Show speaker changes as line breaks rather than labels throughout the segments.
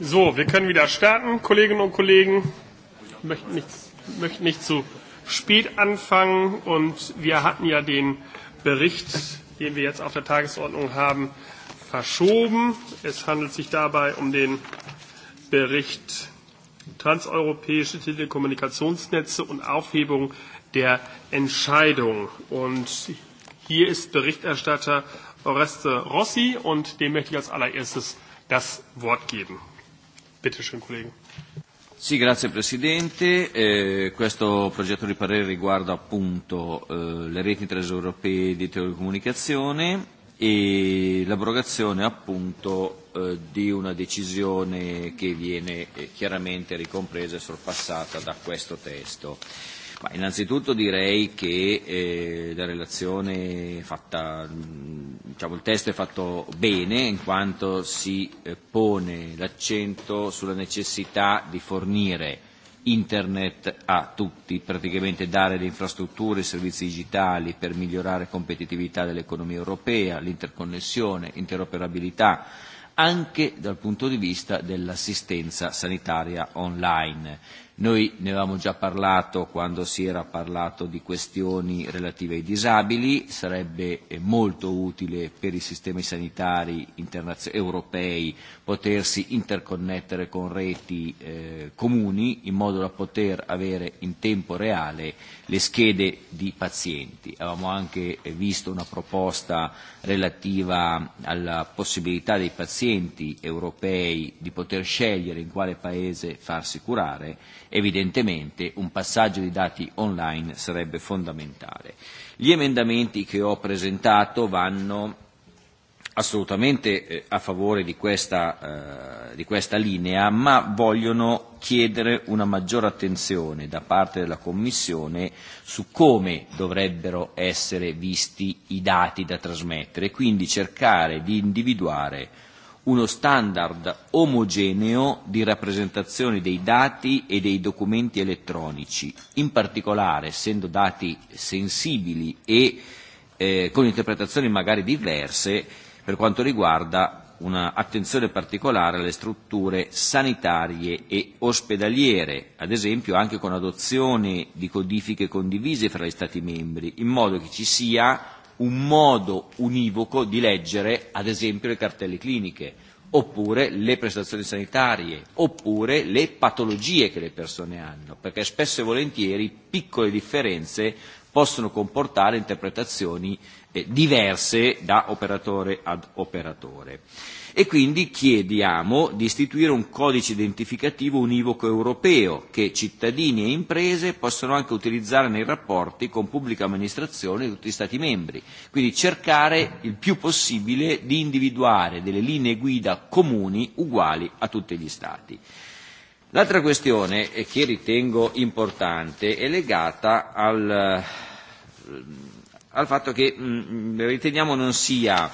So, wir können wieder starten, Kolleginnen und Kollegen. Ich möchte nicht, möchte nicht zu spät anfangen und wir hatten ja den Bericht, den wir jetzt auf der Tagesordnung haben, verschoben. Es handelt sich dabei um den Bericht Transeuropäische Telekommunikationsnetze und Aufhebung der Entscheidung. Und hier ist Berichterstatter Oreste Rossi und dem möchte ich als allererstes das Wort geben. Bitte schön, Kollege.
Sì, grazie Presidente. Eh, questo progetto di parere riguarda appunto eh, le reti transeuropee di telecomunicazione e l'abrogazione appunto eh, di una decisione che viene eh, chiaramente ricompresa e sorpassata da questo testo. Ma innanzitutto direi che eh, la relazione fatta, mm, diciamo il testo è fatto bene in quanto si eh, pone l'accento sulla necessità di fornire internet a tutti, praticamente dare le infrastrutture e servizi digitali per migliorare la competitività dell'economia europea, l'interconnessione, interoperabilità, anche dal punto di vista dell'assistenza sanitaria online Noi ne avevamo già parlato quando si era parlato di questioni relative ai disabili, sarebbe eh, molto utile per i sistemi sanitari europei potersi interconnettere con reti eh, comuni in modo da poter avere in tempo reale le schede di pazienti. Avevamo anche eh, visto una proposta relativa alla possibilità dei pazienti europei di poter scegliere in quale paese farsi curare evidentemente un passaggio di dati online sarebbe fondamentale. Gli emendamenti che ho presentato vanno assolutamente eh, a favore di questa, eh, di questa linea, ma vogliono chiedere una maggiore attenzione da parte della Commissione su come dovrebbero essere visti i dati da trasmettere, quindi cercare di individuare uno standard omogeneo di rappresentazione dei dati e dei documenti elettronici, in particolare essendo dati sensibili e eh, con interpretazioni magari diverse per quanto riguarda un'attenzione particolare alle strutture sanitarie e ospedaliere, ad esempio anche con adozione di codifiche condivise fra gli Stati membri, in modo che ci sia un modo univoco di leggere ad esempio le cartelle cliniche, oppure le prestazioni sanitarie, oppure le patologie che le persone hanno, perché spesso e volentieri piccole differenze possono comportare interpretazioni eh, diverse da operatore ad operatore e quindi chiediamo di istituire un codice identificativo univoco europeo che cittadini e imprese possono anche utilizzare nei rapporti con pubblica amministrazione di tutti gli Stati membri, quindi cercare il più possibile di individuare delle linee guida comuni uguali a tutti gli Stati. L'altra questione eh, che ritengo importante è legata al, eh, al fatto che mh, mm, mm, riteniamo non sia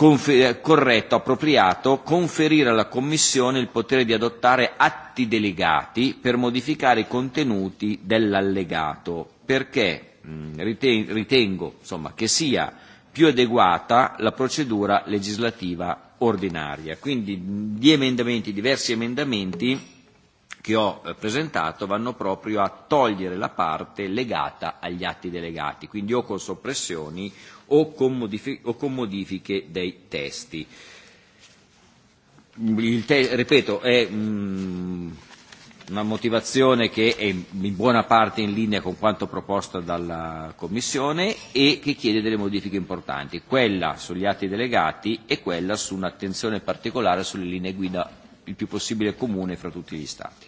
Eh, corretto, appropriato, conferire alla Commissione il potere di adottare atti delegati per modificare i contenuti dell'allegato, perché mh, mm, riten- ritengo insomma, che sia più adeguata la procedura legislativa ordinaria. Quindi mm, gli emendamenti, diversi emendamenti che ho eh, presentato vanno proprio a togliere la parte legata agli atti delegati, quindi o con soppressioni o con, modifi- o con modifiche dei testi. Il te- ripeto, è mh, mm, una motivazione che è in buona parte in linea con quanto proposto dalla Commissione e che chiede delle modifiche importanti, quella sugli atti delegati e quella su un'attenzione particolare sulle linee guida il più possibile comune fra tutti gli Stati.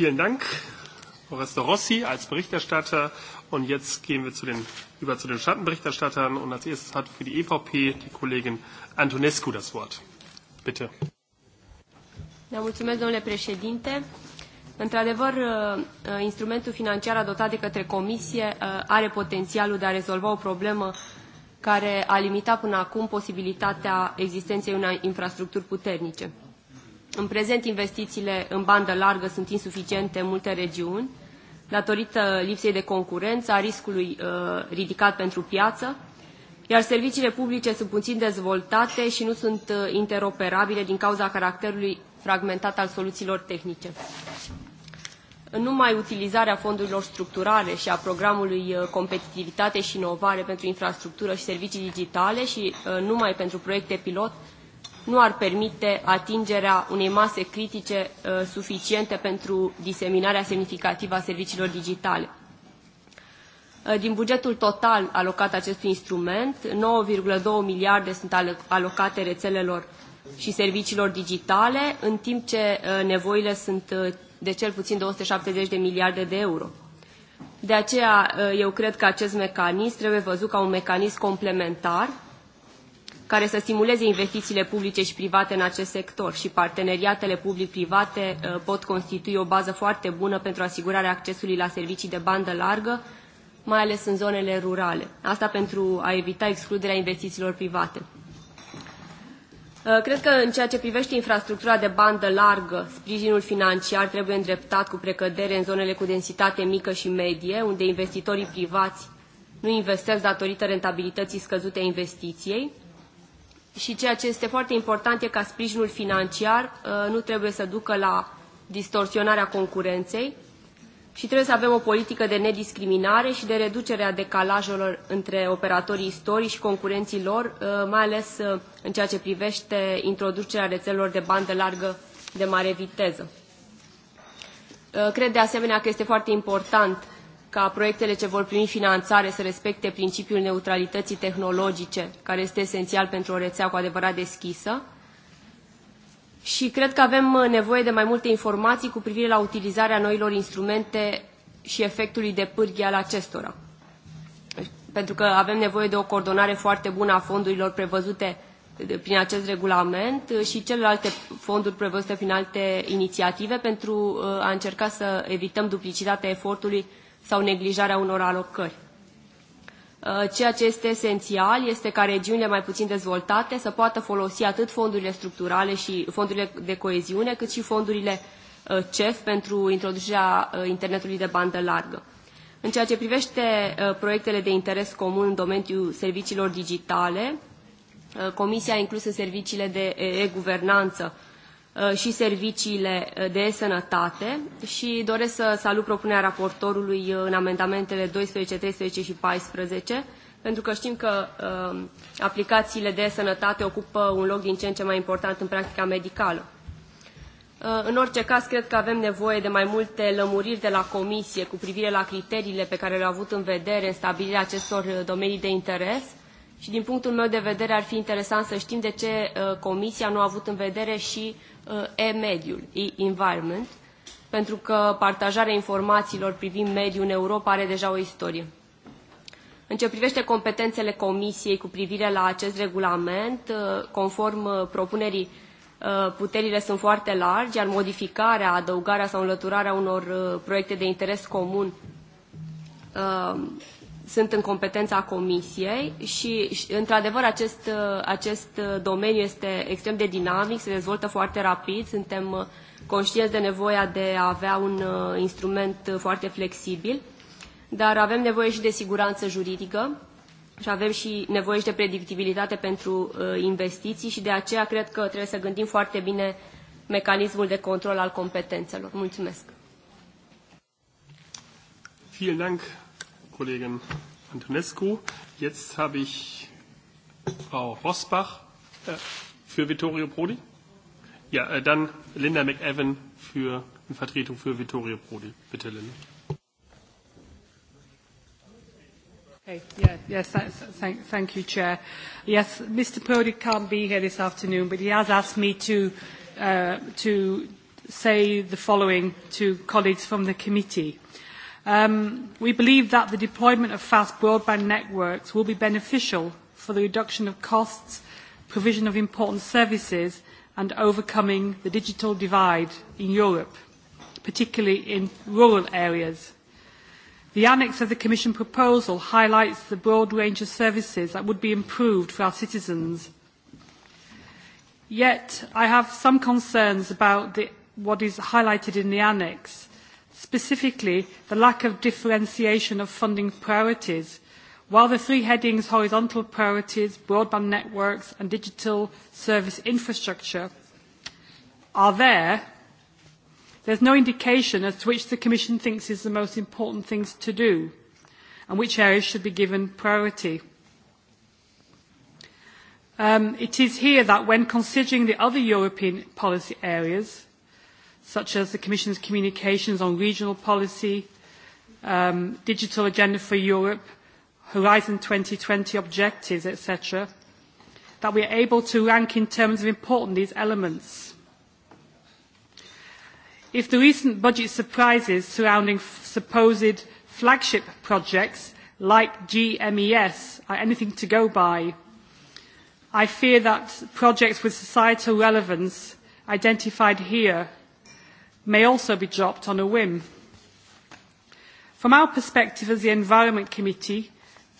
Vielen Dank, Oresto Rossi, als Berichterstatter. Und jetzt gehen wir zu den, über zu den Schattenberichterstattern. Und als erstes hat für die EVP die Kollegin Antonescu das Wort. Bitte.
Da, mulțumesc, domnule președinte. Într-adevăr, uh, uh, instrumentul financiar adoptat de către Comisie uh, are potențialul de a rezolva o problemă care a limitat până acum posibilitatea existenței unei infrastructuri puternice. În prezent, investițiile în bandă largă sunt insuficiente în multe regiuni, datorită lipsei de concurență, a riscului uh, ridicat pentru piață, iar serviciile publice sunt puțin dezvoltate și nu sunt uh, interoperabile din cauza caracterului fragmentat al soluțiilor tehnice. Numai utilizarea fondurilor structurale și a programului uh, Competitivitate și Inovare pentru Infrastructură și Servicii Digitale și uh, numai pentru proiecte pilot nu ar permite atingerea unei mase critice uh, suficiente pentru diseminarea semnificativă a serviciilor digitale. Uh, din bugetul total alocat acestui instrument, 9,2 miliarde sunt alocate rețelelor și serviciilor digitale, în timp ce uh, nevoile sunt uh, de cel puțin 270 de miliarde de euro. De aceea, uh, eu cred că acest mecanism trebuie văzut ca un mecanism complementar care să stimuleze investițiile publice și private în acest sector și parteneriatele public-private uh, pot constitui o bază foarte bună pentru asigurarea accesului la servicii de bandă largă, mai ales în zonele rurale. Asta pentru a evita excluderea investițiilor private. Uh, cred că în ceea ce privește infrastructura de bandă largă, sprijinul financiar trebuie îndreptat cu precădere în zonele cu densitate mică și medie, unde investitorii privați nu investesc datorită rentabilității scăzute a investiției și ceea ce este foarte important e ca sprijinul financiar uh, nu trebuie să ducă la distorsionarea concurenței și trebuie să avem o politică de nediscriminare și de reducere a decalajelor între operatorii istorici și concurenții lor, uh, mai ales uh, în ceea ce privește introducerea rețelelor de bandă largă de mare viteză. Cred de asemenea că este foarte important ca proiectele ce vor primi finanțare să respecte principiul neutralității tehnologice, care este esențial pentru o rețea cu adevărat deschisă. Și cred că avem uh, nevoie de mai multe informații cu privire la utilizarea noilor instrumente și efectului de pârghie al acestora. Pentru că avem nevoie de o coordonare foarte bună a fondurilor prevăzute uh, prin acest regulament uh, și celelalte fonduri prevăzute prin alte inițiative pentru a încerca să evităm duplicitatea efortului sau neglijarea unor alocări. Uh, ceea ce este esențial este ca regiunile mai puțin dezvoltate să poată folosi atât fondurile structurale și fondurile de coeziune, cât și fondurile uh, CEF pentru introducerea uh, internetului de bandă largă. În ceea ce privește proiectele de interes comun în domeniul serviciilor digitale, Comisia a inclus în serviciile de e-guvernanță Uh, și serviciile uh, de sănătate și doresc să salut propunerea raportorului uh, în amendamentele 12, 13 și 14, pentru că știm că aplicațiile de sănătate ocupă un loc din ce în ce mai important în practica medicală. În orice caz, cred că avem nevoie de mai multe lămuriri de la Comisie cu privire la criteriile pe care le-au avut în vedere în stabilirea acestor domenii de interes și din punctul meu de vedere ar fi interesant să știm de ce uh, Comisia nu a avut în vedere și uh, e-mediul, e-environment, pentru că partajarea informațiilor privind mediul în Europa are deja o istorie. În ce privește competențele Comisiei cu privire la acest regulament, uh, conform propunerii, puterile sunt foarte largi, iar modificarea, adăugarea sau înlăturarea unor proiecte de interes comun sunt în competența comisiei și, într-adevăr, acest, uh, acest uh, domeniu este extrem de dinamic, se dezvoltă foarte rapid, suntem uh, conștienți de nevoia de a avea un instrument foarte flexibil, dar avem nevoie și de siguranță juridică și avem și nevoie și de predictibilitate pentru investiții și de aceea cred că trebuie să gândim foarte bine mecanismul de control al competențelor. Mulțumesc!
Vielen Dank, Kollegin Antonescu. Jetzt habe ich Frau Rosbach äh, für Vittorio Prodi. Ja, äh, dann Linda McEwan für in Vertretung für Vittorio Prodi. Bitte, Linda.
Okay. Yeah, yes, thank, thank you, Chair. Yes, Mr. Purdy can't be here this afternoon, but he has asked me to, uh, to say the following to colleagues from the committee. Um, we believe that the deployment of fast broadband networks will be beneficial for the reduction of costs, provision of important services and overcoming the digital divide in Europe, particularly in rural areas. The annex of the Commission proposal highlights the broad range of services that would be improved for our citizens. Yet I have some concerns about the, what is highlighted in the annex specifically the lack of differentiation of funding priorities. While the three headings horizontal priorities, broadband networks and digital service infrastructure are there, there's no indication as to which the Commission thinks is the most important things to do and which areas should be given priority. Um, it is here that when considering the other European policy areas, such as the Commission's communications on regional policy, um, digital agenda for Europe, Horizon 2020 objectives, etc., that we are able to rank in terms of importance these elements. If the recent budget surprises surrounding supposed flagship projects like GMES are anything to go by, I fear that projects with societal relevance identified here may also be dropped on a whim. From our perspective as the Environment Committee,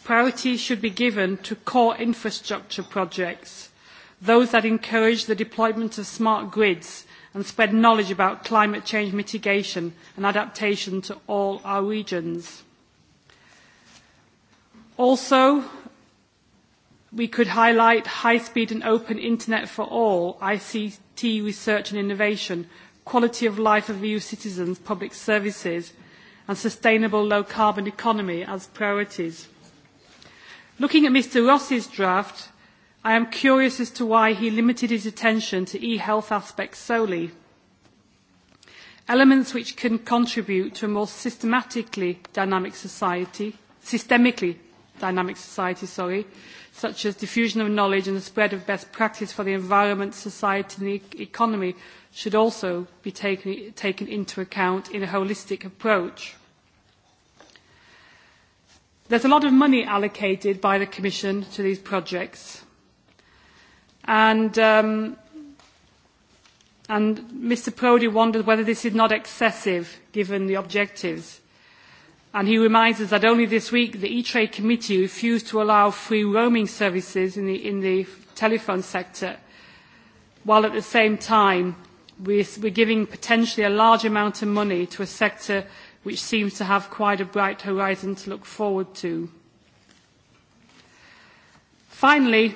priority should be given to core infrastructure projects, those that encourage the deployment of smart grids and spread knowledge about climate change mitigation and adaptation to all our regions. Also, we could highlight high-speed and open internet for all, ICT research and innovation quality of life of EU citizens, public services and sustainable low carbon economy as priorities. Looking at Mr Ross's draft, I am curious as to why he limited his attention to e-health aspects solely. Elements which can contribute to a more systematically dynamic society, systemically dynamic society, sorry, such as diffusion of knowledge and the spread of best practice for the environment, society and the e-, economy should also be taken, taken into account in a holistic approach. There's a lot of money allocated by the Commission to these projects. And, um, and Mr Prodi wondered whether this is not excessive given the objectives and he reminds us that only this week the E-Trade Committee refused to allow free roaming services in the, in the telephone sector, while at the same time we're, we're giving potentially a large amount of money to a sector which seems to have quite a bright horizon to look forward to. Finally,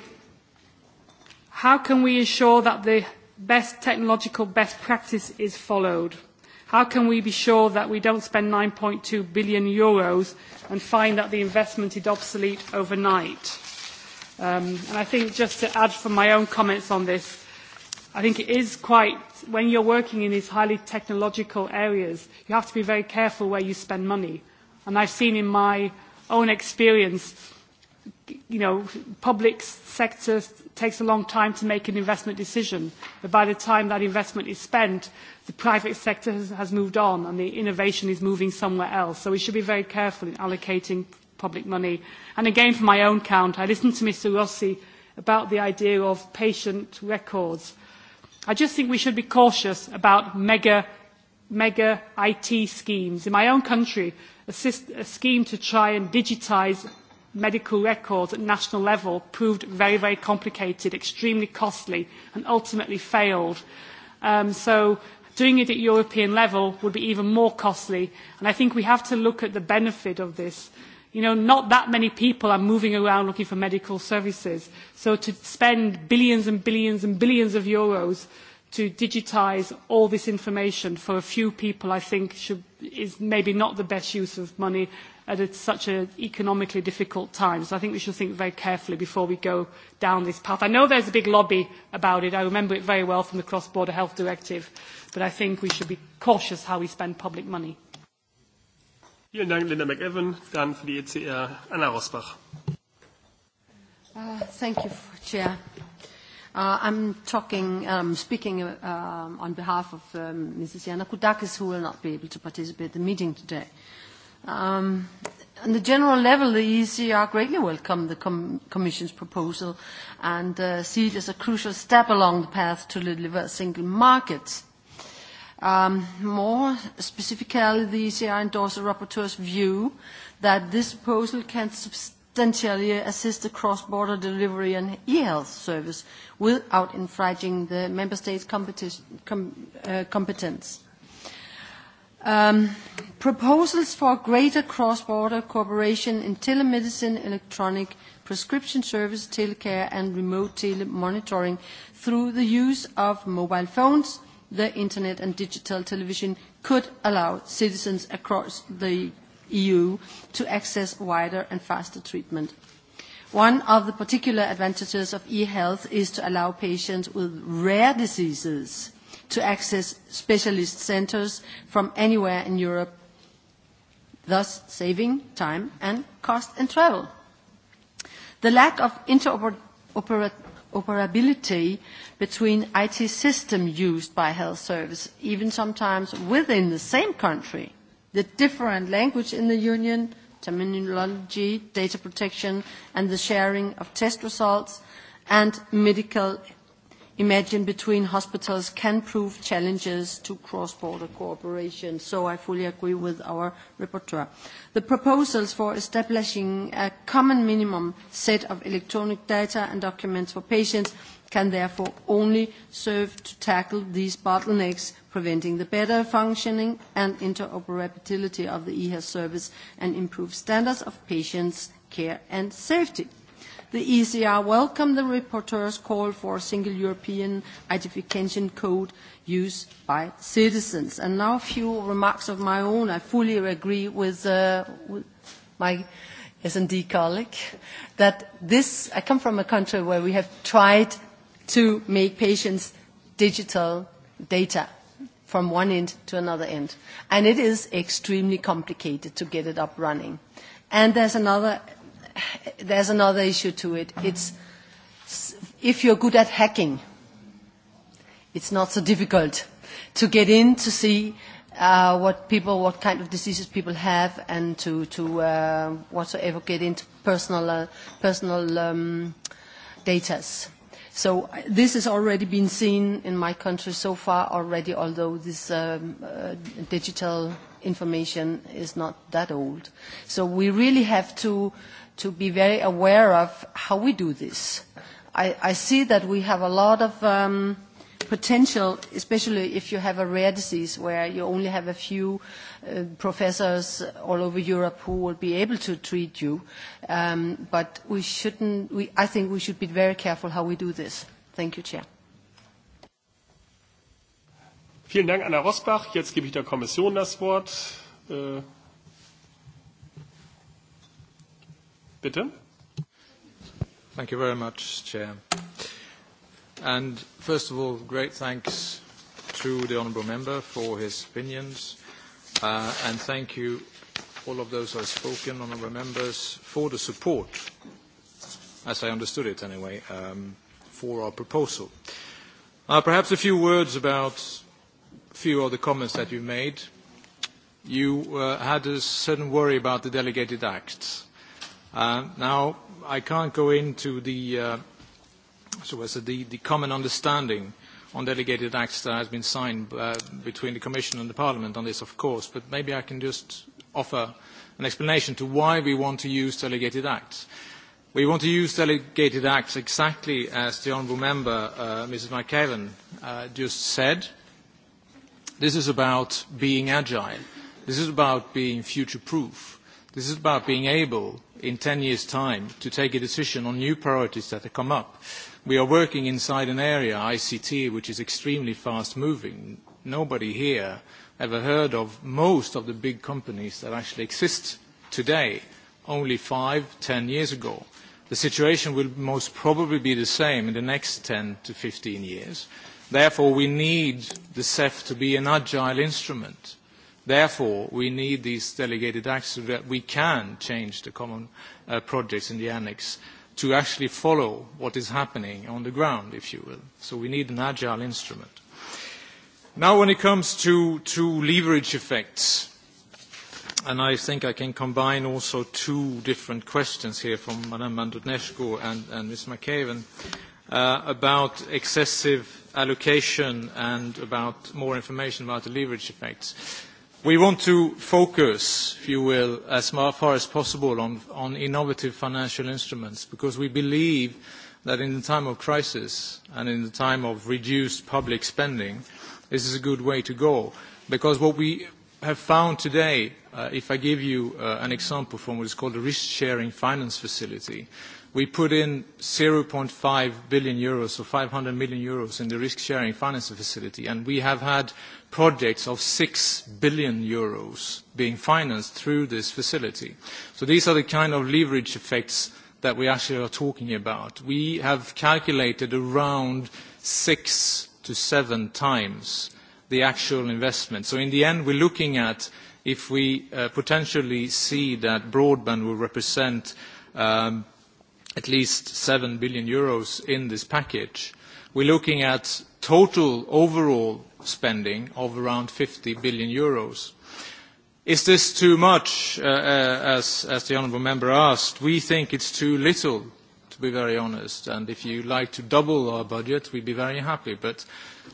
how can we ensure that the best technological best practice is followed? How can we be sure that we don't spend 9.2 billion euros and find that the investment is obsolete overnight? Um, and I think just to add from my own comments on this, I think it is quite, when you're working in these highly technological areas, you have to be very careful where you spend money. And I've seen in my own experience you know, public sector takes a long time to make an investment decision. But by the time that investment is spent, the private sector has, has moved on and the innovation is moving somewhere else. So we should be very careful in allocating public money. And again, for my own count, I listened to Mr Rossi about the idea of patient records. I just think we should be cautious about mega, mega IT schemes. In my own country, a, system, a scheme to try and digitise medical records at national level proved very, very complicated, extremely costly, and ultimately failed. Um, so doing it at European level would be even more costly. And I think we have to look at the benefit of this. You know, not that many people are moving around looking for medical services. So to spend billions and billions and billions of euros to digitise all this information for a few people, I think, should, is maybe not the best use of money at a, such an economically difficult time. So I think we should think very carefully before we go down this path. I know there's a big lobby about it. I remember it very well from the Cross-Border Health Directive. But I think we should be cautious how we spend public money.
Vielen Dank, Linda McEwan. Dann für die ECR Anna Rosbach.
Uh, thank you, Chair. Uh, I'm talking, um, speaking uh, um, on behalf of um, Mrs. Yannakudakis, who will not be able to participate in the meeting today. Uh, Um, on the general level, the ECR greatly welcomed the com- Commission's proposal and uh, see it as a crucial step along the path to deliver a single market. Um, more specifically, the ECR endorsed the rapporteur's view that this proposal can substantially assist the cross-border delivery and e-health service without infringing the member states' competi- com- uh, competence. Um, proposals for greater cross-border cooperation in telemedicine, electronic prescription service, telecare, and remote telemonitoring through the use of mobile phones, the internet, and digital television could allow citizens across the EU to access wider and faster treatment. One of the particular advantages of e-health is to allow patients with rare diseases to access specialist centers from anywhere in Europe, thus saving time and cost and travel. The lack of interoperability between IT systems used by health service, even sometimes within the same country, the different language in the union, terminology, data protection, and the sharing of test results, and medical imagine between hospitals can prove challenges to cross-border cooperation, so I fully agree with our rapporteur. The proposals for establishing a common minimum set of electronic data and documents for patients can therefore only serve to tackle these bottlenecks, preventing the better functioning and interoperability of the eHealth service and improve standards of patients' care and safety. The ECR welcomed the reporteur's call for a single European identification code used by citizens. And now a few remarks of my own. I fully agree with, uh, with my S&D colleague that this, I come from a country where we have tried to make patients digital data from one end to another end. And it is extremely complicated to get it up running. And there's another there's another issue to it. It's if you're good at hacking, it's not so difficult to get in to see uh, what people, what kind of diseases people have, and to to uh, whatsoever get into personal uh, personal um, datas. So uh, this has already been seen in my country so far already, although this um, uh, digital information is not that old. So we really have to. Uh, to be very aware of how we do this. I, I see that we have a lot of um, potential, especially if you have a rare disease where you only have a few uh, professors all over Europe who will be able to treat you. Um, but we shouldn't, we, I think we should be very careful how we do this. Thank you, Chair. Vielen
Dank, Anna Rosbach. Jetzt gebe ich der Kommission das Wort. Äh Bitte. Thank you very much, Chair.
And first of all, great thanks to the Honourable Member for his opinions. Uh, and thank you, all of those who have spoken, Honourable Members, for the support, as I understood it anyway, um, for our proposal. Uh, perhaps a few words about a few of the comments that you made. You uh, had a certain worry about the delegated acts Uh, now, I can't go into the, uh, so as the, the common understanding on delegated acts that has been signed uh, between the Commission and the Parliament on this, of course, but maybe I can just offer an explanation to why we want to use delegated acts. We want to use delegated acts exactly as the Honourable Member, uh, Mrs McKeven, uh, just said. This is about being agile. This is about being future-proof. This is about being able in 10 years' time to take a decision on new priorities that have come up. We are working inside an area, ICT, which is extremely fast-moving. Nobody here ever heard of most of the big companies that actually exist today, only five, 10 years ago. The situation will most probably be the same in the next 10 to 15 years. Therefore, we need the CEF to be an agile instrument Therefore, we need these delegated acts so that we can change the common uh, projects in the annex to actually follow what is happening on the ground, if you will. So we need an agile instrument. Now, when it comes to, to leverage effects, and I think I can combine also two different questions here from Madame Mandutnescu and, and Ms. McCaven uh, about excessive allocation and about more information about the leverage effects. We want to focus, if you will, as far as possible on, on innovative financial instruments because we believe that in the time of crisis and in the time of reduced public spending, this is a good way to go. Because what we have found today, uh, if I give you uh, an example from what is called a risk-sharing finance facility, we put in 0.5 billion euros or 500 million euros in the risk-sharing finance facility, and we have had projects of 6 billion euros being financed through this facility. So these are the kind of leverage effects that we actually are talking about. We have calculated around 6 to 7 times the actual investment. So in the end, we're looking at if we uh, potentially see that broadband will represent um, at least 7 billion euros in this package, we're looking at total overall spending of around 50 billion euros. Is this too much, uh, uh, as, as the honourable member asked? We think it's too little, to be very honest. And if you like to double our budget, we'd be very happy. But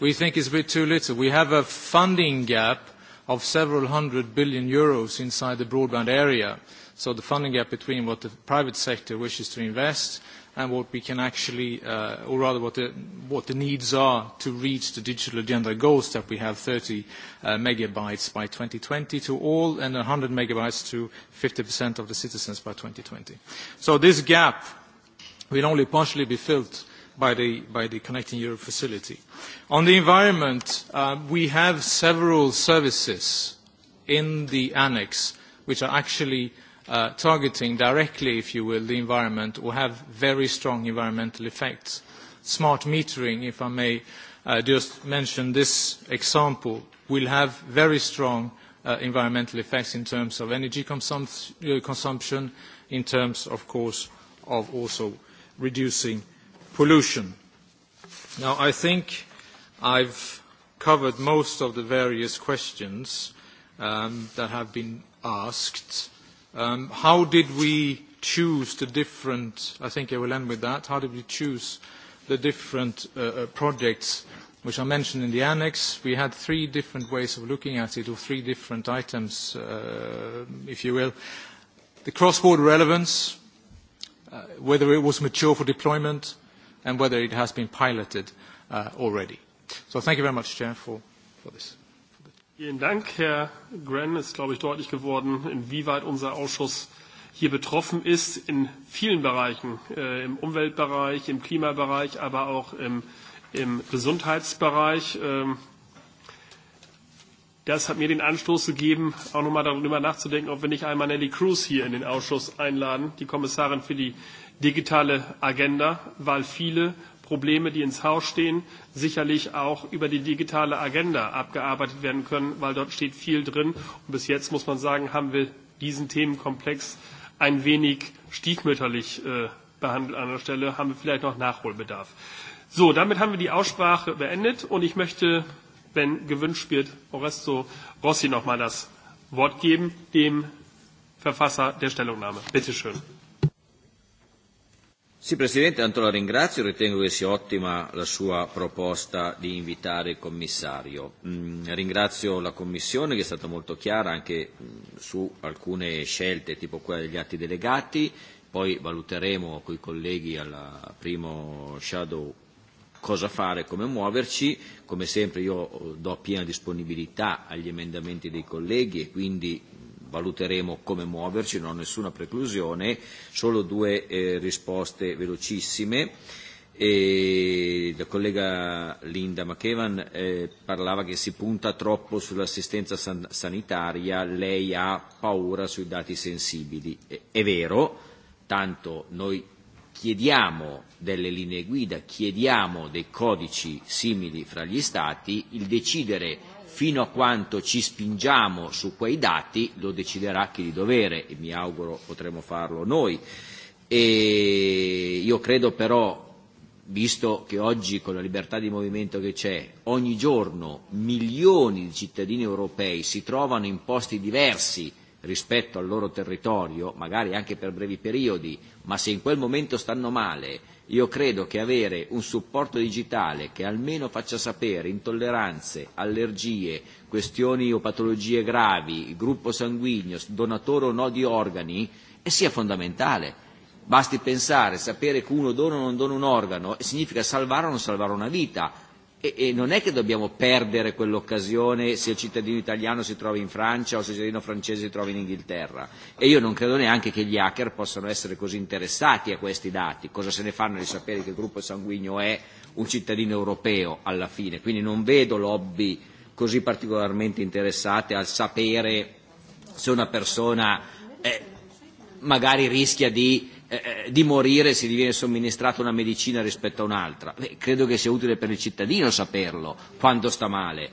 we think it's a bit too little. We have a funding gap of several hundred billion euros inside the broadband area. So the funding gap between what the private sector wishes to invest and what we can actually, uh, or rather what the, what the needs are to reach the digital agenda goals that we have 30 uh, megabytes by 2020 to all and 100 megabytes to 50% of the citizens by 2020. So this gap will only partially be filled by the, by the Connecting Europe facility. On the environment, uh, we have several services in the annex which are actually uh, uh, targeting directly, if you will, the environment will have very strong environmental effects. Smart metering, if I may uh, just mention this example, will have very strong uh, environmental effects in terms of energy consum uh, consumption, in terms, of course, of also reducing
pollution.
Now, I think I've covered most of the various questions um, that have been asked. Um, how did we choose the different, I think I will end with that, how did we choose the different uh, uh projects which are mentioned in the annex? We had three different ways of looking at it, or three different items, uh, if you will. The cross-border relevance, uh, whether it was mature for deployment, and whether it has been piloted uh, already. So thank you very much, Chair, for, for this.
Vielen Dank, Herr Gren. Es ist, glaube ich, deutlich geworden, inwieweit unser Ausschuss hier betroffen ist in vielen Bereichen, äh, im Umweltbereich, im Klimabereich, aber auch im, im Gesundheitsbereich. Ähm, das hat mir den Anstoß gegeben, auch nochmal darüber nachzudenken, ob wir nicht einmal Nelly Cruz hier in den Ausschuss einladen, die Kommissarin für die digitale Agenda, weil viele Probleme, die ins Haus stehen, sicherlich auch über die digitale Agenda abgearbeitet werden können, weil dort steht viel drin. Und bis jetzt, muss man sagen, haben wir diesen Themenkomplex ein wenig stiefmütterlich äh, behandelt an der Stelle, haben wir vielleicht noch Nachholbedarf. So, damit haben wir die Aussprache beendet und ich möchte, wenn gewünscht wird, Oresto Rossi nochmal das Wort geben, dem Verfasser der Stellungnahme. Bitte schön.
Sì, Presidente, tanto la ringrazio, ritengo che sia ottima la sua proposta di invitare il commissario. Mm, ringrazio la Commissione che è stata molto chiara anche mm, su alcune scelte, tipo quella degli atti delegati, poi valuteremo con i colleghi al primo shadow cosa fare, come muoverci. Come sempre io eh, do piena disponibilità agli emendamenti dei colleghi e quindi valuteremo come muoverci, non ho nessuna preclusione, solo due eh, risposte velocissime. E la collega Linda McEvan eh, parlava che si punta troppo sull'assistenza san- sanitaria, lei ha paura sui dati sensibili. E- è vero, tanto noi chiediamo delle linee guida, chiediamo dei codici simili fra gli Stati, il decidere fino a quanto ci spingiamo su quei dati lo deciderà chi di dovere e mi auguro potremo farlo noi. E io credo però visto che oggi con la libertà di movimento che c'è, ogni giorno milioni di cittadini europei si trovano in posti diversi rispetto al loro territorio, magari anche per brevi periodi, ma se in quel momento stanno male Io credo che avere un supporto digitale che almeno faccia sapere intolleranze, allergie, questioni o patologie gravi, gruppo sanguigno, donatore o no di organi, e sia fondamentale. Basti pensare, sapere che uno dona o non dona un organo significa salvare o non salvare una vita, E, e non è che dobbiamo perdere quell'occasione se il cittadino italiano si trova in Francia o se il cittadino francese si trova in Inghilterra. E io non credo neanche che gli hacker possano essere così interessati a questi dati. Cosa se ne fanno di sapere che il gruppo sanguigno è un cittadino europeo alla fine? Quindi non vedo lobby così particolarmente interessate al sapere se una persona eh, magari rischia di Eh, eh, di morire se gli viene somministrata una medicina rispetto a un'altra. Beh, credo che sia utile per il cittadino saperlo quando sta male.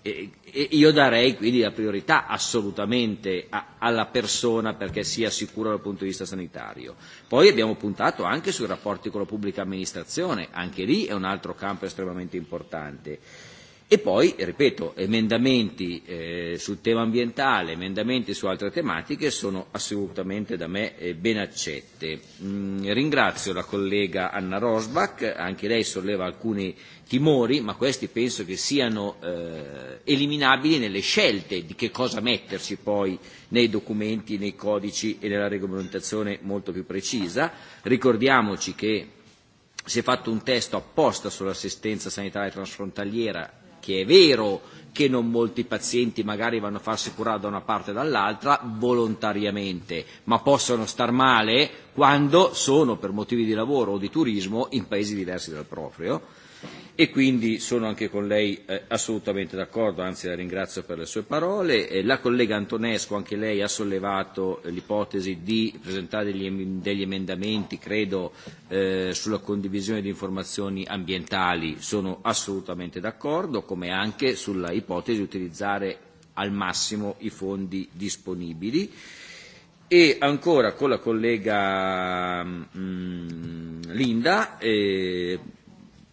E, e io darei quindi la priorità assolutamente a, alla persona perché sia sicura dal punto di vista sanitario. Poi abbiamo puntato anche sui rapporti con la pubblica amministrazione, anche lì è un altro campo estremamente importante. E poi, e ripeto, emendamenti eh, sul tema ambientale, emendamenti su altre tematiche sono assolutamente da me eh, ben accette. Mm, ringrazio la collega Anna Rosbach, anche lei solleva alcuni timori, ma questi penso che siano eh, eliminabili nelle scelte di che cosa metterci poi nei documenti, nei codici e nella regolamentazione molto più precisa. Ricordiamoci che si è fatto un testo apposta sull'assistenza sanitaria transfrontaliera perché è vero che non molti pazienti magari vanno a farsi curare da una parte o dall'altra volontariamente, ma possono star male quando sono per motivi di lavoro o di turismo in paesi diversi dal proprio e quindi sono anche con lei eh, assolutamente d'accordo, anzi la ringrazio per le sue parole. Eh, la collega Antonesco, anche lei ha sollevato eh, l'ipotesi di presentare degli, degli emendamenti, credo, eh, sulla condivisione di informazioni ambientali, sono assolutamente d'accordo, come anche sulla ipotesi di utilizzare al massimo i fondi disponibili. E ancora con la collega mh, mm, Linda, eh,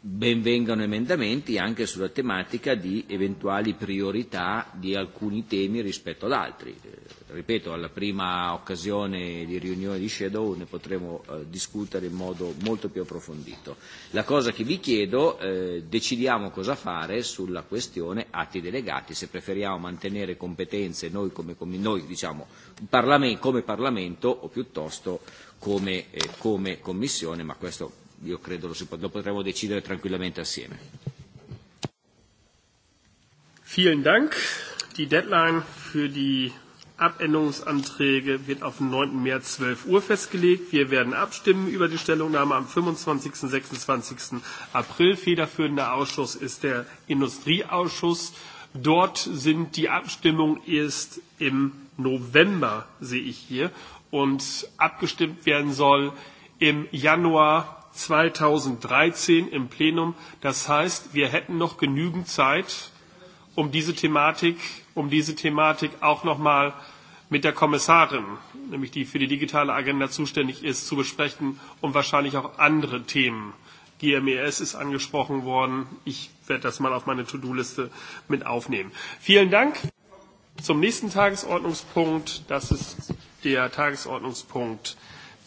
benvengano emendamenti anche sulla tematica di eventuali priorità di alcuni temi rispetto ad altri. Eh, ripeto, alla prima occasione di riunione di Shadow ne potremo eh, discutere in modo molto più approfondito. La cosa che vi chiedo, eh, decidiamo cosa fare sulla questione atti delegati, se preferiamo mantenere competenze noi come, come, noi, diciamo, parlament, come Parlamento o piuttosto come, eh, come Commissione, ma questo io credo lo, si, lo potremo decidere tranquillamente assieme. Vielen
Dank. Die Deadline für die Abänderungsanträge wird auf den 9. März 12 Uhr festgelegt. Wir werden abstimmen über die Stellungnahme am 25. und 26. April. Federführender Ausschuss ist der Industrieausschuss. Dort sind die Abstimmungen erst im November, sehe ich hier, und abgestimmt werden soll im Januar 2013 im Plenum. Das heißt, wir hätten noch genügend Zeit, um diese Thematik, um diese Thematik auch noch mal mit der Kommissarin, nämlich die für die digitale Agenda zuständig ist, zu besprechen und um wahrscheinlich auch andere Themen. GMES ist angesprochen worden. Ich werde das mal auf meine To-Do-Liste mit aufnehmen. Vielen Dank. Zum nächsten Tagesordnungspunkt. Das ist der Tagesordnungspunkt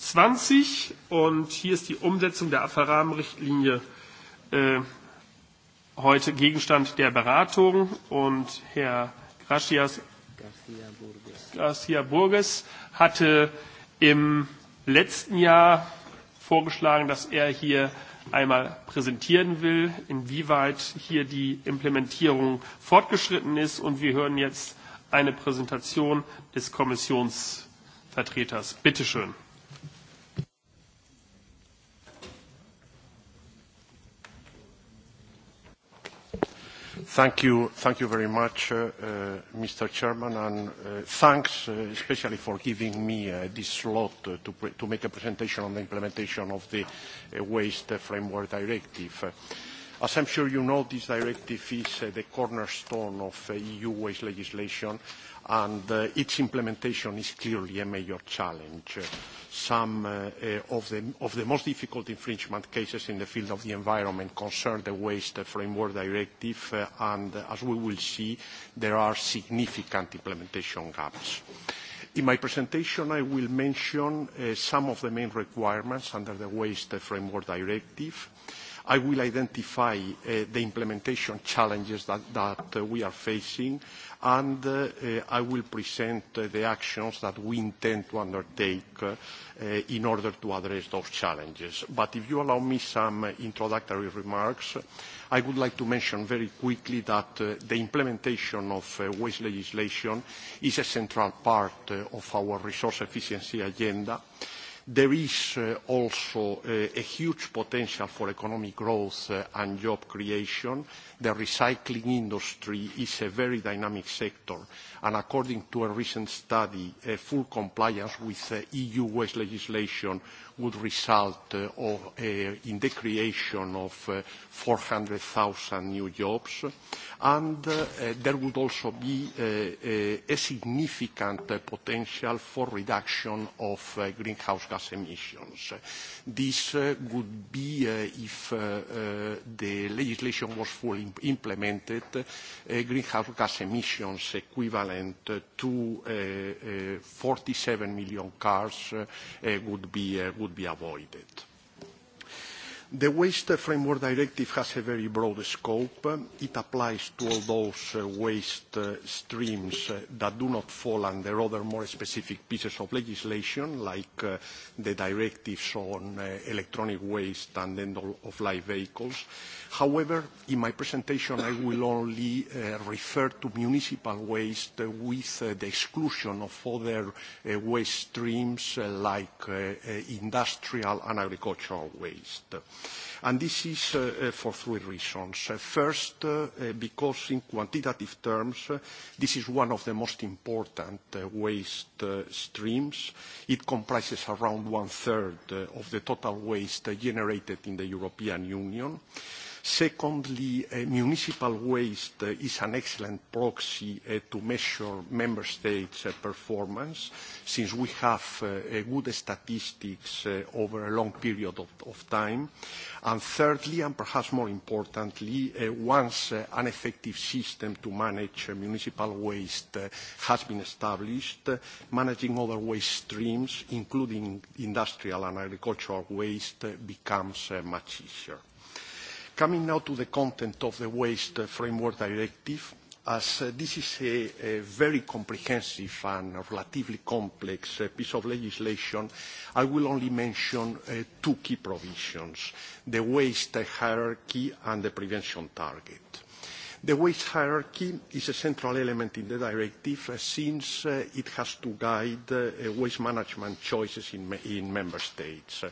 20 und hier ist die Umsetzung der AFARAM-Richtlinie äh, heute Gegenstand der Beratung und Herr Gracias,
Garcia Burgess, Garcia
Burgess hatte im letzten Jahr vorgeschlagen, dass er hier einmal präsentieren will, inwieweit hier die Implementierung fortgeschritten ist. Und wir hören jetzt eine Präsentation des Kommissionsvertreters.
Bitte schön. Thank you. Thank you very much, uh, uh, Mr. Chairman, and uh, thanks uh, especially for giving me uh, this slot uh, to, pre to make a presentation on the implementation of the uh, Waste uh, Framework Directive. Uh, As I'm sure you know, this directive is uh, the cornerstone of uh, EU waste legislation, and uh, its implementation is clearly a major challenge. Some uh, uh, of, the, of the most difficult infringement cases in the field of the environment concern the Waste Framework Directive, uh, and uh, as we will see, there are significant implementation gaps. In my presentation, I will mention uh, some of the main requirements under the Waste Framework Directive. Uh, I will identify uh, the implementation challenges that, that uh, we are facing, and uh, uh I will present uh, the actions that we intend to undertake uh, uh, in order to address those challenges. But if you allow me some introductory remarks, I would like to mention very quickly that uh, the implementation of uh, waste legislation is a central part uh, of our resource efficiency agenda. Uh, There is uh, also uh, a huge potential for economic growth uh, and job creation. The recycling industry is a very dynamic sector, and according to a recent study, uh, full compliance with uh, EU waste legislation would result uh, of, uh, in the creation of uh, 400,000 new jobs. And uh, uh, there would also be uh, a, uh, a significant uh, potential for reduction of uh, greenhouse gas emissions. This uh, would be, uh, if uh, uh, the legislation was fully implemented, uh, greenhouse gas emissions equivalent equivalent to 47 million cars uh, uh, would be, uh, would be avoided. The Waste Framework Directive has a very broad scope. It applies to all those waste streams that do not fall under other more specific pieces of legislation, like the directives on electronic waste and end-of-life vehicles. However, in my presentation, I will only uh, refer to municipal waste uh, with uh, the exclusion of other uh, waste streams uh, like uh, industrial and agricultural waste. And this is uh, for three reasons. First, uh, because in quantitative terms, uh, this is one of the most important waste streams. It comprises around one-third of the total waste generated in the European Union. Secondly, uh, municipal waste uh, is an excellent proxy uh, to measure member states' uh, performance, since we have uh, good statistics uh, over a long period of, of time. And thirdly, and perhaps more importantly, once an effective system to manage municipal waste has been established, managing other waste streams, including industrial and agricultural waste, becomes much easier. Coming now to the content of the Waste Framework Directive, as uh, this is a, a very comprehensive and relatively complex uh, piece of legislation, I will only mention uh, two key provisions, the waste hierarchy and the prevention target. The waste hierarchy is a central element in the directive uh, since uh, it has to guide uh, waste management choices in, in member states.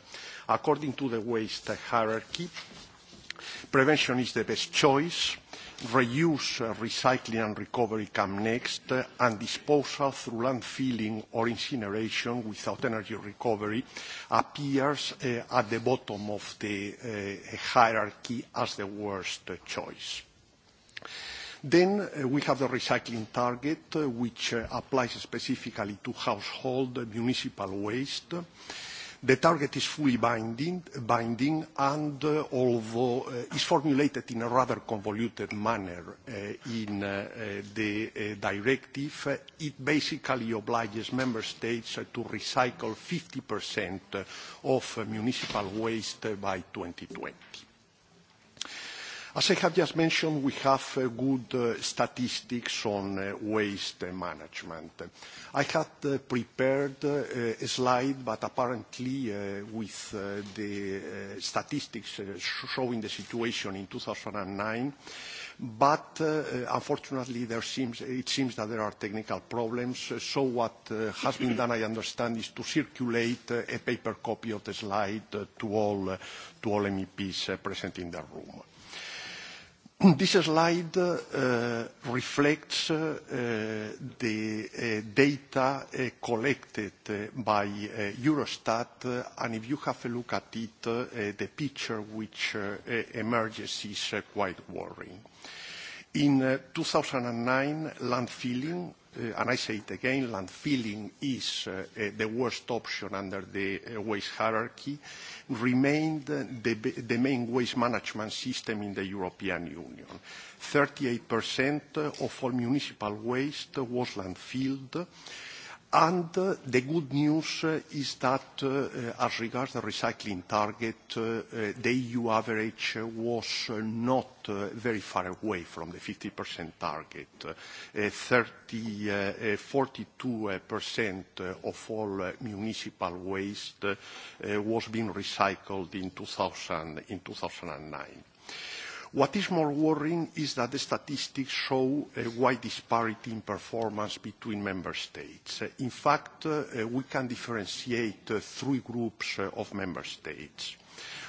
According to the waste hierarchy, Prevention is the best choice. Reuse, uh, recycling, and recovery come next, uh, and disposal through landfilling or incineration without energy recovery appears uh, at the bottom of the uh, hierarchy as the worst choice. Then uh, we have the recycling target, uh, which uh, applies specifically to household municipal waste. The target is fully binding, binding and uh, although uh, is formulated in a rather convoluted manner uh, in uh, uh, the uh, directive, uh, it basically obliges member states uh, to recycle 50% of uh, municipal waste uh, by 2020. As I have just mentioned, we have uh, good uh, statistics on uh, waste management. I had uh, prepared uh, a slide, but apparently, uh, with the statistics showing the situation in 2009, but unfortunately, seems, it seems that there are technical problems. So what has been done, I understand, is to circulate a paper copy of the slide to all, to all MEPs present in the room. This slide uh, reflects uh, the uh, data uh, collected uh, by uh, Eurostat, and if you have a look at it, the picture which emerges is quite worrying. In 2009, landfilling uh, and I say it again, landfilling is uh, uh, the worst option under the uh, waste hierarchy, remained the, the main waste management system in the European Union. 38% of all municipal waste was landfilled. Uh, And uh, the good news uh, is that uh, uh as regards the recycling target, uh, uh, the EU average was not very far away from the 50% target. 30, 42% of all municipal waste was being recycled in, 2000, in 2009. What is more worrying is that the statistics show a wide disparity in performance between member states. In fact, uh, we can differentiate uh, three groups uh, of member states.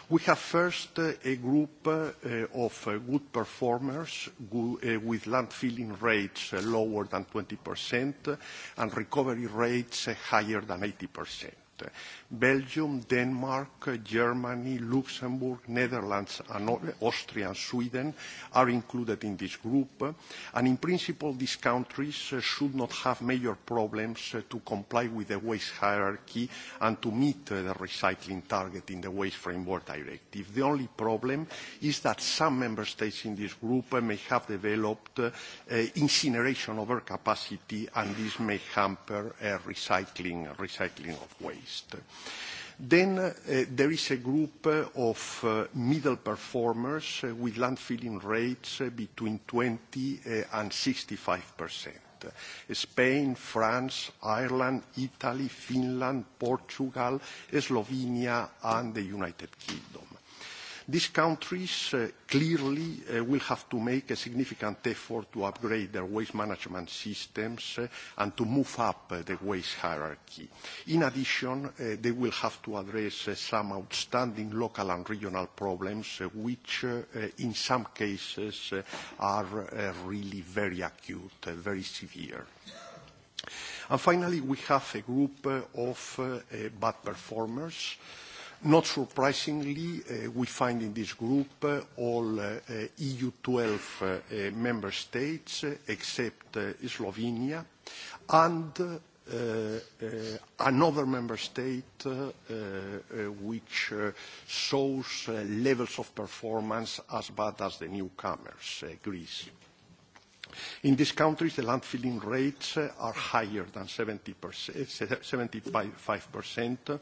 We have first a group of good performers with landfilling rates lower than 20% and recovery rates higher than 80%. Belgium, Denmark, Germany, Luxembourg, Netherlands, and Austria and Sweden are included in this group. And in principle, these countries uh, should not have major problems uh, to comply with the waste hierarchy and to meet uh, the recycling target in the Waste Framework Directive. The only problem is that some member states in this group may have developed incineration overcapacity, and this may hamper recycling, recycling of waste list. Then uh, there is a group uh, of uh, middle performers uh, with land filling rates uh, between 20 uh, and 65 percent. Spain, France, Ireland, Italy, Finland, Portugal, Slovenia, and the United Kingdom. These countries uh, clearly uh, will have to make a significant effort to upgrade their waste management systems uh, and to move up uh, the waste hierarchy. In addition, uh, they will have to address uh, some outstanding local and regional problems, uh, which uh, uh, in some cases uh, are uh, really very acute, uh, very severe. And finally, we have a group uh, of uh, bad performers. Uh, Not surprisingly, uh, we find in this group uh, all uh, uh EU 12 uh, uh, member states except Slovenia and another member state which shows levels of performance as bad as the newcomers, Greece. In these countries, the landfilling rates are higher than 70%, 75%,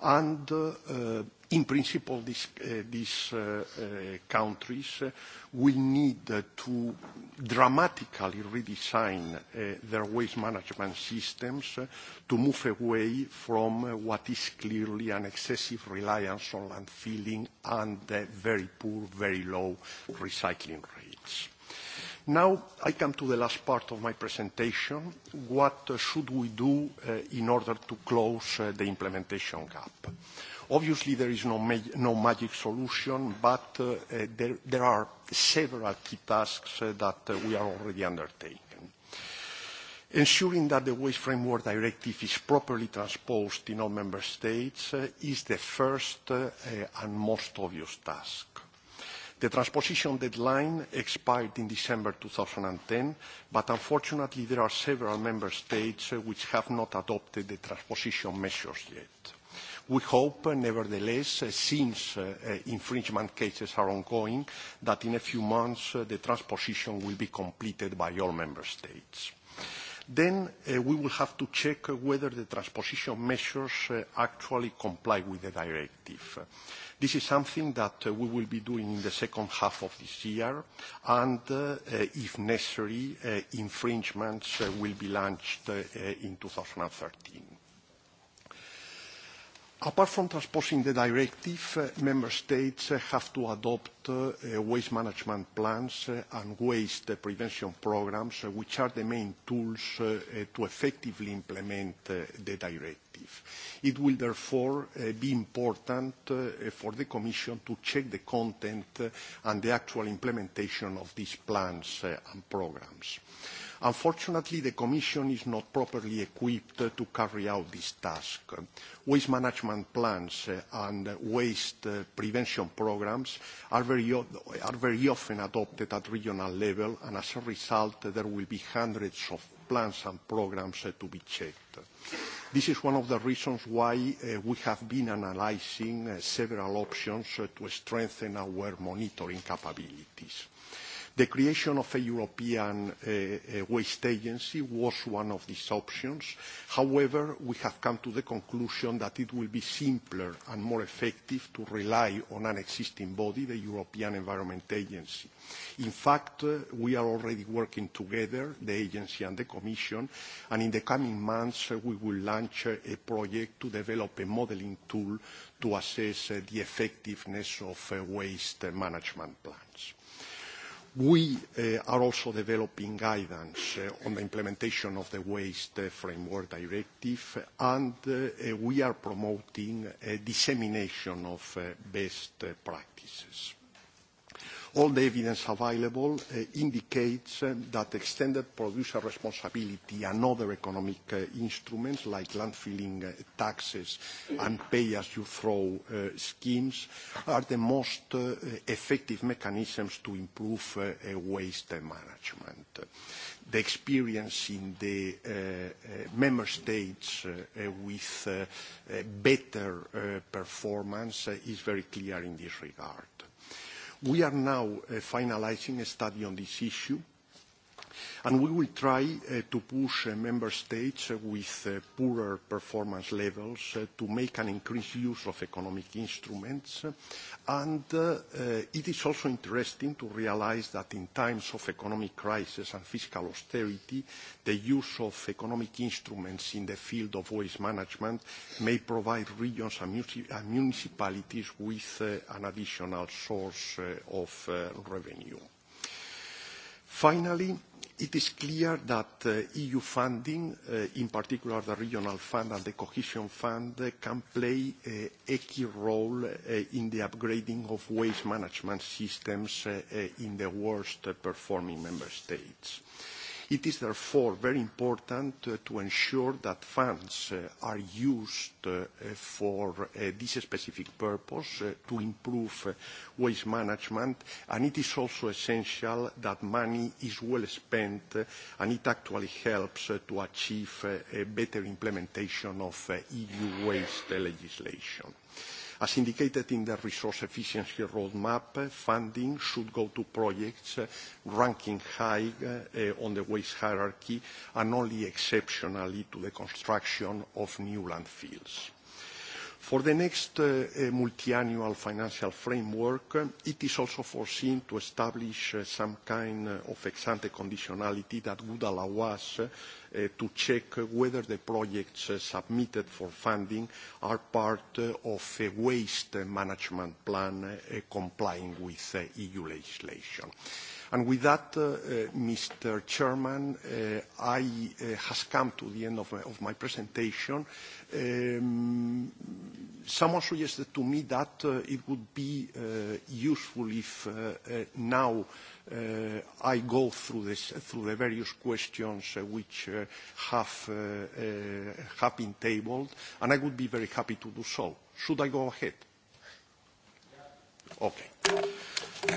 And uh, uh, in principle, this, uh, these uh, uh, countries uh, will need uh, to dramatically redesign uh, their waste management systems uh, to move away from uh, what is clearly an excessive reliance on landfilling and uh, very poor, very low recycling rates. Now I come to the last part of my presentation. What should we do uh, in order to close uh, the implementation gap? Obviously, there is no, ma no magic solution, but uh, there, there are several key tasks uh, that uh, we are already undertaking. Ensuring that the Waste Framework Directive is properly transposed in all member states uh, is the first and most obvious task. The transposition deadline expired in December 2010, but unfortunately there are several member states uh, which have not adopted the transposition measures yet. We hope, uh, nevertheless, uh, since infringement cases are ongoing, that in a few months the transposition will be completed by all member states. Then we will have to check whether the transposition measures actually comply with the directive. This is something that uh, we will be doing in the second half of this year, and uh, if necessary, uh, infringements will be launched in 2013. Apart from transposing the directive, uh, member states uh, have to adopt uh, uh waste management plans uh, and waste prevention programs, uh, which are the main tools to effectively implement the directive. It will therefore be important for the Commission to check the content and the actual implementation of these plans and programs. Unfortunately, the Commission is not properly equipped to carry out this task. Waste management plans uh, and waste uh, prevention programs are very, are very often adopted at regional level, and as a result, there will be hundreds of plans and programs uh, to be checked. This is one of the reasons why uh, we have been analyzing uh, several options uh, to strengthen our monitoring capabilities. The creation of a European uh, uh, waste agency was one of these options. However, we have come to the conclusion that it will be simpler and more effective to rely on an existing body, the European Environment Agency. In fact, uh, we are already working together, the agency and the commission, and in the coming months, uh, we will launch uh, a project to develop a modeling tool to assess uh, the effectiveness of uh, waste management plans. We uh, are also developing guidance uh, on the implementation of the Waste uh, Framework Directive, and uh, we are promoting dissemination of uh, best uh, practices. All the evidence available uh, indicates uh, that extended producer responsibility and other economic uh, instruments like landfilling uh, taxes and pay-as-you-throw uh, schemes are the most uh, effective mechanisms to improve uh, uh, waste uh, management. The experience in the uh, uh, member states uh, uh, with uh, uh, better uh, performance uh, is very clear in this regard. We are now uh, finalizing a study on this issue. Uh, And we will try uh, to push uh, member states uh, with uh, poorer performance levels uh, to make an increased use of economic instruments. And uh, uh, it is also interesting to realize that in times of economic crisis and fiscal austerity, the use of economic instruments in the field of waste management may provide regions and, munici and municipalities with uh, an additional source uh, of uh, revenue. Finally, It is clear that uh, EU funding, uh, in particular the Regional Fund and the Cohesion Fund, uh, can play uh, a key role uh, in the upgrading of waste management systems uh, in the worst performing member states. It is therefore very important uh, to ensure that funds uh, are used uh, for uh, this specific purpose uh, to improve uh, waste management and it is also essential that money is well spent uh, and it actually helps uh, to achieve uh, a better implementation of uh, EU waste uh, legislation. Uh, As indicated in the resource efficiency roadmap, funding should go to projects uh, ranking high uh, uh, on the waste hierarchy and only exceptionally to the construction of new landfills. For the next uh, multi-annual financial framework, it is also foreseen to establish uh, some kind of ex-ante conditionality that would allow us uh, to check whether the projects submitted for funding are part of a waste management plan complying with EU e legislation. And with that, uh, uh, Mr. Chairman, uh, I uh, has come to the end of my, of my presentation. Um, someone suggested to me that uh, it would be uh, useful if uh, uh, now uh, I go through, this, through the various questions uh, which uh, have, uh, uh, have been tabled, and I would be very happy to do so. Should I go ahead? Okay.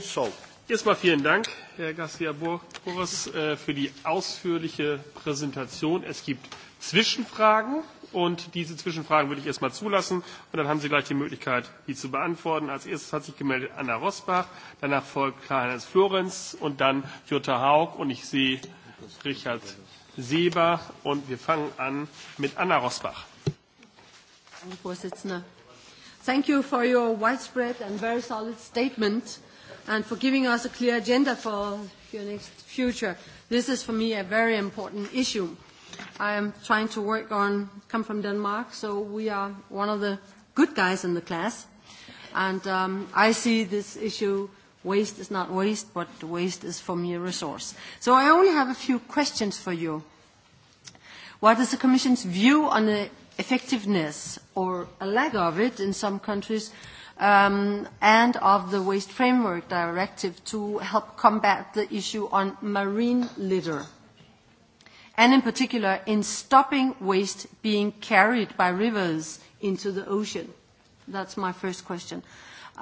So. Erstmal vielen Dank, Herr Garcia Boris, äh, für die ausführliche Präsentation. Es gibt Zwischenfragen und diese Zwischenfragen würde ich erstmal zulassen und dann haben Sie gleich die Möglichkeit, die zu beantworten. Als erstes hat sich gemeldet Anna Rosbach, danach folgt Karl-Heinz Florenz und dann Jutta Haug und ich sehe Richard Seber und wir fangen an mit Anna Rosbach.
Herr Vorsitzender, thank you for your widespread and very solid statement and for giving us a clear agenda for your next future. This is, for me, a very important issue. I am trying to work on, come from Denmark, so we are one of the good guys in the class. And um, I see this issue, waste is not waste, but waste is, for me, a resource. So I only have a few questions for you. What is the Commission's view on the effectiveness or a lack of it in some countries um, and of the Waste Framework Directive to help combat the issue on marine litter, and in particular in stopping waste being carried by rivers into the ocean? That's my first question.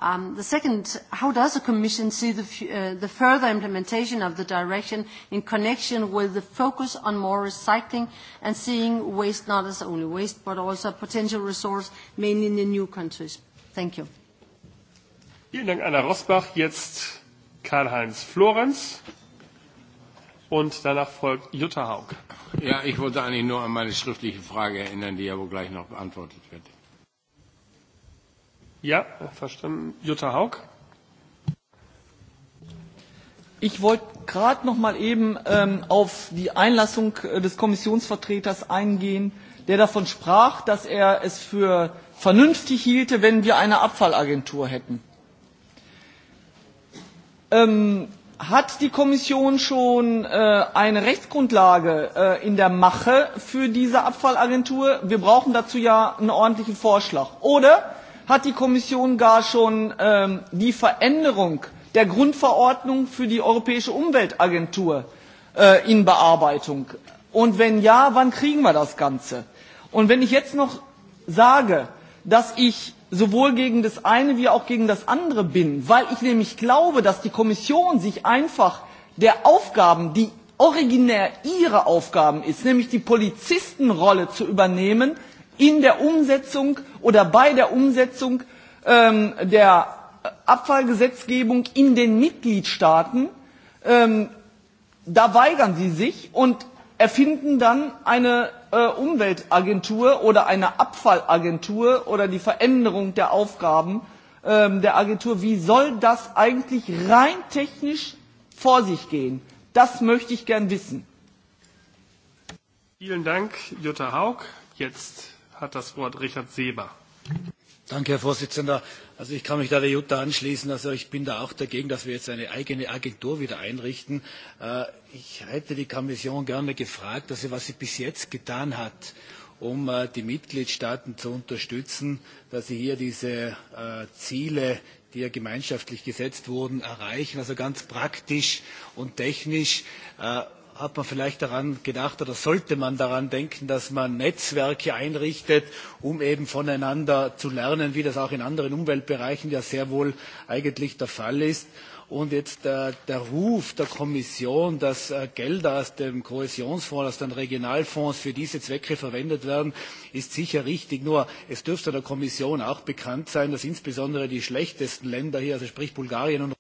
Um, the second, how does the Commission see the, uh, the further implementation of the direction in connection with the focus on more recycling and seeing waste not as only waste, but also a potential resource, mainly in the new countries? Thank you.
Vielen Dank, Anna Rosbach. Jetzt Karl-Heinz Florenz. Und danach folgt Jutta Haug.
Ja, ich wollte eigentlich nur an meine schriftliche Frage erinnern, die ja wohl gleich noch beantwortet wird.
Ja, verstanden. Jutta Haug.
Ich wollte gerade noch mal eben ähm, auf die Einlassung äh, des Kommissionsvertreters eingehen, der davon sprach, dass er es für vernünftig hielte, wenn wir eine Abfallagentur hätten. Ähm, hat die Kommission schon äh, eine Rechtsgrundlage äh, in der Mache für diese Abfallagentur? Wir brauchen dazu ja einen ordentlichen Vorschlag. Oder hat die Kommission gar schon ähm, die Veränderung der Grundverordnung für die Europäische Umweltagentur äh, in Bearbeitung? Und wenn ja, wann kriegen wir das Ganze? Und wenn ich jetzt noch sage, dass ich sowohl gegen das eine wie auch gegen das andere bin, weil ich nämlich glaube, dass die Kommission sich einfach der Aufgaben, die originär ihre Aufgaben ist, nämlich die Polizistenrolle zu übernehmen, in der Umsetzung oder bei der Umsetzung ähm, der Abfallgesetzgebung in den Mitgliedstaaten, ähm, da weigern sie sich und erfinden dann eine äh, Umweltagentur oder einer Abfallagentur oder die Veränderung der Aufgaben ähm, der Agentur, wie soll das eigentlich rein technisch vor sich gehen? Das möchte ich gern wissen.
Vielen Dank, Jutta Haug. Jetzt hat das Wort Richard Seber. Danke, Herr Vorsitzender. Also ich kann mich da der Jutta anschließen. Also ich bin da auch dagegen, dass wir jetzt eine eigene Agentur wieder einrichten. Äh, ich hätte die Kommission gerne gefragt, also was sie bis jetzt getan hat, um äh, die Mitgliedstaaten zu unterstützen, dass sie hier diese äh, Ziele, die ja gemeinschaftlich gesetzt wurden, erreichen. Also ganz praktisch und technisch. Äh, hat man vielleicht daran gedacht oder sollte man daran denken, dass man Netzwerke einrichtet, um eben voneinander zu lernen, wie das auch in anderen Umweltbereichen ja sehr wohl eigentlich der Fall ist. Und jetzt äh, der Ruf der Kommission, dass äh, Gelder aus dem Kohäsionsfonds, aus den Regionalfonds für diese Zwecke verwendet werden, ist sicher richtig. Nur es dürfte der Kommission auch bekannt sein, dass insbesondere die schlechtesten Länder hier, also sprich Bulgarien und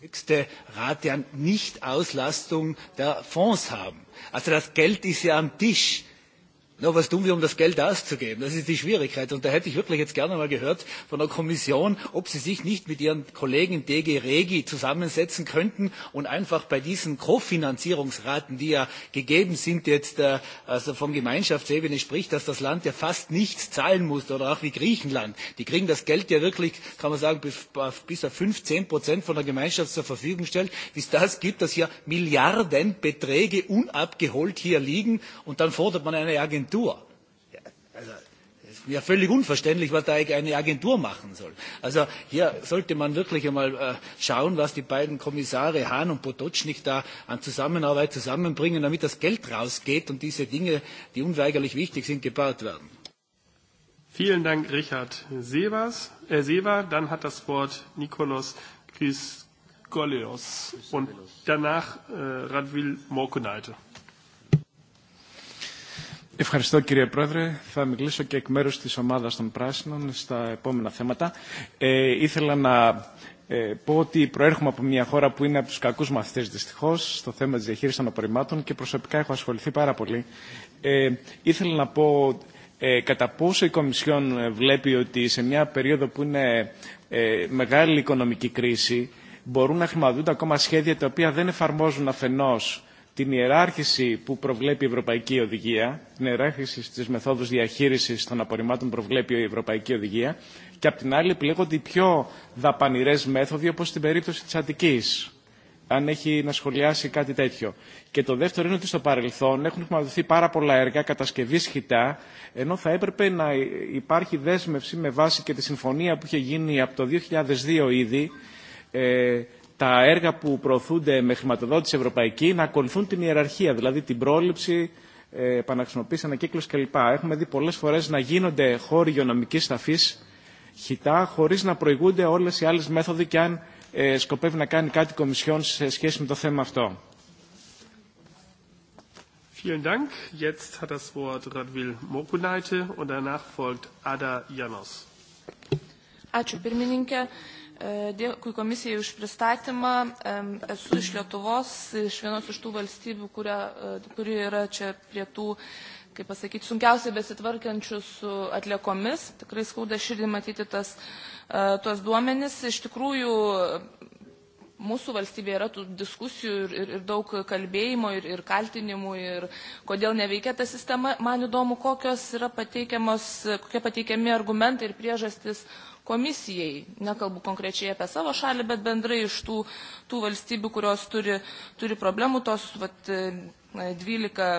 höchste Rate an Nichtauslastung der Fonds haben. Also das Geld ist ja am Tisch. Na, was tun wir, um das Geld auszugeben? Das ist die Schwierigkeit. Und da hätte ich wirklich jetzt gerne mal gehört von der Kommission, ob sie sich nicht mit ihren Kollegen DG Regi zusammensetzen könnten und einfach bei diesen Kofinanzierungsraten, die ja gegeben sind jetzt äh, also von Gemeinschaftsebene, sprich, dass das Land ja fast nichts zahlen muss oder auch wie Griechenland. Die kriegen das Geld ja wirklich, kann man sagen, bis auf 15 Prozent von der Gemeinschaft zur Verfügung stellt. Bis das gibt, dass hier Milliardenbeträge unabgeholt hier liegen und dann fordert man eine Agentur Agentur. Ja, also, ist mir völlig unverständlich, was da eine Agentur machen soll. Also hier sollte man wirklich einmal äh, schauen, was die beiden Kommissare Hahn und Potocznik da an Zusammenarbeit zusammenbringen, damit das Geld rausgeht und diese Dinge, die unweigerlich wichtig sind, gebaut werden. Vielen
Dank, Richard Sebers, äh, Seber. Dann hat das Wort Nikolos Chryskoleos und danach äh, Radwil Morkunaite.
Ευχαριστώ κύριε Πρόεδρε. Θα μιλήσω και εκ μέρους της ομάδας των Πράσινων στα επόμενα θέματα. Ε, ήθελα να ε, πω ότι προέρχομαι από μια χώρα που είναι από τους κακούς μαθητές δυστυχώς στο θέμα της διαχείρισης των απορριμμάτων και προσωπικά έχω ασχοληθεί πάρα πολύ. Ε, ήθελα να πω ε, κατά πόσο η Κομισιόν βλέπει ότι σε μια περίοδο που είναι ε, μεγάλη οικονομική κρίση μπορούν να χρηματοδοτούνται ακόμα σχέδια τα οποία δεν εφαρμόζουν αφενός την ιεράρχηση που προβλέπει η Ευρωπαϊκή Οδηγία, την ιεράρχηση στις μεθόδους διαχείρισης των απορριμμάτων προβλέπει η Ευρωπαϊκή Οδηγία και απ' την άλλη επιλέγονται οι πιο δαπανηρές μέθοδοι όπως στην περίπτωση της Αττικής αν έχει να σχολιάσει κάτι τέτοιο. Και το δεύτερο είναι ότι στο παρελθόν έχουν χρηματοδοτηθεί πάρα πολλά έργα κατασκευή χιτά, ενώ θα έπρεπε να υπάρχει δέσμευση με βάση και τη συμφωνία που είχε γίνει από το 2002 ήδη ε, τα έργα που προωθούνται με χρηματοδότηση ευρωπαϊκή να ακολουθούν την ιεραρχία, δηλαδή την πρόληψη, επαναχρησιμοποίηση, ανακύκλωση κλπ. Έχουμε δει πολλές φορές να γίνονται χώροι υγειονομικής ταφής χιτά χωρίς να προηγούνται όλες οι άλλες μέθοδοι και αν ε, σκοπεύει να κάνει κάτι Κομισιόν σε σχέση με το θέμα αυτό.
Vielen Dank. Jetzt hat das Wort Radwil Mokunaite und danach folgt Ada Janos.
Ačiū pirmininkė. E, Dėkui komisijai už pristatymą. Esu iš Lietuvos, iš vienos iš tų valstybių, kuria, e, kuri yra čia prie tų, kaip pasakyti, sunkiausiai besitvarkiančių su atliekomis. Tikrai skauda širdį matyti tas, e, tuos duomenis. Iš tikrųjų, mūsų valstybėje yra tų diskusijų ir, ir, ir daug kalbėjimo ir, ir kaltinimų ir kodėl neveikia ta sistema. Man įdomu, kokios yra pateikiamos, kokie pateikiami argumentai ir priežastis komisijai. Nekalbu konkrečiai apie savo šalį, bet bendrai iš tų, tų valstybių, kurios turi, turi problemų, tos vat, 12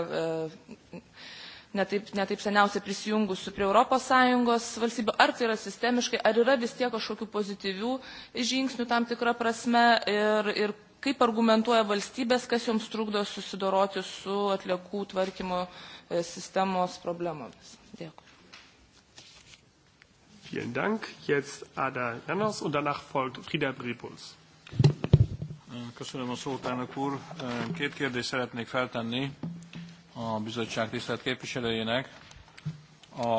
netaip, netaip seniausiai prisijungusių prie ES valstybių, ar tai yra sistemiškai, ar yra vis tiek kažkokių pozityvių žingsnių tam tikrą prasme ir, ir kaip argumentuoja valstybės, kas joms trukdo susidoroti su atliekų tvarkymo e, sistemos problemomis. Dėkui.
Vielen Dank. Jetzt Ada Janos und danach folgt Frida Brepuls.
Köszönöm a szót, elnök úr. Két kérdést szeretnék feltenni a bizottság tisztelt képviselőjének. A,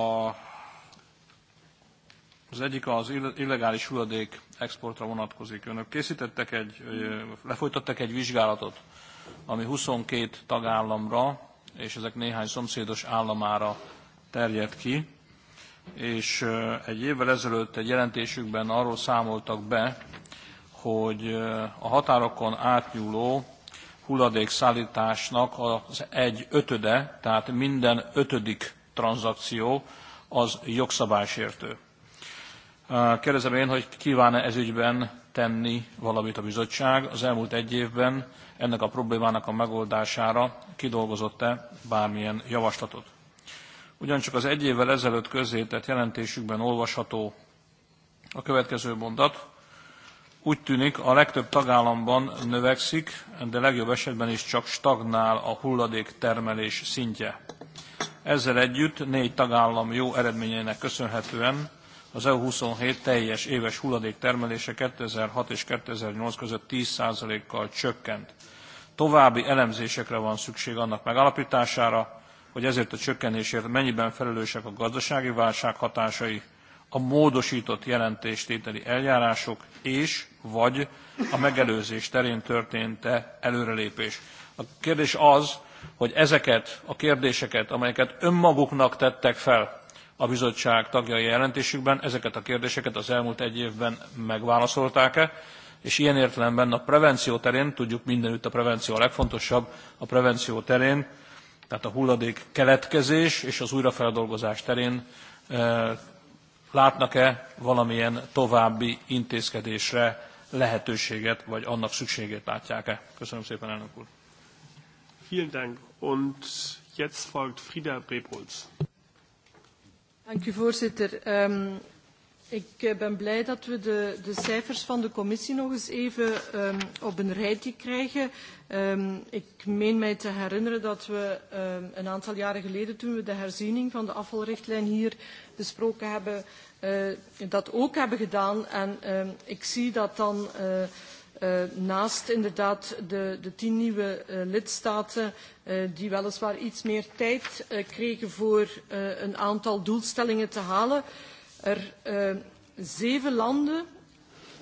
az egyik az illegális hulladék exportra vonatkozik. Önök készítettek egy, lefolytattak egy vizsgálatot, ami 22 tagállamra és ezek néhány szomszédos államára terjed ki, és egy évvel ezelőtt egy jelentésükben arról számoltak be, hogy a határokon átnyúló hulladékszállításnak az egy ötöde, tehát minden ötödik tranzakció az jogszabálysértő. Kérdezem én, hogy kíván-e ezügyben tenni valamit a bizottság az elmúlt egy évben ennek a problémának a megoldására kidolgozott-e bármilyen javaslatot. Ugyancsak az egy évvel ezelőtt közzétett jelentésükben olvasható a következő mondat, úgy tűnik a legtöbb tagállamban növekszik, de legjobb esetben is csak stagnál a hulladék termelés szintje. Ezzel együtt négy tagállam jó eredményeinek köszönhetően az EU27 teljes éves hulladéktermelése 2006 és 2008 között 10%-kal csökkent. További elemzésekre van szükség annak megállapítására, hogy ezért a csökkenésért mennyiben felelősek a gazdasági válság hatásai, a módosított jelentéstételi eljárások és vagy a megelőzés terén történt-e előrelépés. A kérdés az, hogy ezeket a kérdéseket, amelyeket önmaguknak tettek fel a bizottság tagjai jelentésükben, ezeket a kérdéseket az elmúlt egy évben megválaszolták-e, és ilyen értelemben a prevenció terén, tudjuk mindenütt a prevenció a legfontosabb, a prevenció terén, tehát a hulladék keletkezés és az újrafeldolgozás terén e, látnak-e valamilyen további intézkedésre lehetőséget, vagy annak szükségét látják-e. Köszönöm szépen, elnök úr.
Vielen Dank. Und jetzt folgt Frida Brepols.
Dank u, voorzitter. Um, ik eh, ben blij dat we de, de cijfers van de commissie nog eens even um, op een rijtje krijgen. Um, ik meen mij te herinneren dat we um, een aantal jaren geleden, toen we de herziening van de afvalrichtlijn hier besproken hebben, uh, dat ook hebben gedaan. En uh, ik zie dat dan uh, uh, naast inderdaad de, de tien nieuwe uh, lidstaten, uh, die weliswaar iets meer tijd uh, kregen voor uh, een aantal doelstellingen te halen, er uh, zeven landen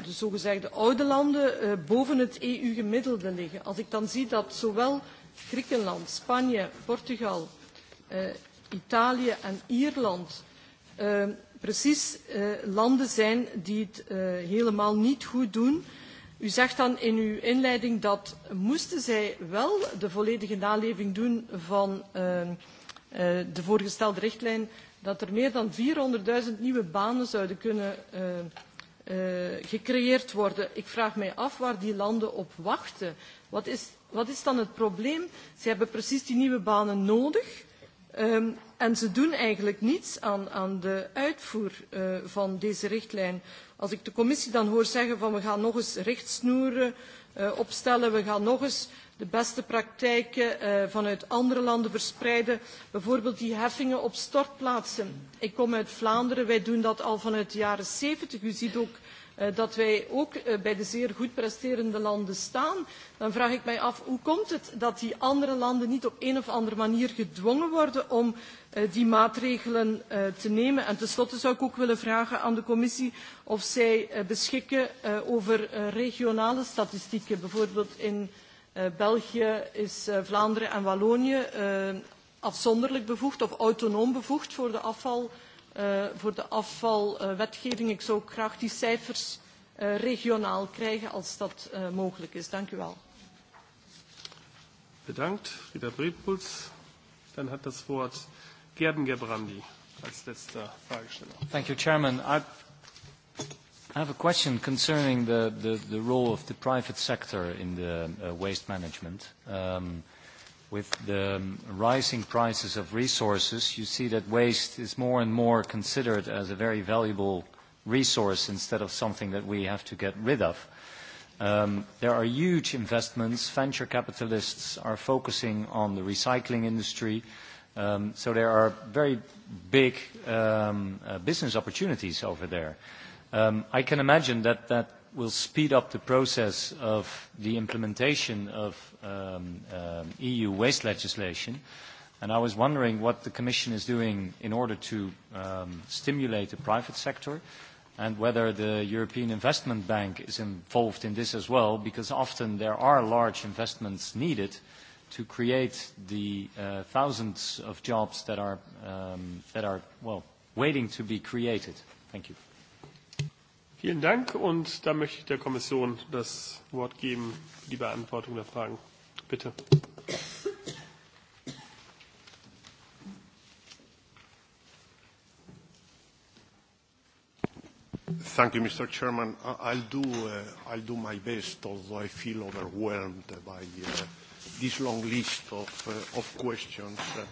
de zogezegde oude landen eh, boven het EU-gemiddelde liggen. Als ik dan zie dat zowel Griekenland, Spanje, Portugal, eh, Italië en Ierland eh, precies uh, landen zijn die het uh, helemaal niet goed doen. U zegt dan in uw inleiding dat moesten zij wel de volledige naleving doen van uh, uh, de voorgestelde richtlijn, dat er meer dan 400.000 nieuwe banen zouden kunnen uh, uh, gecreëerd worden. Ik vraag mij af waar die landen op wachten. Wat is, wat is dan het probleem? Ze hebben precies die nieuwe banen nodig. Um, en ze doen eigenlijk niets aan, aan de uitvoer uh, van deze richtlijn. Als ik de commissie dan hoor zeggen van we gaan nog eens richtsnoeren uh, opstellen, we gaan nog eens de beste praktijken uh, vanuit andere landen verspreiden, bijvoorbeeld die heffingen op stortplaatsen. Ik kom uit Vlaanderen, wij doen dat al vanuit de jaren zeventig. U ziet ook uh, Eh, dat wij ook eh, bij de zeer goed presterende landen staan, dan vraag ik mij af hoe komt het dat die andere landen niet op een of andere manier gedwongen worden om eh, die maatregelen te nemen. En tenslotte zou ik ook willen vragen aan de commissie of zij beschikken over regionale statistieken. Bijvoorbeeld in België is Vlaanderen en Wallonië afzonderlijk bevoegd of autonoom bevoegd voor de afval uh, voor de afvalwetgeving. Ik zou ook graag die cijfers uh, regionaal krijgen als dat uh, mogelijk is. Dank u wel.
Bedankt, Frieda Bredpuls. Dann hat das Wort Gerben Gebrandi als letzter Fragesteller.
Thank you, Chairman. I I have a question concerning the, the, the role of the private sector in the uh, waste management. Um, uh, with the rising prices of resources, you see that waste is more and more considered as a very valuable resource instead of something that we have to get rid of. Um, there are huge investments. Venture capitalists are focusing on the recycling industry. Um, so there are very big um, uh, business opportunities over there. Um, I can imagine that, that will speed up the process of the implementation of um, um, EU waste legislation. And I was wondering what the Commission is doing in order to um, stimulate the private sector and whether the European Investment Bank is involved in this as well, because often there are large investments needed to create the uh, thousands of jobs that are, um, that are, well, waiting to be created. Thank you.
Vielen Dank und da möchte ich der Kommission das Wort geben für die Beantwortung der Fragen. Bitte.
Thank you, Mr. Chairman. I'll do, uh, I'll do my best, although I feel overwhelmed by uh, this long list of, uh, of questions. Uh,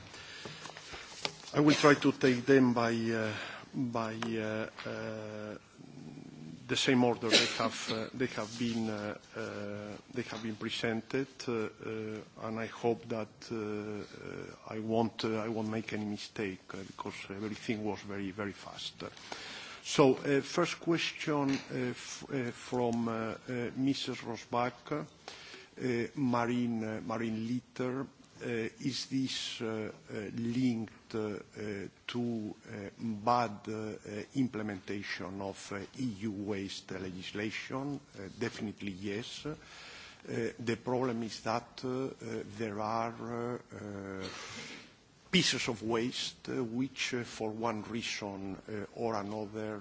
I will try to take them by, uh, by uh, uh, the same order they have, uh, they have, been, uh, uh, they have been presented, uh, uh, and I hope that uh, uh, I, won't, uh, I won't make any mistake uh, because everything was very, very fast. So uh, first question uh, f uh, from uh, uh, Mrs. Rosbach, uh, marine, uh, marine litter, Eh, is this eh, eh, linked to bad implementation of EU e waste legislation? Definitely, yes. The problem is that there are pieces of waste which, for one reason or another,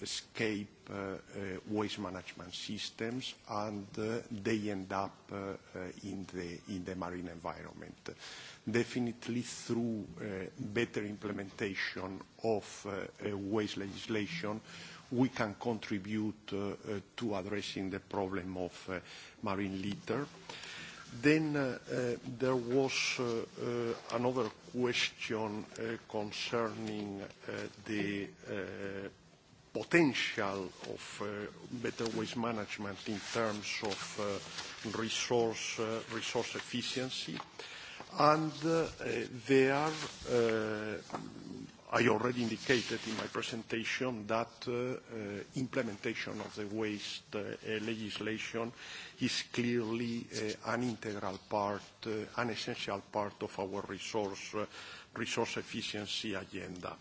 escape uh, uh, waste management systems, and uh, they end up uh, uh, in, the, in the marine environment. Definitely through uh, better implementation of uh, uh, waste legislation, we can contribute uh, uh, to addressing the problem of uh, marine litter. Then uh, uh, there was uh, uh, another question uh, concerning uh, the uh, potential of uh, better waste management in terms of uh, resource, uh, resource efficiency. And uh, they are, uh, I already indicated in my presentation that uh, uh, implementation of the waste uh, legislation is clearly uh, an integral part, uh, an essential part of our resource, uh, resource efficiency agenda. Uh,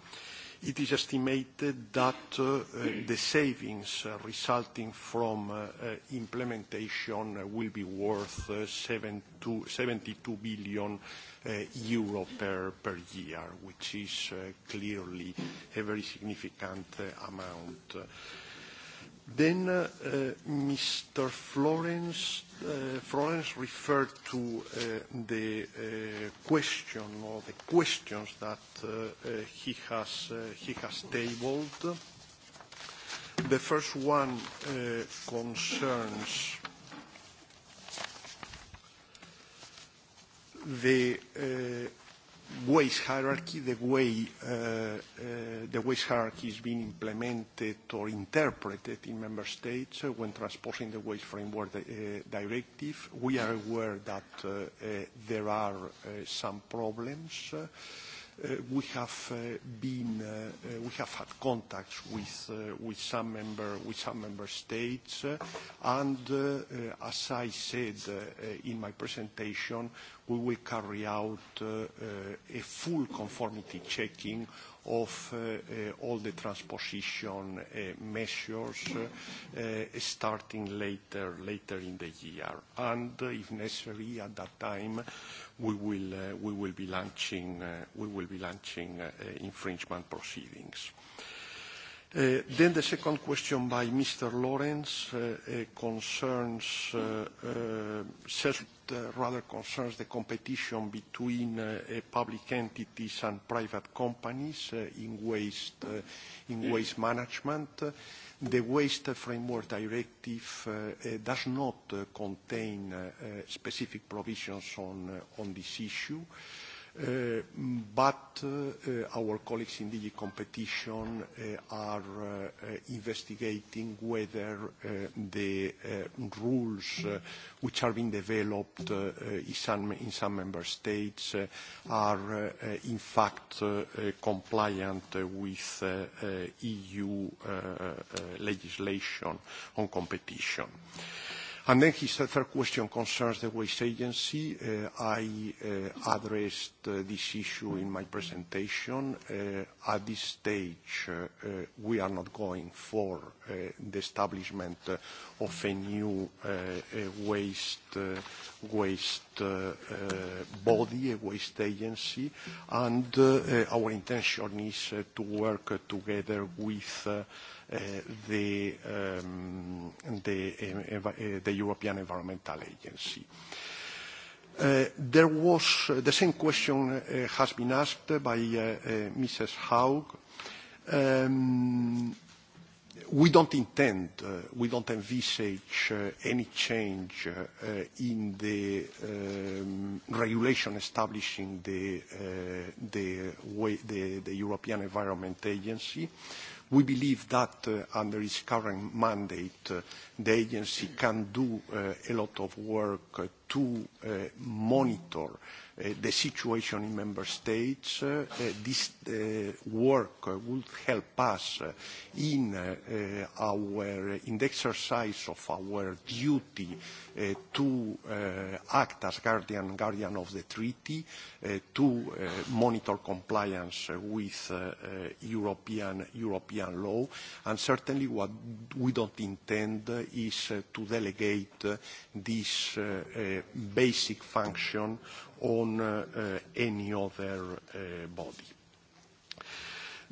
It is estimated that uh, uh the savings uh, resulting from uh, uh implementation will be worth 72, 72 billion uh, euro per, per year, which is clearly a very significant amount. Then uh, Mr. Florence, uh, Florence referred to uh, the uh, question or the questions that uh, uh, he, has, uh, he has tabled. The first one uh, concerns the uh, wage hierarchy, the way uh, uh, the wage hierarchy is being implemented or interpreted in member states uh, when transposing the wage framework uh, directive. We are aware that uh, uh, there are uh, some problems. Uh, uh, we have uh, been, uh, uh, we have had contacts with, uh, with, some, member, with some member states, uh, and uh, uh, as I said uh, uh, in my presentation, we will carry out uh, uh, a full conformity checking of uh, uh, all the transposition uh, measures starting later, later in the year. And if necessary, at that time, we will, we will be launching, will be launching infringement proceedings. Uh, then the second question by Mr. Lawrence uh, uh, concerns, says, rather concerns the competition between public entities and private companies in waste, in waste management. The Waste Framework Directive does not contain specific provisions on, on this issue. Uh, but uh, our colleagues in DG Competition uh, are uh, investigating whether uh, the uh, rules which are being developed in some, in some member states are in fact compliant with EU legislation on competition. And then his third question concerns the waste agency. Uh, I uh, addressed Uh, this issue in my presentation. Uh, at this stage, uh, we are not going for the establishment of a new waste, waste body, a waste agency. And our intention is to work together with the, um, the, the European Environmental Agency. Uh, there was uh, the same question uh, has been asked by uh, uh, Mrs. Haug. Um, we don't intend, uh, we don't envisage any change in the um, regulation establishing the, the, way, the, the European Environment Agency. We believe that uh, under its current mandate, uh, the agency can do uh, a lot of work uh, to uh, monitor uh, uh, the situation in member states. Uh, uh, this uh, work uh, would help us uh, in uh, uh, our uh, in the exercise of our duty uh, to uh, act as guardian guardian of the treaty, uh, to uh, monitor compliance uh, with uh, uh, European European law, and certainly what we don't intend uh, is uh, to delegate uh, this uh, uh, basic function on uh, uh, any other uh, body.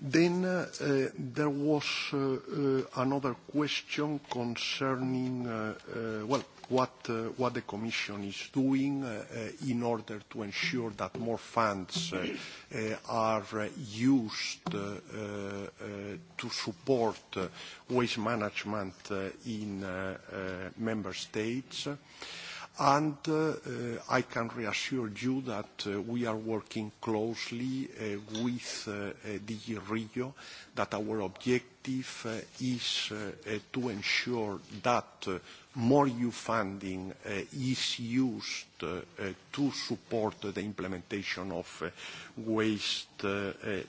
Then uh, uh, there was uh, uh, another question concerning, uh, uh, well, what, uh, what the Commission is doing uh, uh, in order to ensure that more funds uh, uh, are uh, used uh, uh, to support uh, waste management uh, in uh, uh, member states. Uh, And uh, I can reassure you that uh, we are working closely uh, with uh, uh, DG Regio, that our objective uh, is to ensure that more EU funding is used to support the implementation of waste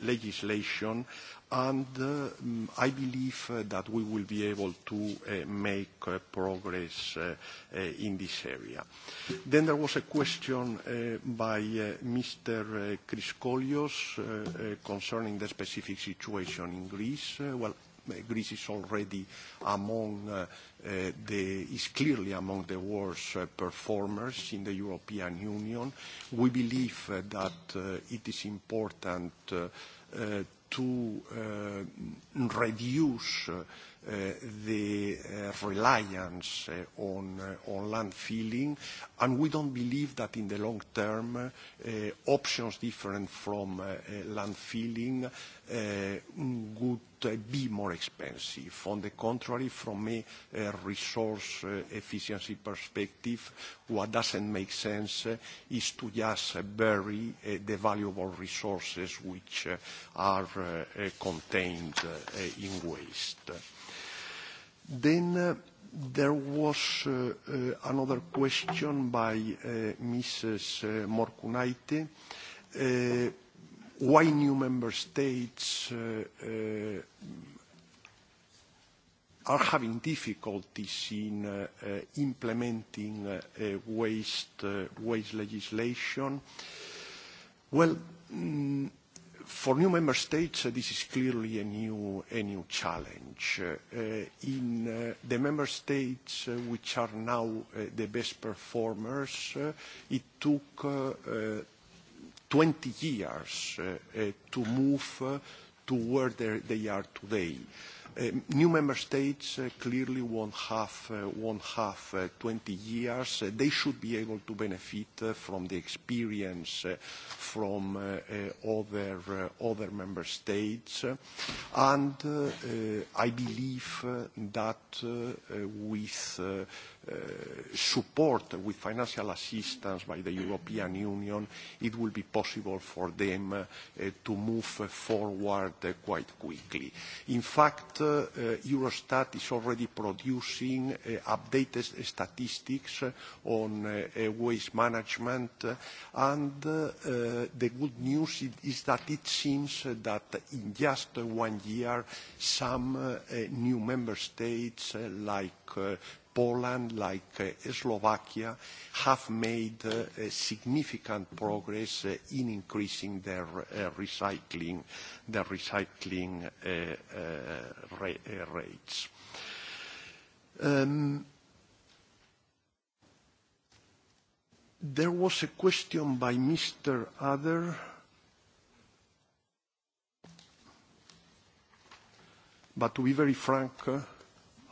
legislation and uh, I believe uh, that we will be able to uh, make uh, progress uh, uh, in this area. Then there was a question uh, by uh, Mr. Kriskolios uh, uh, uh, concerning the specific situation in Greece. Uh, well, Greece is already among uh, uh, the is clearly among the worst uh, performers in the European Union. We believe uh, that uh, it is important uh, uh, to uh, eh, reduce uh, the uh, reliance uh, on, uh, on landfilling, and we don't believe that in the long term uh, options different from uh, landfilling uh, would uh, be more expensive. On the contrary, from a, a resource uh, efficiency perspective, what doesn't make sense uh, is to just uh, bury uh, the valuable resources which uh, are uh, uh, contained uh, in waste. Then uh, There was uh, uh, another question by uh, Mrs. Morcunaite why new member states uh, uh, are having difficulties in uh, uh, implementing uh, uh, waste, uh, waste legislation. Well, mm, for new member states, uh, this is clearly a new, a new challenge. Uh, uh in uh, the member states uh, which are now uh, the best performers, uh, it took uh, uh, 20 years uh, uh, to move uh, to where they are today. Uh, new member states uh, clearly won't have, uh, won't have uh, 20 years. Uh, they should be able to benefit uh, from the experience uh, from uh, uh, other, uh, other member states. And uh, uh, I believe uh, that uh, uh, with uh, uh, support with financial assistance by the European Union, it will be possible for them uh, uh, to move forward quite quickly. In fact, uh, Eurostat is already producing uh, updated statistics on uh, waste management, and the good news is that it seems that in just one year, some new member states, like Poland, like uh, Slovakia, have made uh, significant progress uh, in increasing their uh, recycling, their recycling uh, uh, ra uh, rates. Um, there was a question by Mr. Other. But to be very frank, uh,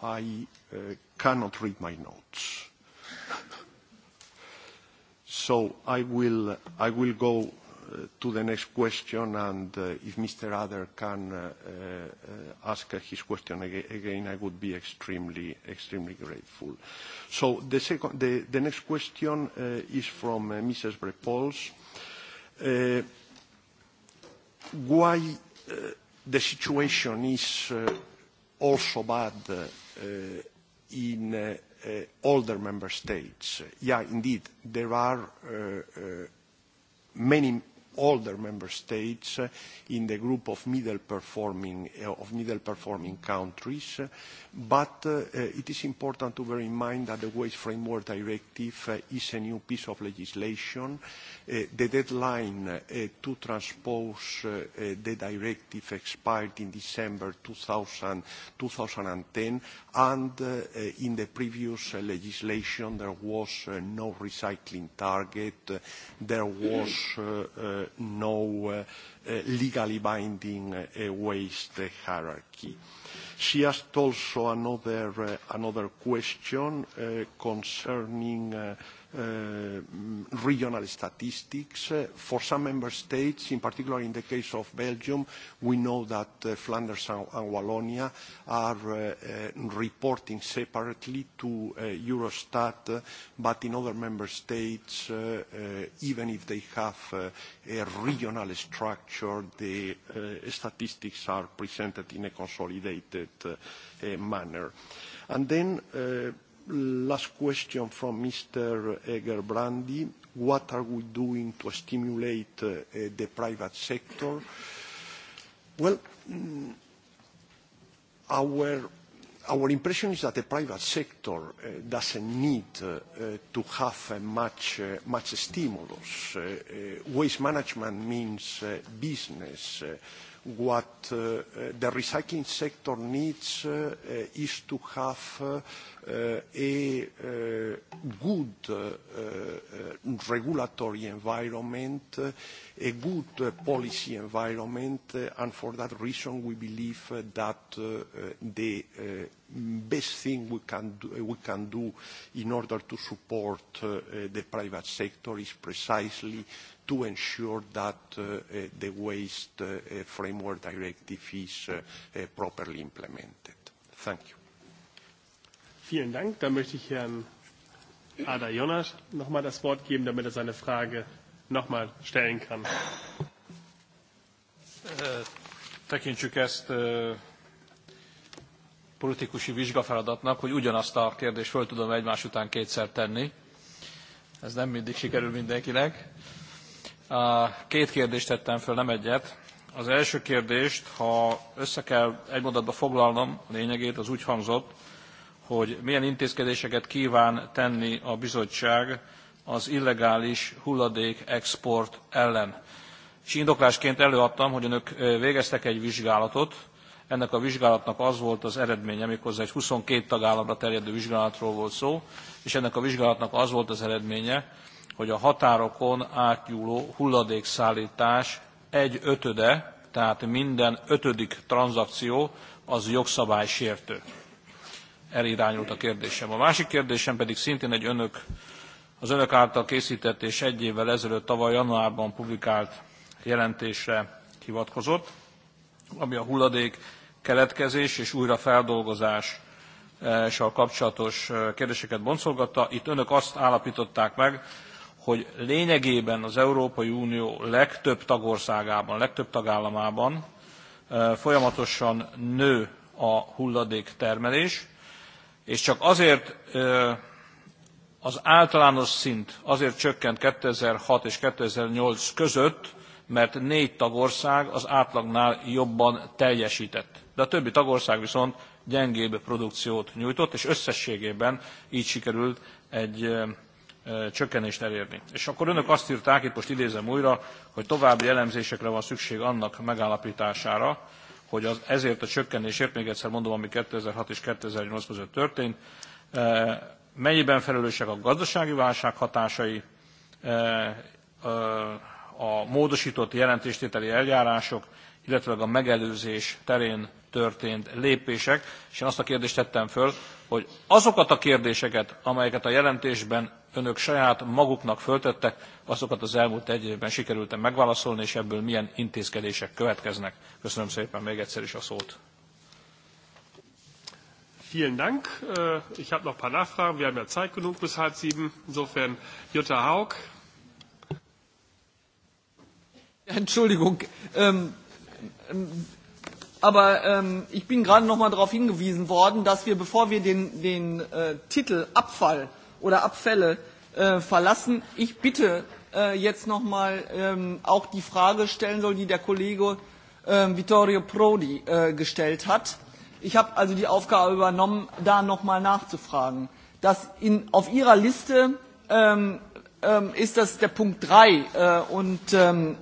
I uh, cannot read my notes. So I will, I will go uh, to the next question, and uh, if Mr. Adler can uh, uh, ask his question ag again, I would be extremely, extremely grateful. So the, second, the, the next question uh, is from uh, Mrs. Brepols. Why the situation is also bad in uh, uh, older member states. Yeah, indeed, there are uh, uh, many older member states uh, in the group of middle performing, uh, of middle performing countries. But uh, uh, it is important to bear in mind that the Waste Framework Directive uh, is a new piece of legislation. Uh, the deadline uh, to transpose uh, uh, the directive expired in December 2000, 2010, and uh, uh, in the previous uh, legislation there was uh, no recycling target. Uh, there was uh, uh, no eh, eh, legally binding eh, waste hierarchy. She asked also another, another question concerning uh, regional statistics. Uh, for some member states, in particular in the case of Belgium, we know that uh, Flanders and, and Wallonia are uh, uh, reporting separately to uh, Eurostat, uh, but in other member states, uh, uh, even if they have uh, a regional structure, the uh, statistics are presented in a consolidated uh, uh, manner. And then uh, last question from Mr. Egerbrandi. What are we doing to stimulate uh, the private sector? Well, mm, our, our impression is that the private sector uh, doesn't need uh, uh to have uh, much, uh, much stimulus. Waste management means business What uh, the recycling sector needs uh, uh, is to have a good regulatory environment, a good policy environment, and for that reason, we believe that the best thing we can do, we can do in order to support the private sector is precisely to ensure that uh, uh, the waste uh, eh, framework directive is uh, uh, properly implemented. Thank you.
Vielen Dank. Dann möchte ich Herrn Ada Jonas nochmal das Wort geben, damit er seine Frage nochmal stellen kann.
Tekintsük ezt politikusi vizsgafeladatnak, hogy ugyanazt a kérdést föl tudom egymás után kétszer tenni. Ez nem mindig sikerül mindenkinek. Uh, Két kérdést tettem föl, nem egyet. Az első kérdést, ha össze kell egy mondatba foglalnom, a lényegét az úgy hangzott, hogy milyen intézkedéseket kíván tenni a bizottság az illegális hulladék export ellen. És indoklásként előadtam, hogy önök végeztek egy vizsgálatot, ennek a vizsgálatnak az volt az eredménye, méghozzá egy 22 tagállamra terjedő vizsgálatról volt szó, és ennek a vizsgálatnak az volt az eredménye, hogy a határokon átnyúló hulladékszállítás egy ötöde, tehát minden ötödik tranzakció az jogszabálysértő. Erre irányult a kérdésem. A másik kérdésem pedig szintén egy önök, az önök által készített és egy évvel ezelőtt tavaly januárban publikált jelentésre hivatkozott, ami a hulladék keletkezés és újrafeldolgozás eh, kapcsolatos eh, kérdéseket boncolgatta. Itt önök azt állapították meg, hogy lényegében az Európai Unió legtöbb tagországában, legtöbb tagállamában folyamatosan nő a hulladéktermelés, és csak azért az általános szint azért csökkent 2006 és 2008 között, mert négy tagország az átlagnál jobban teljesített. De a többi tagország viszont gyengébb produkciót nyújtott, és összességében így sikerült egy csökkenést elérni. És akkor önök azt írták, itt most idézem újra, hogy további elemzésekre van szükség annak megállapítására, hogy az, ezért a csökkenésért, még egyszer mondom, ami 2006 és 2008 között történt, mennyiben felelősek a gazdasági válság hatásai, a módosított jelentéstételi eljárások, illetve a megelőzés terén történt lépések, és én azt a kérdést tettem föl, hogy azokat a kérdéseket, amelyeket a jelentésben önök saját maguknak föltettek, azokat az elmúlt egy évben sikerült -e megválaszolni, és ebből milyen intézkedések következnek. Köszönöm szépen még egyszer is a szót. Vielen
Dank. Äh, ich habe noch ein paar Nachfragen. Wir haben ja Zeit genug bis halb sieben. Insofern Jutta Haug.
Entschuldigung. Ähm, ähm, aber ähm, ich bin gerade noch mal darauf hingewiesen worden, dass wir, bevor wir den, den äh, Titel Abfall oder Abfälle äh, verlassen. Ich bitte äh, jetzt nochmal ähm, auch die Frage stellen soll, die der Kollege äh, Vittorio Prodi äh, gestellt hat. Ich habe also die Aufgabe übernommen, da nochmal nachzufragen. Das in, auf Ihrer Liste ähm, ähm, ist das der Punkt 3 äh, und ähm,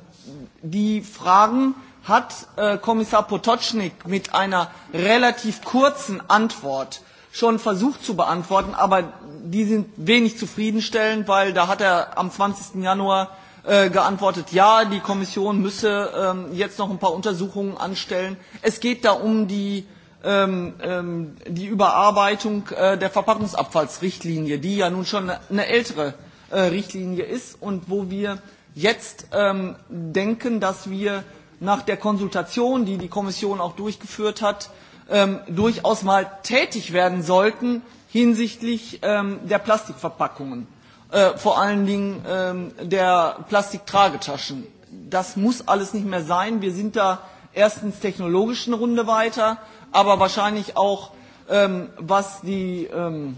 die Fragen hat äh, Kommissar Potocznik mit einer relativ kurzen Antwort äh, schon versucht zu beantworten, aber die sind wenig zufriedenstellend, weil da hat er am 20. Januar äh, geantwortet, ja, die Kommission müsse ähm, jetzt noch ein paar Untersuchungen anstellen. Es geht da um die, ähm, ähm, die Überarbeitung äh, der Verpackungsabfallsrichtlinie, die ja nun schon eine, eine ältere äh, Richtlinie ist und wo wir jetzt ähm, denken, dass wir nach der Konsultation, die die Kommission auch durchgeführt hat, äh, ähm, durchaus mal tätig werden sollten hinsichtlich ähm, der Plastikverpackungen, äh, vor allen Dingen ähm, der Plastiktragetaschen. Das muss alles nicht mehr sein. Wir sind da erstens technologisch eine Runde weiter, aber wahrscheinlich auch, ähm, was die, ähm,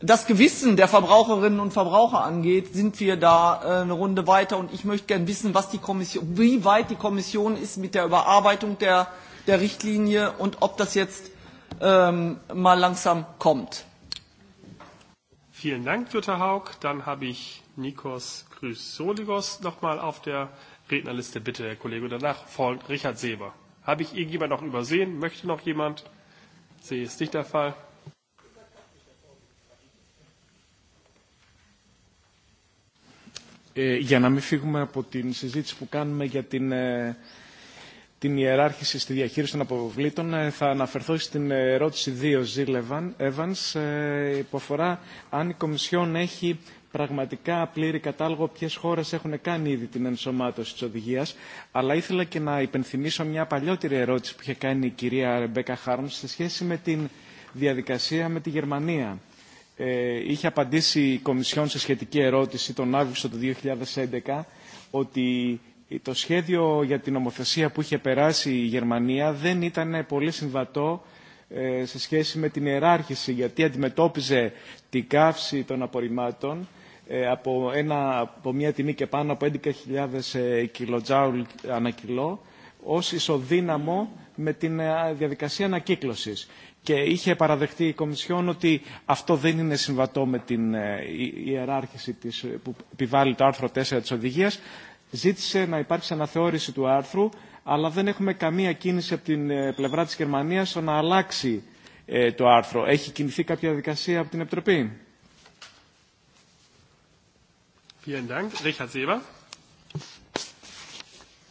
das Gewissen der Verbraucherinnen und Verbraucher angeht, sind wir da äh, eine Runde weiter. Und ich möchte gerne wissen, was die Kommission, wie weit die Kommission ist mit der Überarbeitung der äh, der Richtlinie und ob das jetzt
ähm, mal langsam kommt. Vielen Dank, Jutta Haug. Dann habe ich Nikos Chrysoligos nochmal auf der Rednerliste. Bitte, Herr Kollege. Und danach folgt Richard Seber. Habe ich irgendjemand noch übersehen? Möchte noch jemand? Sehe ist nicht der Fall.
Ε, για να μην φύγουμε από την συζήτηση που κάνουμε για την ε, την ιεράρχηση στη διαχείριση των αποβλήτων, θα αναφερθώ στην ερώτηση 2 Ζιλ Evans, που αφορά αν η Κομισιόν έχει πραγματικά πλήρη κατάλογο ποιε χώρε έχουν κάνει ήδη την ενσωμάτωση τη οδηγία. Αλλά ήθελα και να υπενθυμίσω μια παλιότερη ερώτηση που είχε κάνει η κυρία Ρεμπέκα Χάρμ σε σχέση με την διαδικασία με τη Γερμανία. Ε, είχε απαντήσει η Κομισιόν σε σχετική ερώτηση τον Αύγουστο του 2011 ότι το σχέδιο για την νομοθεσία που είχε περάσει η Γερμανία δεν ήταν πολύ συμβατό σε σχέση με την ιεράρχηση, γιατί αντιμετώπιζε την καύση των απορριμμάτων από, ένα, από μια τιμή και πάνω από 11.000 κιλοτζάουλ ανά κιλό, ως ισοδύναμο με την διαδικασία ανακύκλωσης. Και είχε παραδεχτεί η Κομισιόν ότι αυτό δεν είναι συμβατό με την ιεράρχηση της, που επιβάλλει το άρθρο 4 της οδηγίας, ζήτησε να υπάρξει αναθεώρηση του άρθρου, αλλά δεν έχουμε καμία κίνηση από την πλευρά της Γερμανίας στο να αλλάξει ε, το άρθρο. Έχει κινηθεί κάποια διαδικασία από την Επιτροπή.
Vielen Dank. Richard Seber.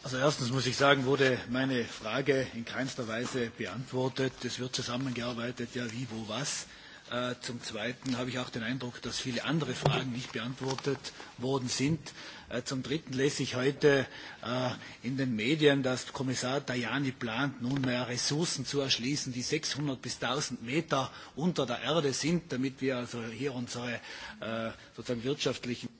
Also erstens muss ich sagen, wurde meine Frage in keinster Weise beantwortet. Es wird zusammengearbeitet, ja wie, wo, was. Äh, Äh, zum Zweiten habe ich auch den Eindruck, dass viele andere Fragen nicht beantwortet worden sind. Äh, zum Dritten lese ich heute äh, in den Medien, dass Kommissar Tajani plant, nunmehr Ressourcen zu erschließen, die 600 bis 1000 Meter unter der Erde sind, damit wir also hier unsere äh, sozusagen wirtschaftlichen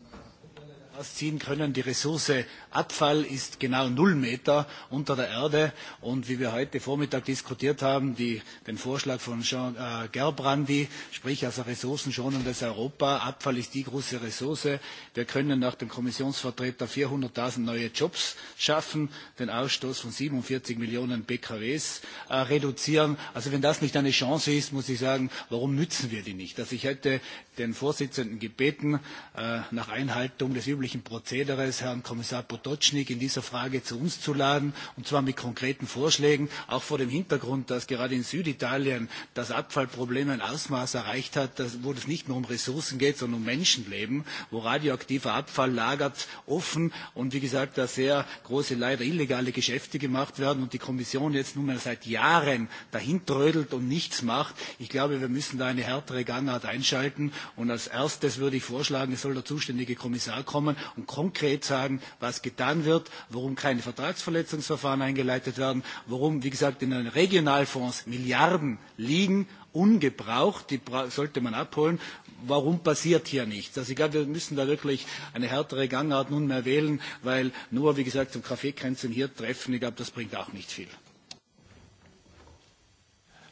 ziehen können. Die Ressource Abfall ist genau null Meter unter der Erde. Und wie wir heute Vormittag diskutiert haben, die, den Vorschlag von Jean äh, Gerbrandi, sprich also ressourcenschonendes Europa. Abfall ist die große Ressource. Wir können nach dem Kommissionsvertreter 400.000 neue Jobs schaffen, den Ausstoß von 47 Millionen BKWs äh, reduzieren. Also wenn das nicht eine Chance ist, muss ich sagen, warum nützen wir die nicht? Also ich hätte den Vorsitzenden gebeten, äh, nach Einhaltung des üblichen Prozederes Herrn Kommissar Potocznik in dieser Frage zu uns zu laden, und zwar mit konkreten Vorschlägen, auch vor dem Hintergrund, dass gerade in Süditalien das Abfallproblem ein Ausmaß erreicht hat, wo es nicht nur um Ressourcen geht, sondern um Menschenleben, wo radioaktiver Abfall lagert offen und wie gesagt, da sehr große, leider illegale Geschäfte gemacht werden und die Kommission jetzt nunmehr seit Jahren dahintrödelt und nichts macht. Ich glaube, wir müssen da eine härtere Gangart einschalten Und als erstes würde ich vorschlagen, es soll der zuständige Kommissar kommen und konkret sagen, was getan wird, warum keine Vertragsverletzungsverfahren eingeleitet werden, warum, wie gesagt, in den Regionalfonds Milliarden liegen ungebraucht, die sollte man abholen. Warum passiert hier nichts? Also ich glaube, wir müssen da wirklich eine härtere Gangart nunmehr wählen, weil nur, wie gesagt, zum Kaffeekränzchen hier treffen, ich glaube, das bringt auch nicht viel.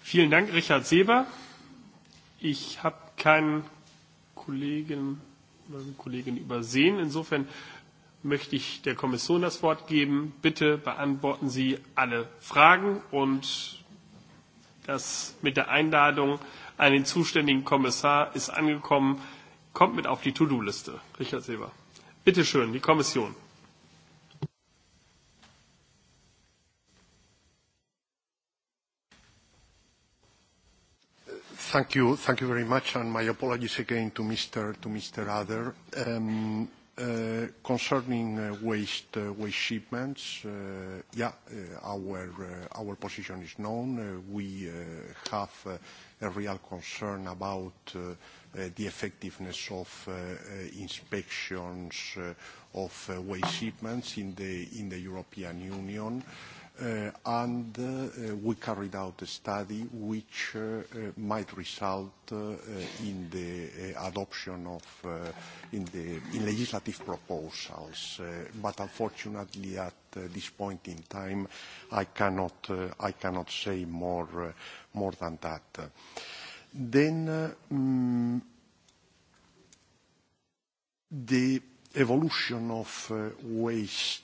Vielen
Dank, Richard Seber. Ich habe keinen Kollegen oder Kollegin übersehen. Insofern möchte ich der Kommission das Wort geben. Bitte beantworten Sie alle Fragen und das mit der Einladung an den zuständigen Kommissar ist angekommen. Kommt mit auf die To-Do-Liste. Richard Silber. Bitte schön, die Kommission.
Thank you. Thank you very much, and my apologies again to Mr. to Mr. Adler. Um, uh, concerning uh, waste uh, waste shipments, uh, yeah, uh, our uh, our position is known. We have a real concern about the effectiveness of inspections of waste shipments in the in the European Union. Uh, and uh, uh, we carried out a study which uh, uh might result uh, in the adoption of in the in legislative proposals. But unfortunately, at this point in time, I cannot I cannot say more more than that. Then, um, the evolution of waste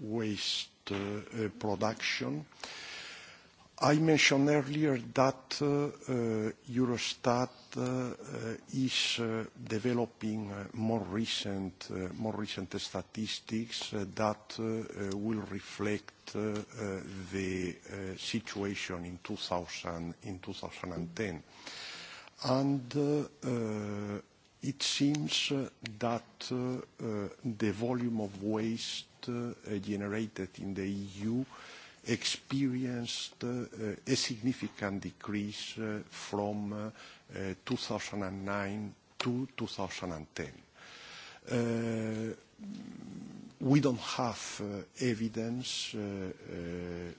waste Uh, uh, production. I mentioned earlier that uh, Eurostat is developing more recent, more recent statistics that will reflect the situation in, 2000, in 2010. And, it seems that the volume of waste uh, generated in the EU experienced uh, a significant decrease uh, from uh, uh, 2009 to 2010. Uh, we don't have uh, evidence uh, uh,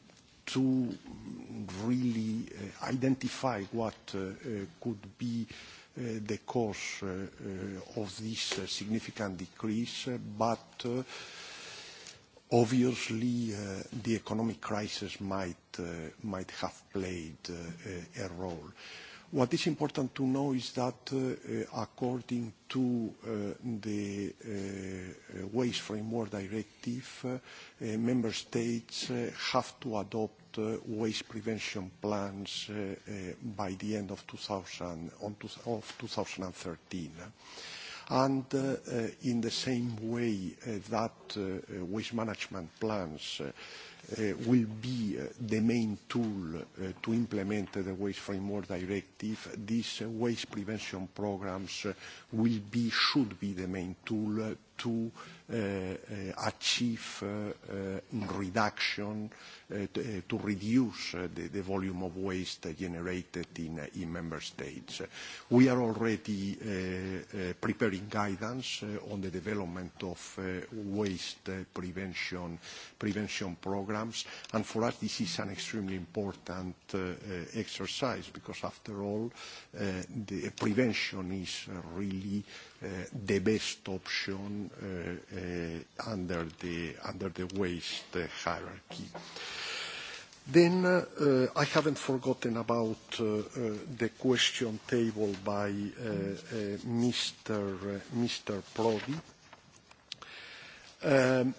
to really uh, identify what uh, uh, could be uh, the cause uh, uh, of this uh, significant decrease, uh, but uh, Obviously, uh, the economic crisis might, uh, might have played uh, a role. What is important to know is that uh, uh, according to uh, the Waste Framework Directive, member states have to adopt waste prevention plans by the end of, 2000, on to, of 2013. And uh, uh, in the same way uh, that uh, uh waste management plans uh, Uh, will be uh, the main tool uh, to implement the Waste Framework Directive. These waste prevention programs will be, should be the main tool to uh, achieve uh, uh, reduction, to, to reduce the, the volume of waste generated in, in member states. We are already preparing guidance on the development of waste prevention, prevention programs programs. And for us, this is an extremely important uh, uh, exercise because, after all, uh, the prevention is uh, really uh, the best option uh, uh, under, the, under the waste uh, hierarchy. Then uh, uh, I haven't forgotten about uh, uh, the question table by uh, uh, Mr. Mr. Prodi. Um,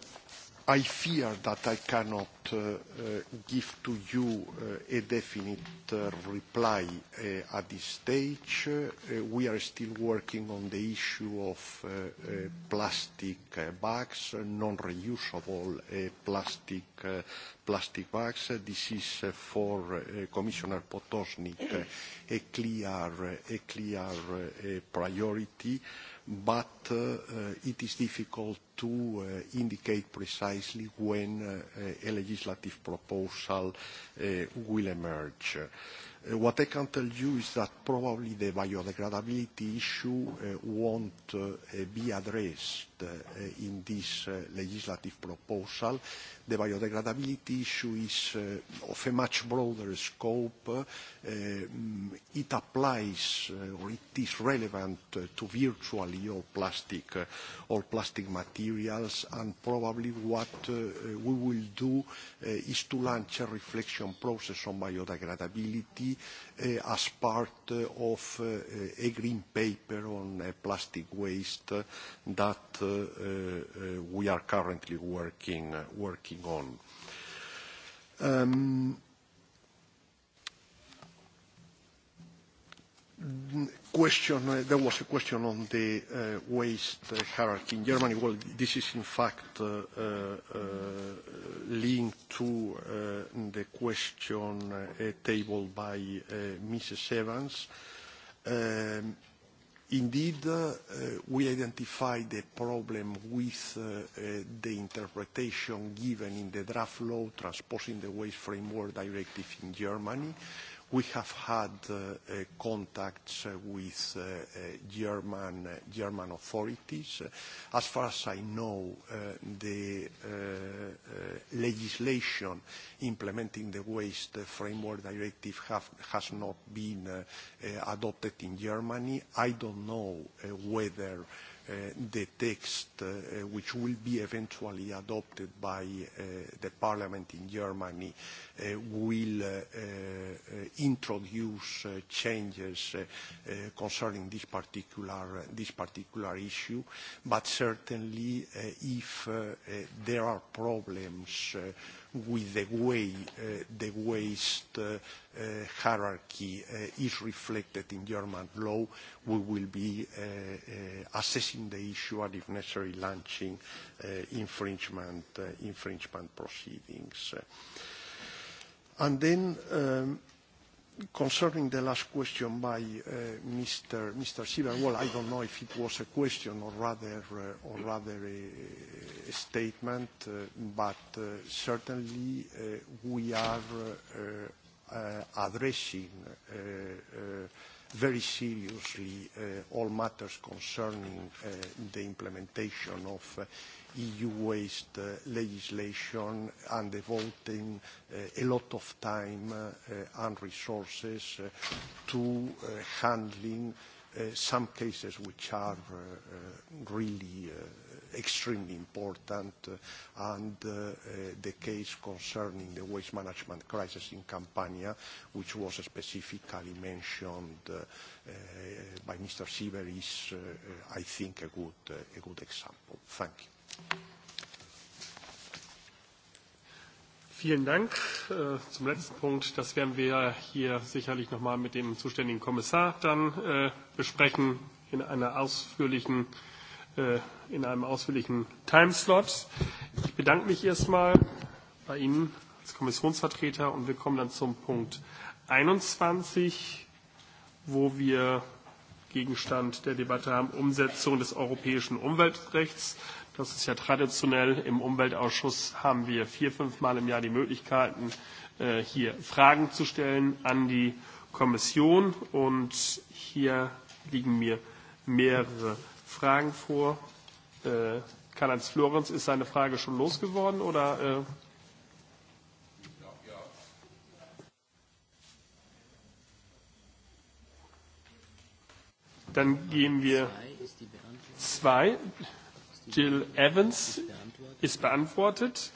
I fear that I cannot uh, uh, give to you uh, a definite uh, reply uh, at this stage. Uh, we are still working on the issue of uh, uh, plastic uh, bags, uh, non-reusable uh, plastic, uh, plastic bags. Uh, this is uh, for uh, Commissioner Potosnik uh, a clear, uh, a clear uh, priority. Uh, but uh, uh, it is difficult to uh, indicate precisely when uh, a legislative proposal uh, will emerge. Uh, Uh, what I can tell you is that probably the biodegradability issue uh, won't uh, be addressed uh, uh in this uh, legislative proposal. The biodegradability issue is uh, of a much broader scope. Uh, um, it applies uh, or it is relevant uh, to virtually all plastic, uh, all plastic materials and probably what uh, we will do uh, is to launch a reflection process on biodegradability be uh, as part uh, of uh, a green paper on uh, plastic waste uh, that uh, uh, we are currently working, uh, working on. Um, question, uh, there was a question on the uh, waste hierarchy in Germany. Well, this is in fact uh, uh, uh linked to uh, the question uh, tabled by uh, Mrs. Evans. Um, indeed, uh, uh, we identified the problem with uh, uh, the interpretation given in the draft law transposing the waste framework directive in Germany. Uh, We have had uh, uh, contacts uh, with uh, uh, German, uh, German authorities. Uh, as far as I know, uh, the uh, uh, legislation implementing the Waste Framework Directive have, has not been uh, uh, adopted in Germany. I don't know uh, whether uh, uh, the text uh, which will be eventually adopted by uh, the parliament in Germany uh, will uh, uh, introduce uh, changes uh, uh, concerning this particular, uh, this particular issue, but certainly uh, if uh, uh, there are problems uh, with the way uh, the waste uh, uh, hierarchy uh, is reflected in German law, we will be uh, uh, assessing the issue and, if necessary, launching uh, infringement, uh, infringement proceedings. And then um, Concerning the last question by uh, Mr. Sieber, well, I don't know if it was a question or rather, uh, or rather a, a statement, uh, but certainly we are addressing very seriously all matters concerning the implementation of EU waste uh, legislation and devoting uh, a lot of time uh, and resources uh, to uh, handling uh, some cases which are uh, uh, really uh, extremely important uh, and uh, uh, the case concerning the waste management crisis in Campania which was specifically mentioned uh, uh, by Mr. Sieber is uh, uh, I think a good, uh, a good example. Thank you.
Vielen Dank. Äh, zum letzten Punkt, das werden wir hier sicherlich nochmal mit dem zuständigen Kommissar dann äh, besprechen in, einer ausführlichen, äh, in einem ausführlichen Timeslot. Ich bedanke mich erstmal bei Ihnen als Kommissionsvertreter und wir kommen dann zum Punkt 21, wo wir Gegenstand der Debatte haben, Umsetzung des europäischen Umweltrechts. Das ist ja traditionell. Im Umweltausschuss haben wir vier, fünfmal im Jahr die Möglichkeiten, äh, hier Fragen zu stellen an die Kommission. Und hier liegen mir mehrere Fragen vor. Äh, Karl-Heinz Florenz, ist seine Frage schon losgeworden oder? Äh? Dann gehen wir zwei. Jill Evans ist beantwortet.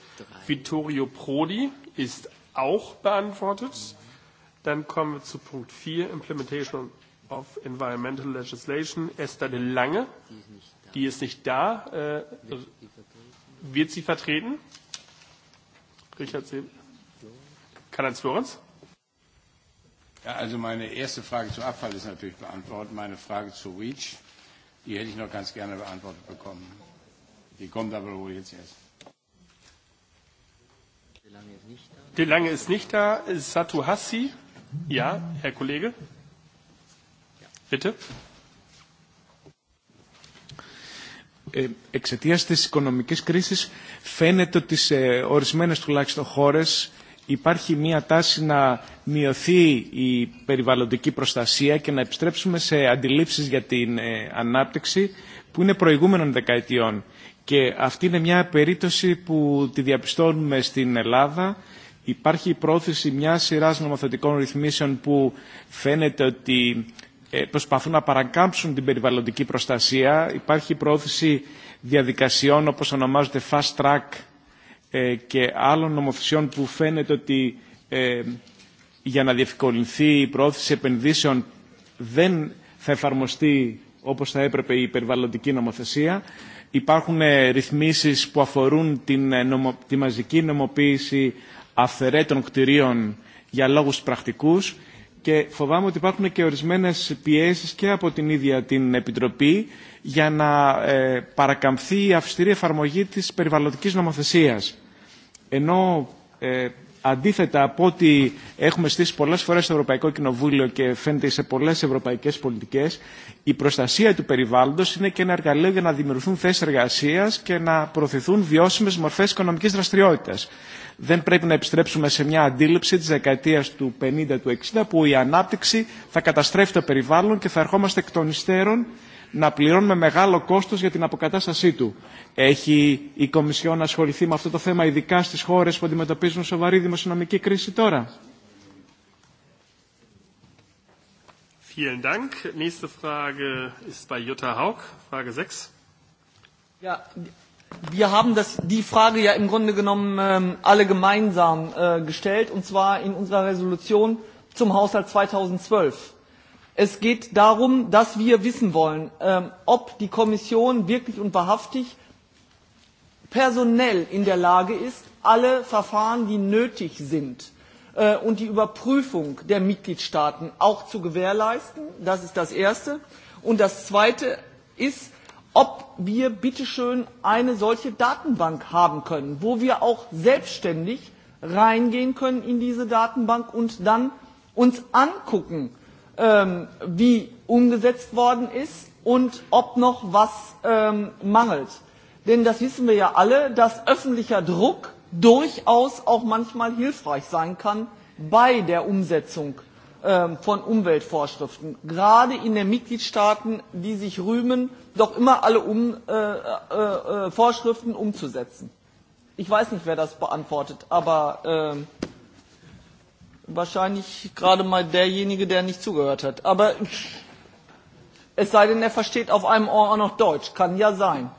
Vittorio Prodi ist auch beantwortet. Dann kommen wir zu Punkt 4, Implementation of Environmental Legislation. Esther de Lange, die ist nicht da. Äh, wird sie vertreten? Richard Seel. Karl-Heinz Florenz?
Ja, also meine erste Frage zu Abfall ist natürlich beantwortet. Meine Frage zu REACH, die hätte ich noch
ganz gerne beantwortet bekommen. Die kommt aber wohl jetzt erst. Die Lange ist nicht da. Satu Hassi? Ja, Herr Kollege? Bitte.
Εξαιτίας της οικονομικής κρίσης φαίνεται ότι σε ορισμένες τουλάχιστον χώρες υπάρχει μία τάση να μειωθεί η περιβαλλοντική προστασία και να επιστρέψουμε σε αντιλήψεις για την ε, ανάπτυξη που είναι προηγούμενων δεκαετιών. Και αυτή είναι μια περίπτωση που τη διαπιστώνουμε στην Ελλάδα. Υπάρχει η πρόθεση μια σειρά νομοθετικών ρυθμίσεων που φαίνεται ότι προσπαθούν να παρακάμψουν την περιβαλλοντική προστασία. Υπάρχει η πρόθεση διαδικασιών όπως ονομάζονται fast track και άλλων νομοθεσιών που φαίνεται ότι για να διευκολυνθεί η πρόθεση επενδύσεων δεν θα εφαρμοστεί όπως θα έπρεπε η περιβαλλοντική νομοθεσία. Υπάρχουν ρυθμίσεις που αφορούν την νομο, τη μαζική νομοποίηση αφαιρέτων κτηρίων για λόγους πρακτικούς και φοβάμαι ότι υπάρχουν και ορισμένες πιέσεις και από την ίδια την Επιτροπή για να ε, παρακαμφθεί η αυστηρή εφαρμογή της περιβαλλοντικής νομοθεσίας. Ενώ ε, αντίθετα από ό,τι έχουμε στήσει πολλές φορές στο Ευρωπαϊκό Κοινοβούλιο και φαίνεται σε πολλές ευρωπαϊκές πολιτικές, η προστασία του περιβάλλοντος είναι και ένα εργαλείο για να δημιουργηθούν θέσεις εργασίας και να προωθηθούν βιώσιμες μορφές οικονομικής δραστηριότητας. Δεν πρέπει να επιστρέψουμε σε μια αντίληψη της δεκαετίας του 50 του 60 που η ανάπτυξη θα καταστρέφει το περιβάλλον και θα ερχόμαστε εκ των υστέρων να πληρώνουμε μεγάλο κόστος για την αποκατάστασή του. Έχει η Κομισιόν ασχοληθεί με αυτό το θέμα, ειδικά στις χώρες που αντιμετωπίζουν σοβαρή δημοσιονομική κρίση τώρα.
Vielen Dank. Nächste Frage ist bei Jutta Haug, Frage 6.
Ja,
wir haben das, die Frage ja im Grunde genommen ähm, alle gemeinsam äh, gestellt, und zwar in unserer Resolution zum Haushalt 2012 es geht darum dass wir wissen wollen ähm, ob die kommission wirklich und wahrhaftig personell in der lage ist alle verfahren die nötig sind äh, und die überprüfung der mitgliedstaaten auch zu gewährleisten das ist das erste und das zweite ist ob wir bitte schön eine solche datenbank haben können wo wir auch selbstständig reingehen können in diese datenbank und dann uns angucken ähm, wie umgesetzt worden ist und ob noch was ähm, mangelt. Denn das wissen wir ja alle, dass öffentlicher Druck durchaus auch manchmal hilfreich sein kann bei der Umsetzung ähm, von Umweltvorschriften. Gerade in den Mitgliedstaaten, die sich rühmen, doch immer alle um, äh, äh, äh Vorschriften umzusetzen. Ich weiß nicht, wer das beantwortet, aber äh, wahrscheinlich gerade mal derjenige, der nicht zugehört hat. Aber es sei denn, er versteht auf einem Ohr auch noch Deutsch. Kann ja sein.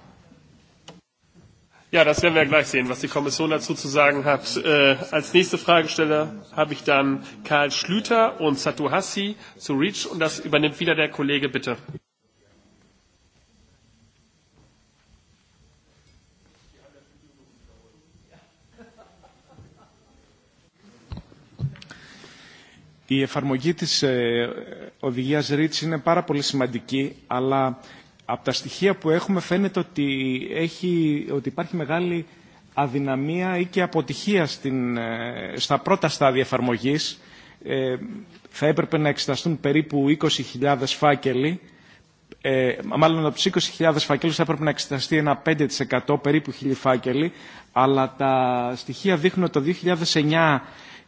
Ja, das werden wir gleich sehen, was die Kommission dazu zu sagen hat. Äh, als nächste Fragesteller habe ich dann Karl Schlüter und Satu Hassi zu REACH und das übernimmt wieder der Kollege, bitte.
Η εφαρμογή της ε, οδηγίας REACH είναι πάρα πολύ σημαντική, αλλά από τα στοιχεία που έχουμε φαίνεται ότι, έχει, ότι υπάρχει μεγάλη αδυναμία ή και αποτυχία στην, ε, στα πρώτα στάδια εφαρμογής. Ε, θα έπρεπε να εξεταστούν περίπου 20.000 φάκελοι. Ε, μάλλον από τους 20.000 φάκελους θα έπρεπε να εξεταστεί ένα 5% περίπου 1.000 φάκελοι, αλλά τα στοιχεία δείχνουν ότι το 2009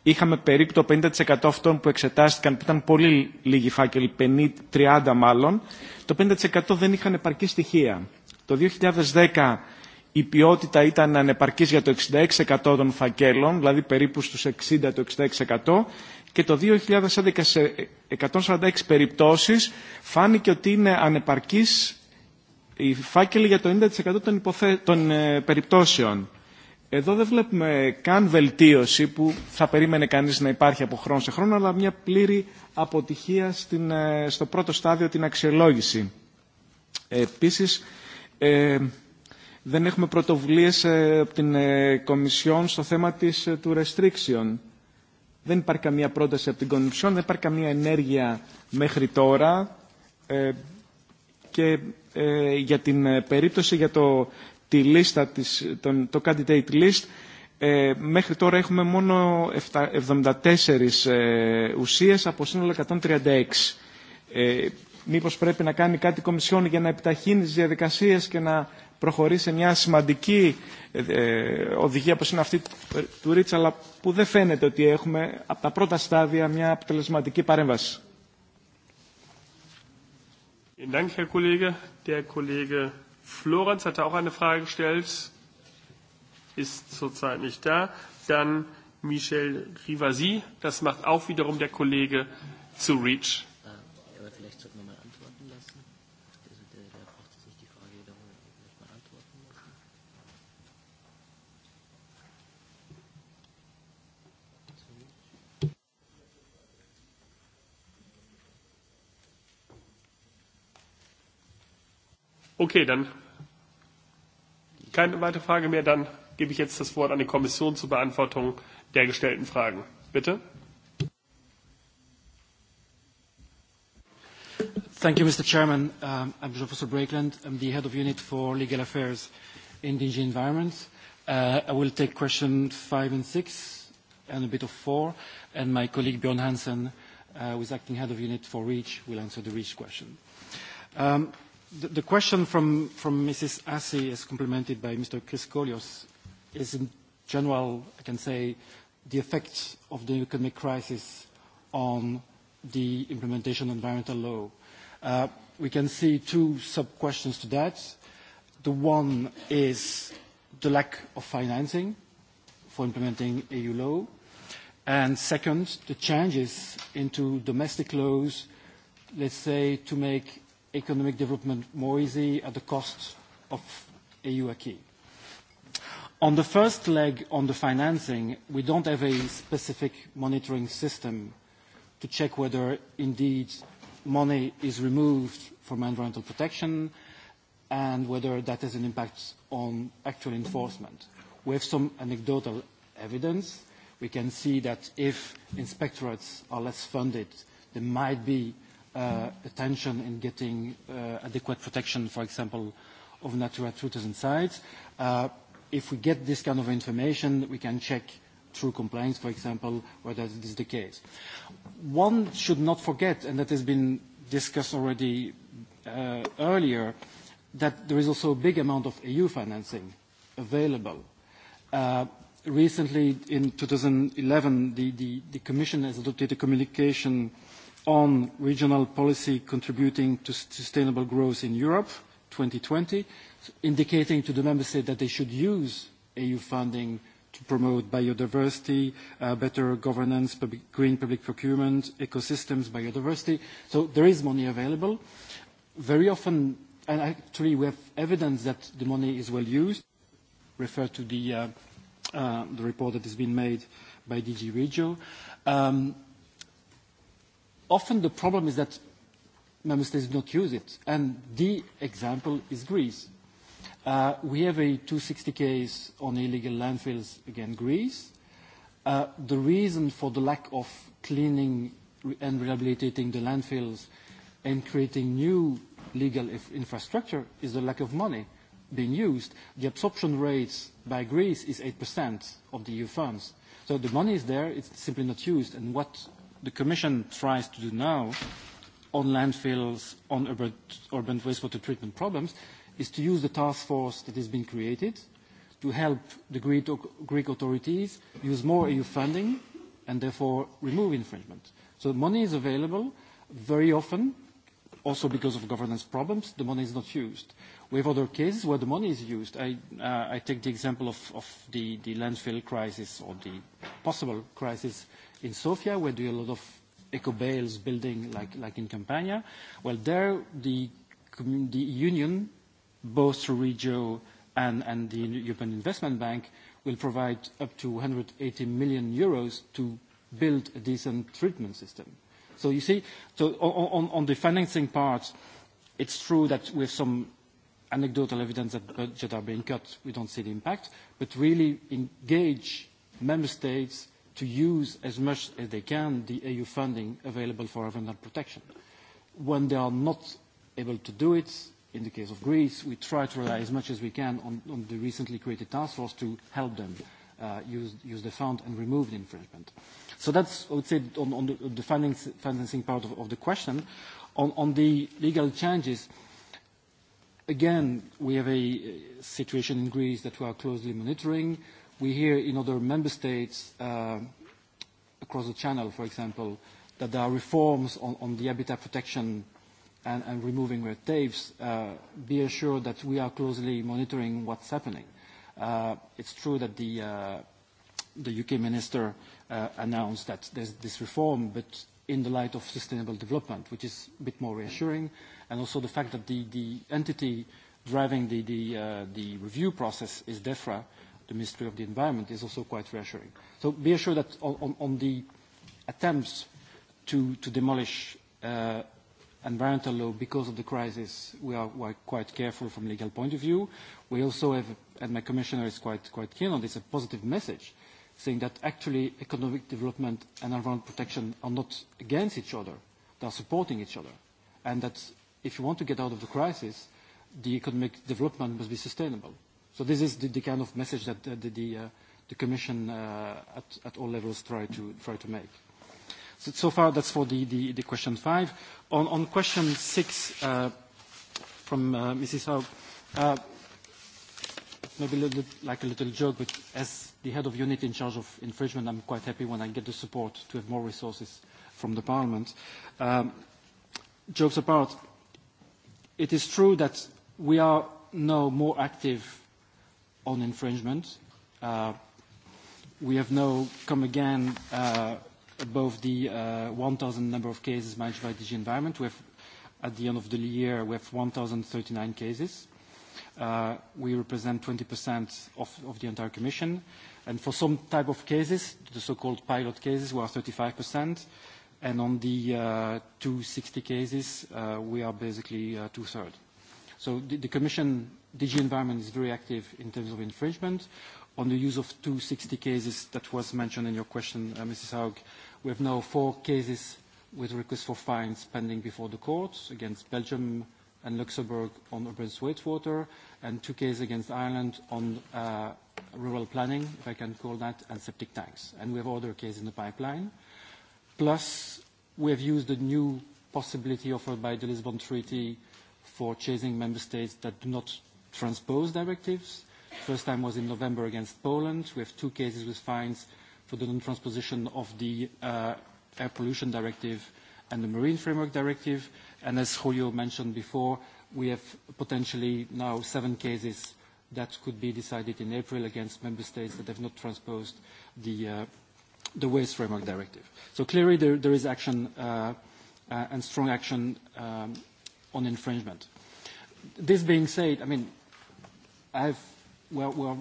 είχαμε περίπου το 50% αυτών που εξετάστηκαν, που ήταν πολύ λίγοι φάκελοι, 50, 30 μάλλον, το 50% δεν είχαν επαρκή στοιχεία. Το 2010 η ποιότητα ήταν ανεπαρκής για το 66% των φακέλων, δηλαδή περίπου στους 60 το 66%, και το 2011 σε 146 περιπτώσεις φάνηκε ότι είναι ανεπαρκής οι φάκελοι για το 90% των, υποθε... των ε, περιπτώσεων. Εδώ δεν βλέπουμε καν βελτίωση που θα περίμενε κανείς να υπάρχει από χρόνο σε χρόνο, αλλά μια πλήρη αποτυχία στην, στο πρώτο στάδιο την αξιολόγηση. Επίσης, ε, δεν έχουμε πρωτοβουλίες ε, από την ε, Κομισιόν στο θέμα της, ε, του restriction. Δεν υπάρχει καμία πρόταση από την Κομισιόν, δεν υπάρχει καμία ενέργεια μέχρι τώρα. Ε, και ε, για την περίπτωση για το τη λίστα της, τον, το candidate list ε, μέχρι τώρα έχουμε μόνο 74 ε, ουσίες από σύνολο 136. Ε, μήπως πρέπει να κάνει κάτι η Κομισιόν για να επιταχύνει τις διαδικασίες και να προχωρήσει σε μια σημαντική ε, οδηγία όπως είναι αυτή του Ρίτσα, αλλά που δεν φαίνεται ότι έχουμε από τα πρώτα στάδια μια αποτελεσματική παρέμβαση.
Vielen Dank, Herr Kollege. Der Kollege Florenz hatte auch eine Frage gestellt, ist zurzeit nicht da. Dann Michel Rivasi, das macht auch wiederum der Kollege zu REACH.
Aber äh, vielleicht sollten wir mal antworten lassen. Also der, der braucht sich die Frage wiederholen. Vielleicht er mal antworten lassen.
Okay, dann keine weitere Frage mehr. Dann gebe ich jetzt das Wort an die Kommission zur Beantwortung der gestellten Fragen. Bitte.
Thank you, Mr. Chairman. Um, I'm Jean-François Breakland. I'm the head of unit for legal affairs in DG Environment. Uh, I will take question five and six and a bit of four, and my colleague, Björn Hansen, uh, who is acting head of unit for REACH, will answer the REACH question. Um, The, the question from, from Mrs. Assey is complemented by Mr. Chriskolios is in general, I can say, the effect of the economic crisis on the implementation of environmental law. Uh, we can see two sub-questions to that. The one is the lack of financing for implementing EU law, and second, the changes into domestic laws, let's say, to make economic development more easy at the cost of EU acquis. On the first leg, on the financing, we don't have a specific monitoring system to check whether indeed money is removed from environmental protection and whether that has an impact on actual enforcement. We have some anecdotal evidence. We can see that if inspectorates are less funded, there might be uh, uh, attention in getting uh, adequate protection, for example, of Natura 2000 sites. Uh, if we get this kind of information, we can check through compliance, for example, whether it is the case. One should not forget, and that has been discussed already uh, earlier, that there is also a big amount of EU financing available. Uh, recently, in 2011, the, the, the Commission has adopted a communication uh, on regional policy contributing to sustainable growth in Europe 2020, indicating to the member state that they should use EU funding to promote biodiversity, uh, better governance, public, green public procurement, ecosystems, biodiversity. So there is money available. Very often, and actually we have evidence that the money is well used. Refer to the, uh, uh, the report that has been made by DG Regio. Um, often the problem is that member states do not use it. And the example is Greece. Uh, we have a 260 case on illegal landfills against Greece. Uh, the reason for the lack of cleaning and rehabilitating the landfills and creating new legal if infrastructure is the lack of money being used. The absorption rates by Greece is 8% of the EU funds. So the money is there, it's simply not used. And what the Commission tries to do now on landfills, on urban, urban wastewater treatment problems, is to use the task force that has been created to help the Greek, Greek authorities use more EU funding and therefore remove infringement. So money is available. Very often, also because of governance problems, the money is not used. We have other cases where the money is used. I, uh, I take the example of, of the, the landfill crisis or the possible crisis in Sofia, where do a lot of eco bales building, like like in Campania. Well, there the commun- the union, both through Regio and and the European Investment Bank, will provide up to 180 million euros to build a decent treatment system. So you see, so on, on, on the financing part, it's true that with some anecdotal evidence that budget are being cut, we don't see the impact, but really engage member states to use as much as they can the EU funding available for environmental protection. When they are not able to do it, in the case of Greece, we try to rely as much as we can on, on the recently created task force to help them uh, use, use the fund and remove the infringement. So that's, I would say, on, on the, the financing part of, of the question. On, on the legal changes, again, we have a situation in Greece that we are closely monitoring. Uh, We hear in other member states uh, across the channel, for example, that there are reforms on, on the habitat protection and, and removing red tapes. Uh, be assured that we are closely monitoring what's happening. Uh, it's true that the, uh, the UK minister uh, announced that there's this reform, but in the light of sustainable development, which is a bit more reassuring, and also the fact that the, the entity driving the, the, uh, the review process is DEFRA, the Ministry of the Environment is also quite reassuring. So be assured that on, on, on the attempts to, to demolish uh, environmental law because of the crisis, we are, we are quite careful from legal point of view. We also have, and my commissioner is quite, quite keen on this, a positive message saying that actually economic development and environment protection are not against each other. They are supporting each other. And that if you want to get out of the crisis, the economic development must be sustainable. So this is the, the kind of message that uh, the, the, uh, the Commission uh, at, at all levels try to, try to make. So, so far, that's for the, the, the question five. On, on question six uh, from uh, Mrs. Howe, uh, maybe a little, like a little joke, but as the head of unit in charge of infringement, I'm quite happy when I get the support to have more resources from the Parliament. Um, jokes apart, it is true that we are now more active on infringement. Uh, we have now come again uh, above the uh, 1,000 number of cases managed by DG Environment. We have, at the end of the year, we have 1,039 cases. Uh, we represent 20% of, of the entire commission. And for some type of cases, the so-called pilot cases, we are 35%. And on the uh, 260 cases, uh, we are basically uh, two-thirds. So the, the commission DG Environment is very active in terms of infringement. On the use of 260 cases that was mentioned in your question, uh, Mrs. Haug, we have now four cases with requests for fines pending before the courts against Belgium and Luxembourg on urban wastewater, and two cases against Ireland on uh, rural planning, if I can call that, and septic tanks. And we have other cases in the pipeline. Plus, we have used the new possibility offered by the Lisbon Treaty for chasing member states that do not transpose directives. First time was in November against Poland. We have two cases with fines for the non-transposition of the uh, air pollution directive and the marine framework directive. And as Julio mentioned before, we have potentially now seven cases that could be decided in April against member states that have not transposed the, uh, the waste framework directive. So clearly there, there is action uh, uh, and strong action um, on infringement. This being said, I mean, I have, well, we're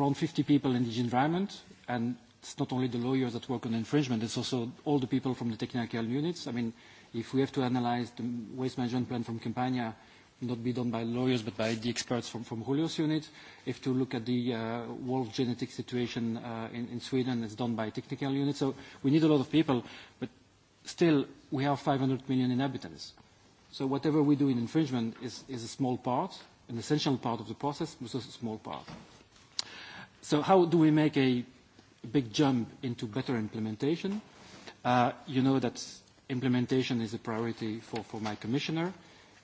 around 50 people in the environment, and it's not only the lawyers that work on infringement, it's also all the people from the technical units. I mean, if we have to analyze the waste management plan from Campania, not be done by lawyers, but by the experts from, from Julio's unit. If to look at the uh, wolf genetic situation uh, in, in Sweden, it's done by technical unit. So we need a lot of people, but still, we have 500 million inhabitants. So whatever we do in infringement is, is a small part, an essential part of the process versus a small part. So how do we make a big jump into better implementation? Uh, you know that implementation is a priority for, for my commissioner.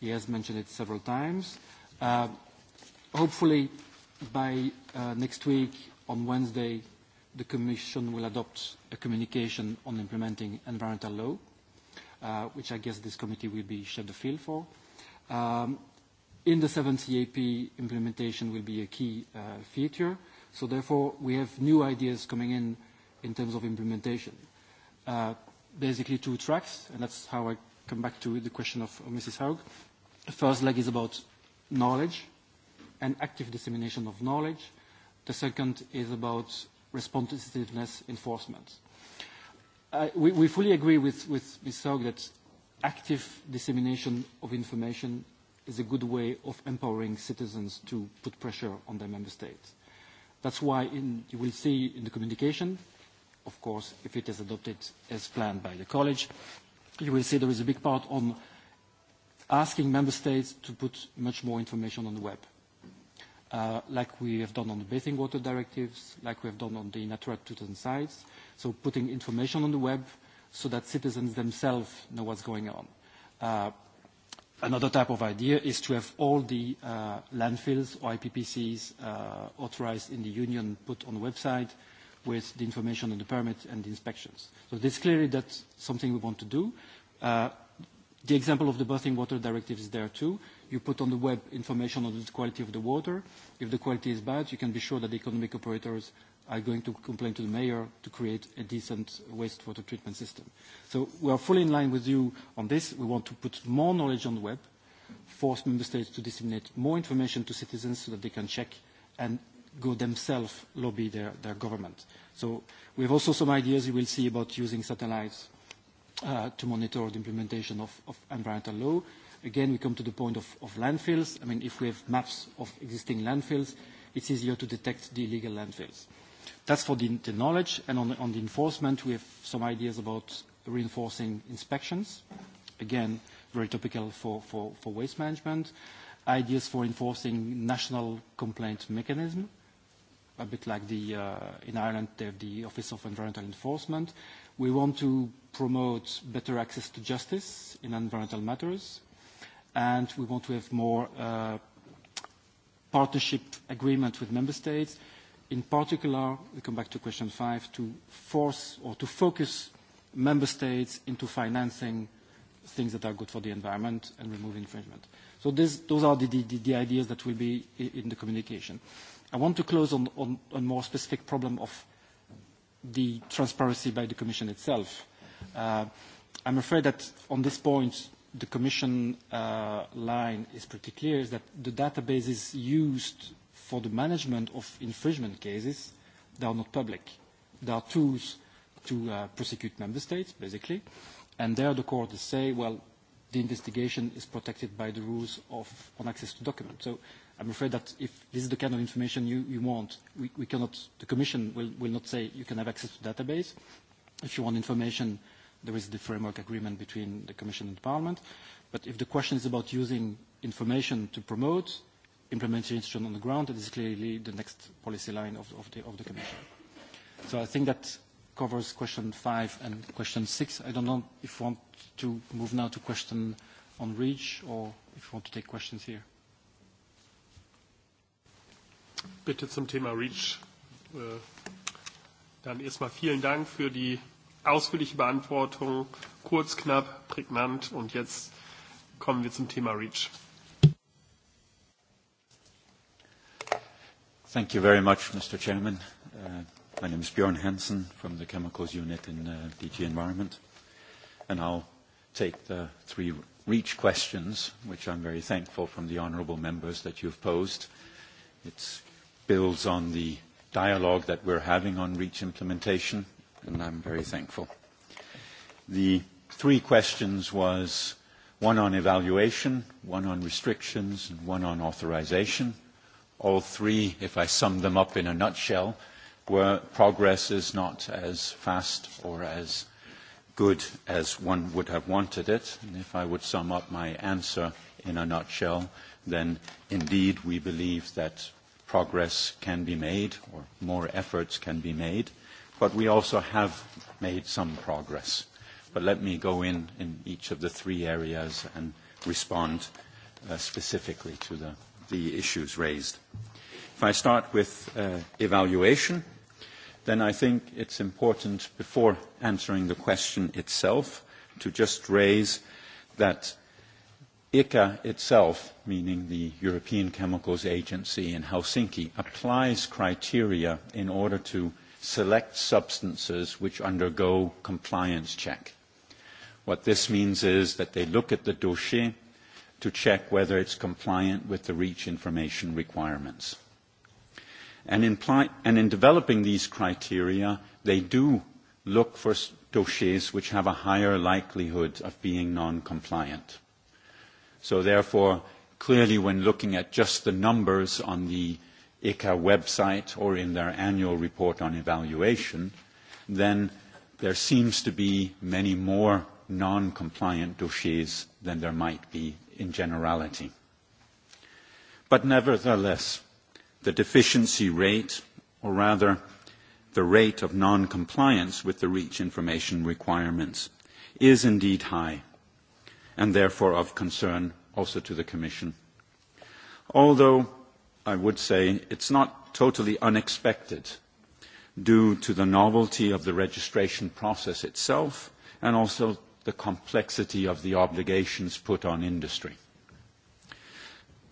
He has mentioned it several times. Uh, hopefully, by uh, next week, on Wednesday, the Commission will adopt a communication on implementing environmental law, uh, which I guess this committee will be chef de file for. Um, in the seventh EAP, implementation will be a key uh, feature. So therefore, we have new ideas coming in in terms of implementation. Uh, basically two tracks, and that's how I come back to the question of Mrs. Haug. The first leg is about knowledge and active dissemination of knowledge. The second is about responsiveness enforcement. Uh, we, we fully agree with, with Ms. Haug that active dissemination of information is a good way of empowering citizens to put pressure on their member states. That's why in, you will see in the communication, of course, if it is adopted as planned by the college, you will see there is a big part on asking member states to put much more information on the web, uh, like we have done on the bathing water directives, like we have done on the Natura 2000 sites. So putting information on the web so that citizens themselves know what's going on. Uh, Another type of idea is to have all the uh, landfills or IPPCs uh, authorized in the union put on the website with the information on the permit and the inspections. So this clearly that's something we want to do. Uh, the example of the Bathing Water Directive is there too. You put on the web information on the quality of the water. If the quality is bad, you can be sure that the economic operators are going to complain to the mayor to create a decent wastewater treatment system. So we are fully in line with you on this. We want to put more knowledge on the web, force member states to disseminate more information to citizens so that they can check and go themselves lobby their, their government. So we have also some ideas you will see about using satellites uh, to monitor the implementation of, of environmental law. Again, we come to the point of, of landfills. I mean, if we have maps of existing landfills, it's easier to detect the illegal landfills. Uh, That's for the, the knowledge. And on the, on the enforcement, we have some ideas about reinforcing inspections. Again, very topical for, for, for waste management. Ideas for enforcing national complaint mechanism, a bit like the, uh, in Ireland, they have the Office of Environmental Enforcement. We want to promote better access to justice in environmental matters, and we want to have more uh, partnership agreement with member states in particular, we come back to question five, to force or to focus member states into financing things that are good for the environment and remove infringement. So this, those are the, the, the ideas that will be in the communication. I want to close on, on a more specific problem of the transparency by the Commission itself. Uh, I'm afraid that on this point, the Commission uh, line is pretty clear, is that the databases used for the management of infringement cases, they are not public. They are tools to uh, prosecute member states, basically. And there the court is say, well, the investigation is protected by the rules of, on access to documents. So I'm afraid that if this is the kind of information you, you want, we, we cannot, the Commission will, will not say you can have access to database. If you want information, there is the framework agreement between the Commission and the Parliament. But if the question is about using information to promote, implementation on the ground, that is clearly the next policy line of, of, the, of the Commission. So I think that covers question five and question six. I don't know if you want to move now to question on REACH or if you want to take questions here.
Bitte zum Thema REACH. Äh, dann erstmal vielen Dank für die ausführliche Beantwortung. Kurz, knapp, prägnant. Und jetzt kommen wir zum Thema REACH.
Thank you very much, Mr. Chairman. Uh, my name is Bjorn Hansen from the Chemicals Unit in uh, DG Environment, and I'll take the three REACH questions, which I'm very thankful from the honorable members that you've posed. It builds on the dialogue that we're having on REACH implementation, and I'm very thankful. The three questions was one on evaluation, one on restrictions, and one on authorization all three, if I sum them up in a nutshell, were progress is not as fast or as good as one would have wanted it. And if I would sum up my answer in a nutshell, then indeed we believe that progress can be made or more efforts can be made, but we also have made some progress. But let me go in in each of the three areas and respond uh, specifically to the the issues raised. If I start with uh, evaluation, then I think it's important, before answering the question itself, to just raise that ICA itself, meaning the European Chemicals Agency in Helsinki, applies criteria in order to select substances which undergo compliance check. What this means is that they look at the dossier to check whether it's compliant with the REACH information requirements. And in, pli- and in developing these criteria, they do look for s- dossiers which have a higher likelihood of being non-compliant. So therefore, clearly when looking at just the numbers on the ICA website or in their annual report on evaluation, then there seems to be many more non-compliant dossiers than there might be in generality. But nevertheless, the deficiency rate, or rather the rate of non-compliance with the REACH information requirements, is indeed high, and therefore of concern also to the Commission. Although I would say it's not totally unexpected due to the novelty of the registration process itself and also the complexity of the obligations put on industry.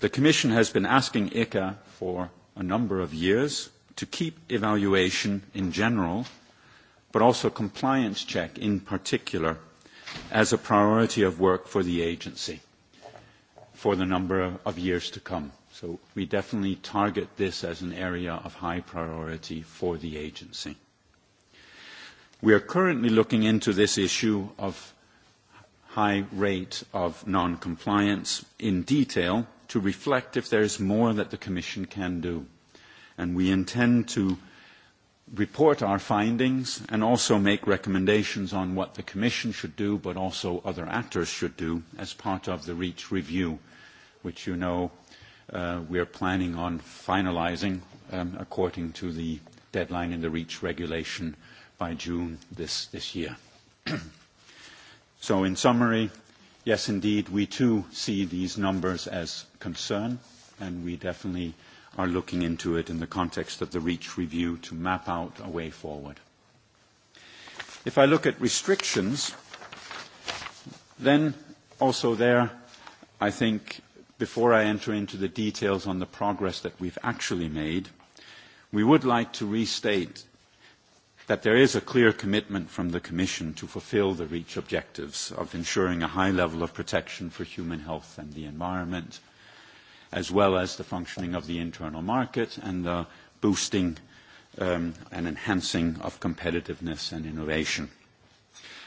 The Commission has been asking ICA for a number of years to keep evaluation in general, but also compliance check in particular, as a priority of work for the agency for the number of years to come. So we definitely target this as an area of high priority for the agency. We are currently looking into this issue of high rate of non-compliance in detail to reflect if there is more that the Commission can do. And we intend to report our findings and also make recommendations on what the Commission should do, but also other actors should do as part of the REACH review, which you know uh, we're planning on finalizing um, according to the deadline in the REACH regulation by June this, this year. So in summary, yes, indeed, we too see these numbers as concern, and we definitely are looking into it in the context of the REACH review to map out a way forward. If I look at restrictions, then also there, I think before I enter into the details on the progress that we've actually made, we would like to restate that there is a clear commitment from the Commission to fulfil the REACH objectives of ensuring a high level of protection for human health and the environment, as well as the functioning of the internal market and the boosting um, and enhancing of competitiveness and innovation.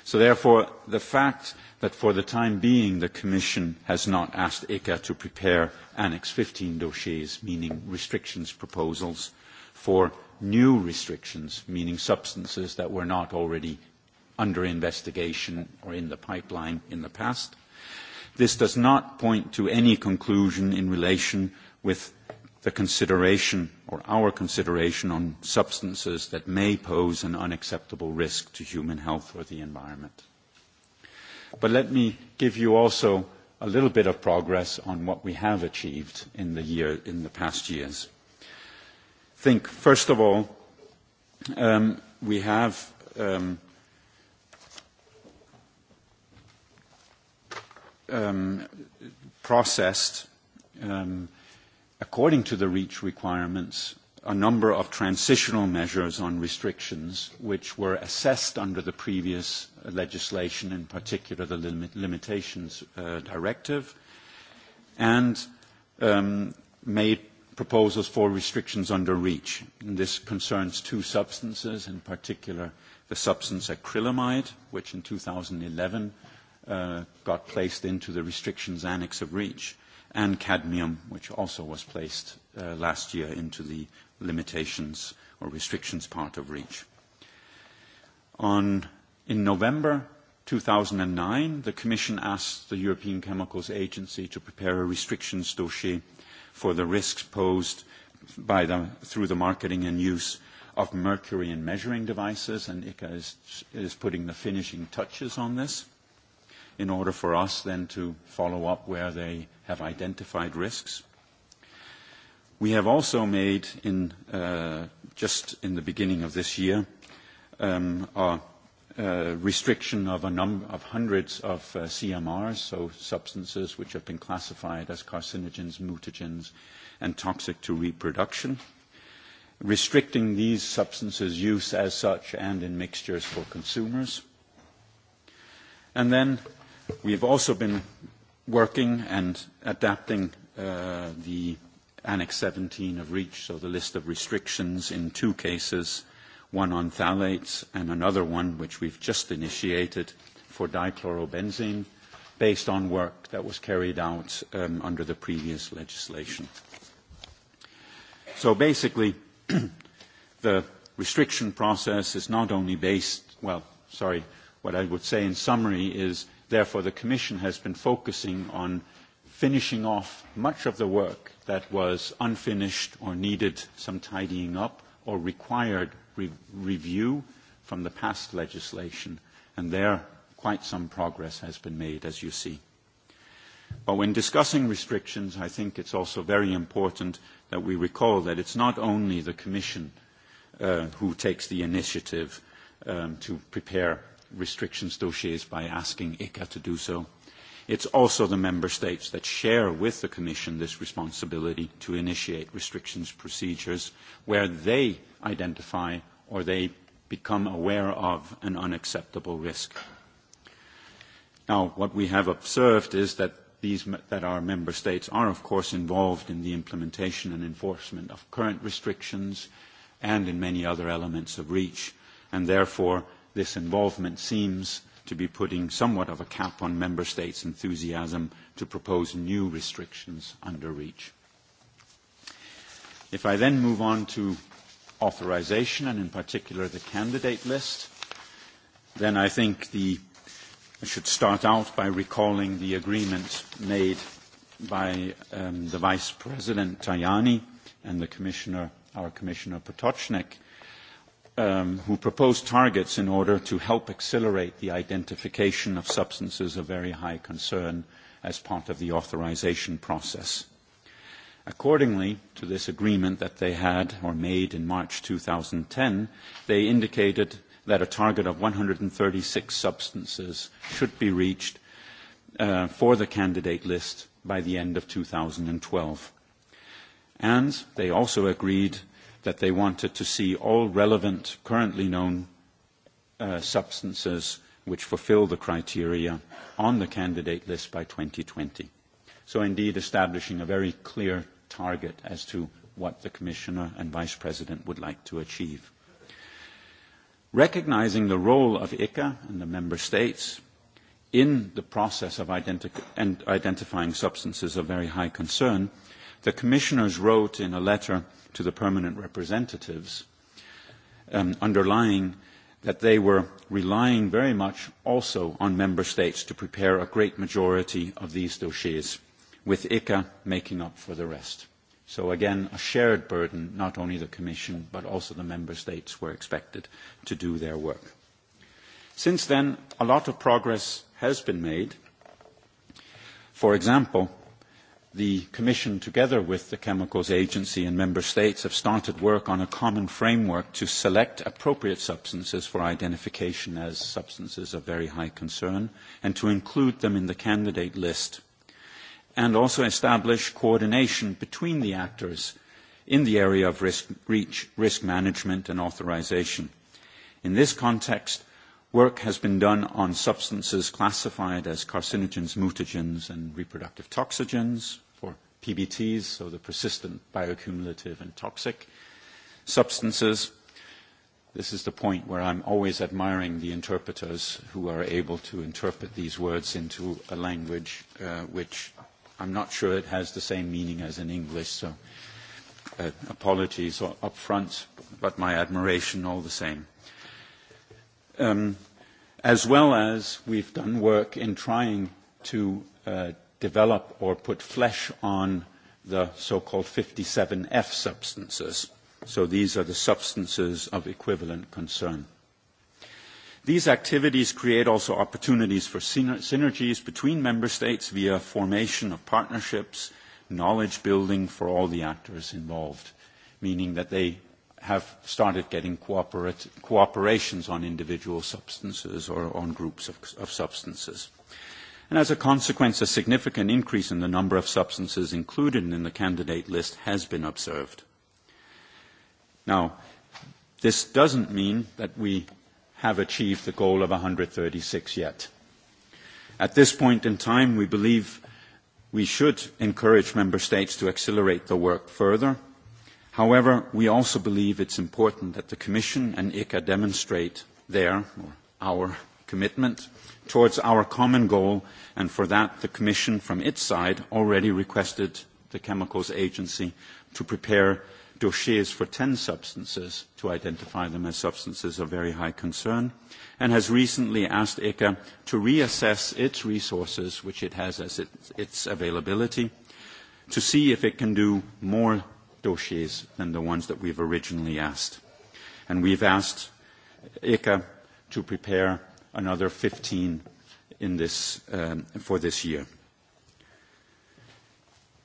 So therefore, the fact that for the time being the Commission has not asked ICA to prepare Annex 15 dossiers, meaning restrictions proposals, for new restrictions, meaning substances that were not already under investigation or in the pipeline in the past. This does not point to any conclusion in relation with the consideration or our consideration on substances that may pose an unacceptable risk to human health or the environment. But let me give you also a little bit of progress on what we have achieved in the, year, in the past years think, first of all, um, we have um, um, processed, um, according to the REACH requirements, a number of transitional measures on restrictions which were assessed under the previous legislation, in particular the lim Limitations uh, Directive, and um, made proposals for restrictions under REACH. And this concerns two substances, in particular the substance acrylamide, which in 2011 uh, got placed into the restrictions annex of REACH, and cadmium, which also was placed uh, last year into the limitations or restrictions part of REACH. On, in November 2009, the Commission asked the European Chemicals Agency to prepare a restrictions dossier for the risks posed by the, through the marketing and use of mercury in measuring devices, and ICA is, is putting the finishing touches on this in order for us then to follow up where they have identified risks. We have also made in uh, just in the beginning of this year um, our uh, restriction of a number of hundreds of uh, CMRs, so substances which have been classified as carcinogens, mutagens, and toxic to reproduction. Restricting these substances' use as such and in mixtures for consumers. And then we've also been working and adapting uh, the Annex 17 of REACH, so the list of restrictions in two cases, one on phthalates and another one which we've just initiated for dichlorobenzene based on work that was carried out um, under the previous legislation. So basically, the restriction process is not only based, well, sorry, what I would say in summary is, therefore, the Commission has been focusing on finishing off much of the work that was unfinished or needed some tidying up or required re- review from the past legislation, and there quite some progress has been made, as you see. But when discussing restrictions, I think it's also very important that we recall that it's not only the Commission uh, who takes the initiative um, to prepare restrictions dossiers by asking ICA to do so. It's also the Member States that share with the Commission this responsibility to initiate restrictions procedures where they identify or they become aware of an unacceptable risk. Now, what we have observed is that these that our member states are, of course, involved in the implementation and enforcement of current restrictions and in many other elements of REACH, and therefore this involvement seems uh, to be putting somewhat of a cap on member states' enthusiasm to propose new restrictions under REACH. If I then move on to authorization and in particular the candidate list, then I think the, I should start out by recalling the agreement made by um, the Vice President Tajani and the Commissioner, our Commissioner Potocznik um, who proposed targets in order to help accelerate the identification of substances of very high concern as part of the authorization process. Accordingly to this agreement that they had or made in March 2010, they indicated that a target of 136 substances should be reached uh, for the candidate list by the end of 2012. And they also agreed that they wanted to see all relevant, currently known uh, substances which fulfill the criteria on the candidate list by 2020. So indeed, establishing a very clear target as to what the Commissioner and Vice President would like to achieve. Recognizing the role of ICA and the Member States in the process of identi and identifying substances of very high concern, the commissioners wrote in a letter to the permanent representatives um, underlying that they were relying very much also on member states to prepare a great majority of these dossiers, with ICA making up for the rest. So again, a shared burden, not only the Commission, but also the member states were expected to do their work. Since then, a lot of progress has been made. For example, the Commission, together with the Chemicals Agency and Member States, have started work on a common framework to select appropriate substances for identification as substances of very high concern and to include them in the candidate list, and also establish coordination between the actors in the area of risk, reach, risk management and authorization. In this context, work has been done on substances classified as carcinogens, mutagens, and reproductive toxogens, PBTs, so the persistent bioaccumulative and toxic substances. This is the point where I'm always admiring the interpreters who are able to interpret these words into a language uh, which I'm not sure it has the same meaning as in English, so uh, apologies up front, but my admiration all the same. Um, as well as we've done work in trying to uh, develop or put flesh on the so-called 57F substances. So these are the substances of equivalent concern. These activities create also opportunities for synergies between member states via formation of partnerships, knowledge building for all the actors involved, meaning that they have started getting cooperations on individual substances or on groups of, of substances and as a consequence, a significant increase in the number of substances included in the candidate list has been observed. Now, this doesn't mean that we have achieved the goal of 136 yet. At this point in time, we believe we should encourage member states to accelerate the work further. However, we also believe it's important that the Commission and ICA demonstrate their, or our, commitment towards our common goal, and for that the Commission from its side already requested the Chemicals Agency to prepare dossiers for 10 substances to identify them as substances of very high concern and has recently asked ECHA to reassess its resources, which it has as it, its availability, to see if it can do more dossiers than the ones that we've originally asked. And we've asked ECHA to prepare another 15 in this, um, for this year.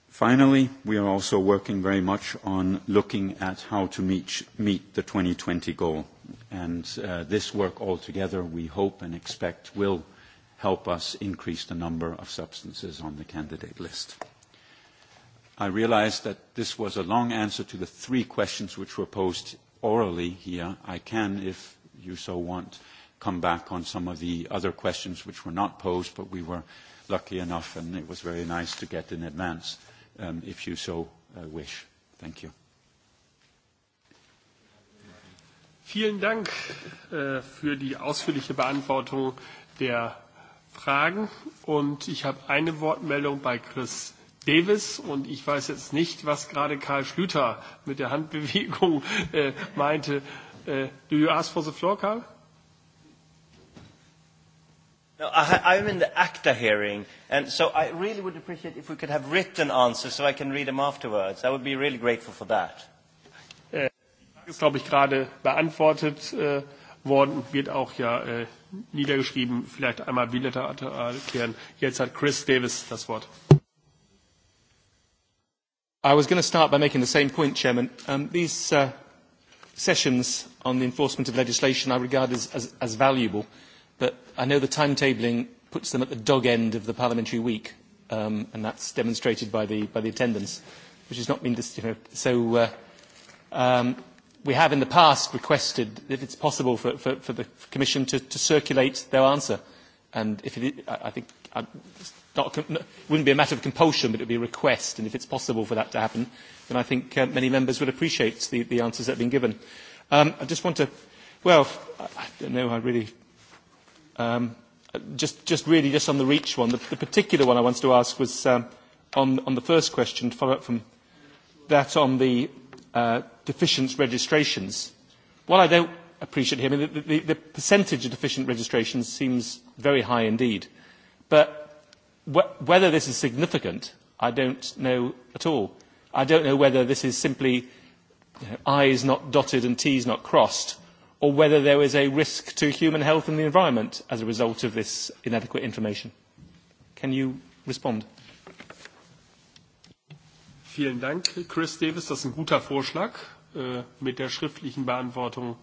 Finally, we are also working very much on looking at how to meet, meet the 2020 goal. And, uh, this work altogether, we hope and expect, will help us increase the number of substances on the candidate list. I realize that this was a long answer to the three questions which were posed orally here. I can, if you so want, come back on some of the other questions which were not posed, but we were lucky enough, and it was very nice to get in advance, um, if you so uh, wish. Thank you.
Vielen Dank äh, für die ausführliche Beantwortung der Fragen. Und ich habe eine Wortmeldung bei Chris Davis und ich weiß jetzt nicht, was gerade Karl Schlüter mit der Handbewegung äh, meinte. Äh, do you ask for the floor, Karl?
No, I, I'm in the ACTA hearing, and so I really would appreciate if we could have written answers so I can read them afterwards. I would be really grateful for that.
Äh, ist, glaube ich, gerade beantwortet äh, worden und wird auch ja äh, niedergeschrieben. Vielleicht einmal bilateral klären. Jetzt hat Chris
Davis das Wort. I was going to start by making the same point, Chairman. Um, these uh, sessions on the enforcement of legislation I regard as, as, as valuable. Uh, but I know the timetabling puts them at the dog end of the parliamentary week, um, and that's demonstrated by the, by the attendance, which has not been, dis- you know, so uh, um, we have in the past requested, if it's possible, for, for, for the Commission to, to circulate their answer. And if it, I, I think I, not, it wouldn't be a matter of compulsion, but it would be a request. And if it's possible for that to happen, then I think uh, many members would appreciate the, the answers that have been given. Um, I just want to, well, I, I don't know, I really Um, just, just really just on the REACH one, the, the particular one I wanted to ask was um, on, on the first question, to follow up from that on the uh, deficient registrations. What I don't appreciate here, I mean, the, the, the percentage of deficient registrations seems very high indeed. But wh- whether this is significant, I don't know at all. I don't know whether this is simply you know, I's not dotted and T's not crossed, or whether there is a risk to human health and the environment as a result of this inadequate information. Can you respond?
Vielen Dank, Chris Davis. Das ist ein guter Vorschlag äh, mit der schriftlichen Beantwortung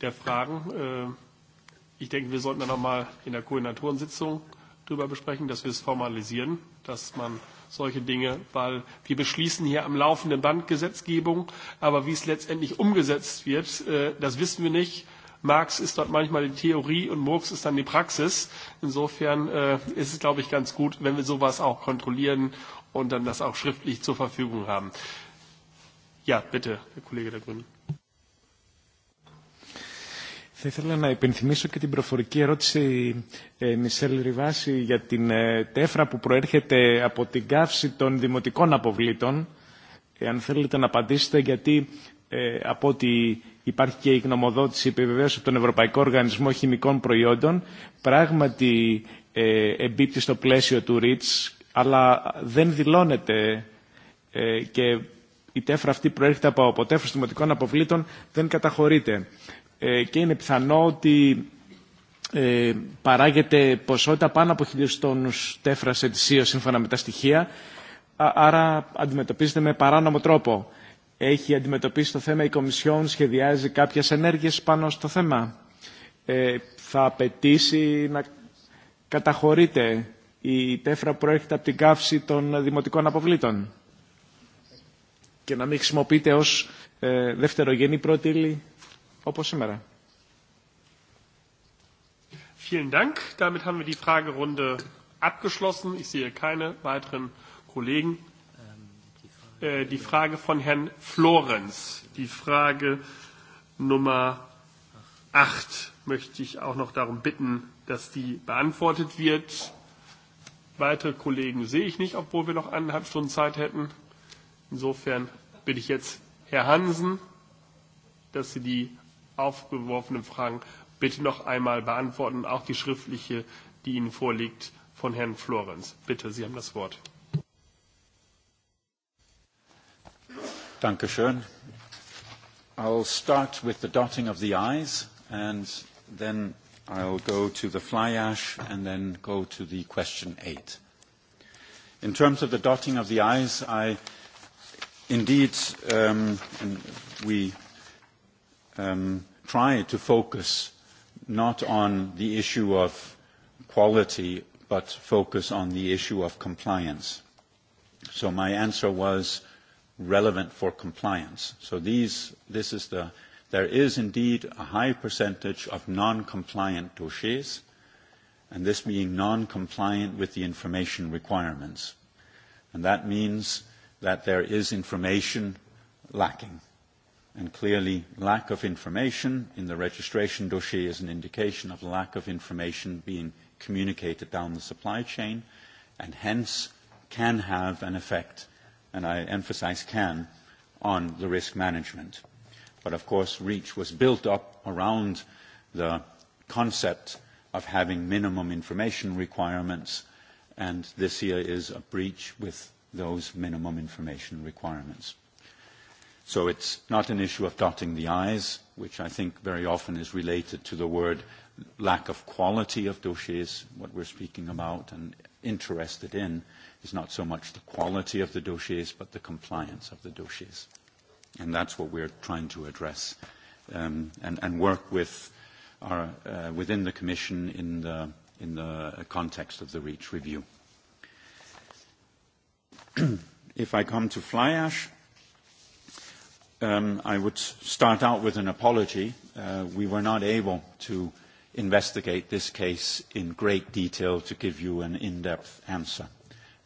der Fragen. Äh, ich denke, wir sollten da nochmal in der Koordinatorensitzung drüber besprechen, dass wir es formalisieren, dass man solche Dinge, weil wir beschließen hier am laufenden Band Gesetzgebung, aber wie es letztendlich umgesetzt wird, äh, das wissen wir nicht. Marx ist dort manchmal die Theorie und Murks ist dann die Praxis. Insofern äh, ist es, glaube ich, ganz gut, wenn wir sowas auch kontrollieren und dann das auch schriftlich zur Verfügung haben. Ja, bitte, Herr Kollege der Grünen.
Θα ήθελα να υπενθυμίσω και την προφορική ερώτηση ε, Μισελ Ριβάση για την ε, τέφρα που προέρχεται από την καύση των δημοτικών αποβλήτων. Ε, αν θέλετε να απαντήσετε γιατί ε, από ότι υπάρχει και η γνωμοδότηση επιβεβαίωση από τον Ευρωπαϊκό Οργανισμό Χημικών Προϊόντων πράγματι ε, εμπίπτει στο πλαίσιο του ΡΙΤΣ αλλά δεν δηλώνεται ε, και η τέφρα αυτή προέρχεται από αποτέφρους δημοτικών αποβλήτων δεν καταχωρείται ε, και είναι πιθανό ότι ε, παράγεται ποσότητα πάνω από χιλίους τόνους τέφρας ετησίως σύμφωνα με τα στοιχεία, άρα αντιμετωπίζεται με παράνομο τρόπο. Έχει αντιμετωπίσει το θέμα η Κομισιόν, σχεδιάζει κάποιες ενέργειες πάνω στο θέμα. Ε, θα απαιτήσει να καταχωρείται η τέφρα που προέρχεται από την καύση των δημοτικών αποβλήτων και να μην χρησιμοποιείται ως ε, δευτερογενή πρώτη ύλη όπως σήμερα.
Vielen Dank. Damit haben wir die Fragerunde abgeschlossen. Ich sehe keine weiteren Kollegen. Äh, die Frage von Herrn Florenz, die Frage Nummer 8, möchte ich auch noch darum bitten, dass die beantwortet wird. Weitere Kollegen sehe ich nicht, obwohl wir noch eineinhalb Stunden Zeit hätten. Insofern bitte ich jetzt Herr Hansen, dass Sie die aufgeworfenen Fragen bitte noch einmal beantworten, auch die schriftliche, die Ihnen vorliegt, von Herrn Florenz. Bitte, Sie
haben das Wort. Dankeschön. I'll start with the dotting of the I's, and then I'll go to the fly ash, and then go to the question eight. In terms of the dotting of the I's, I indeed, um, and we um, try to focus not on the issue of quality, but focus on the issue of compliance. So my answer was relevant for compliance. So these, this is the, there is indeed a high percentage of non-compliant dossiers, and this being non-compliant with the information requirements. And that means that there is information lacking. And clearly, lack of information in the registration dossier is an indication of lack of information being communicated down the supply chain and hence can have an effect, and I emphasize can, on the risk management. But of course, REACH was built up around the concept of having minimum information requirements, and this year is a breach with those minimum information requirements. So it's not an issue of dotting the i's, which I think very often is related to the word lack of quality of dossiers, what we're speaking about and interested in is not so much the quality of the dossiers, but the compliance of the dossiers. And that's what we're trying to address um, and, and work with our, uh, within the Commission in the, in the context of the REACH review. if I come to fly ash, um, I would start out with an apology. Uh, we were not able to investigate this case in great detail to give you an in-depth answer.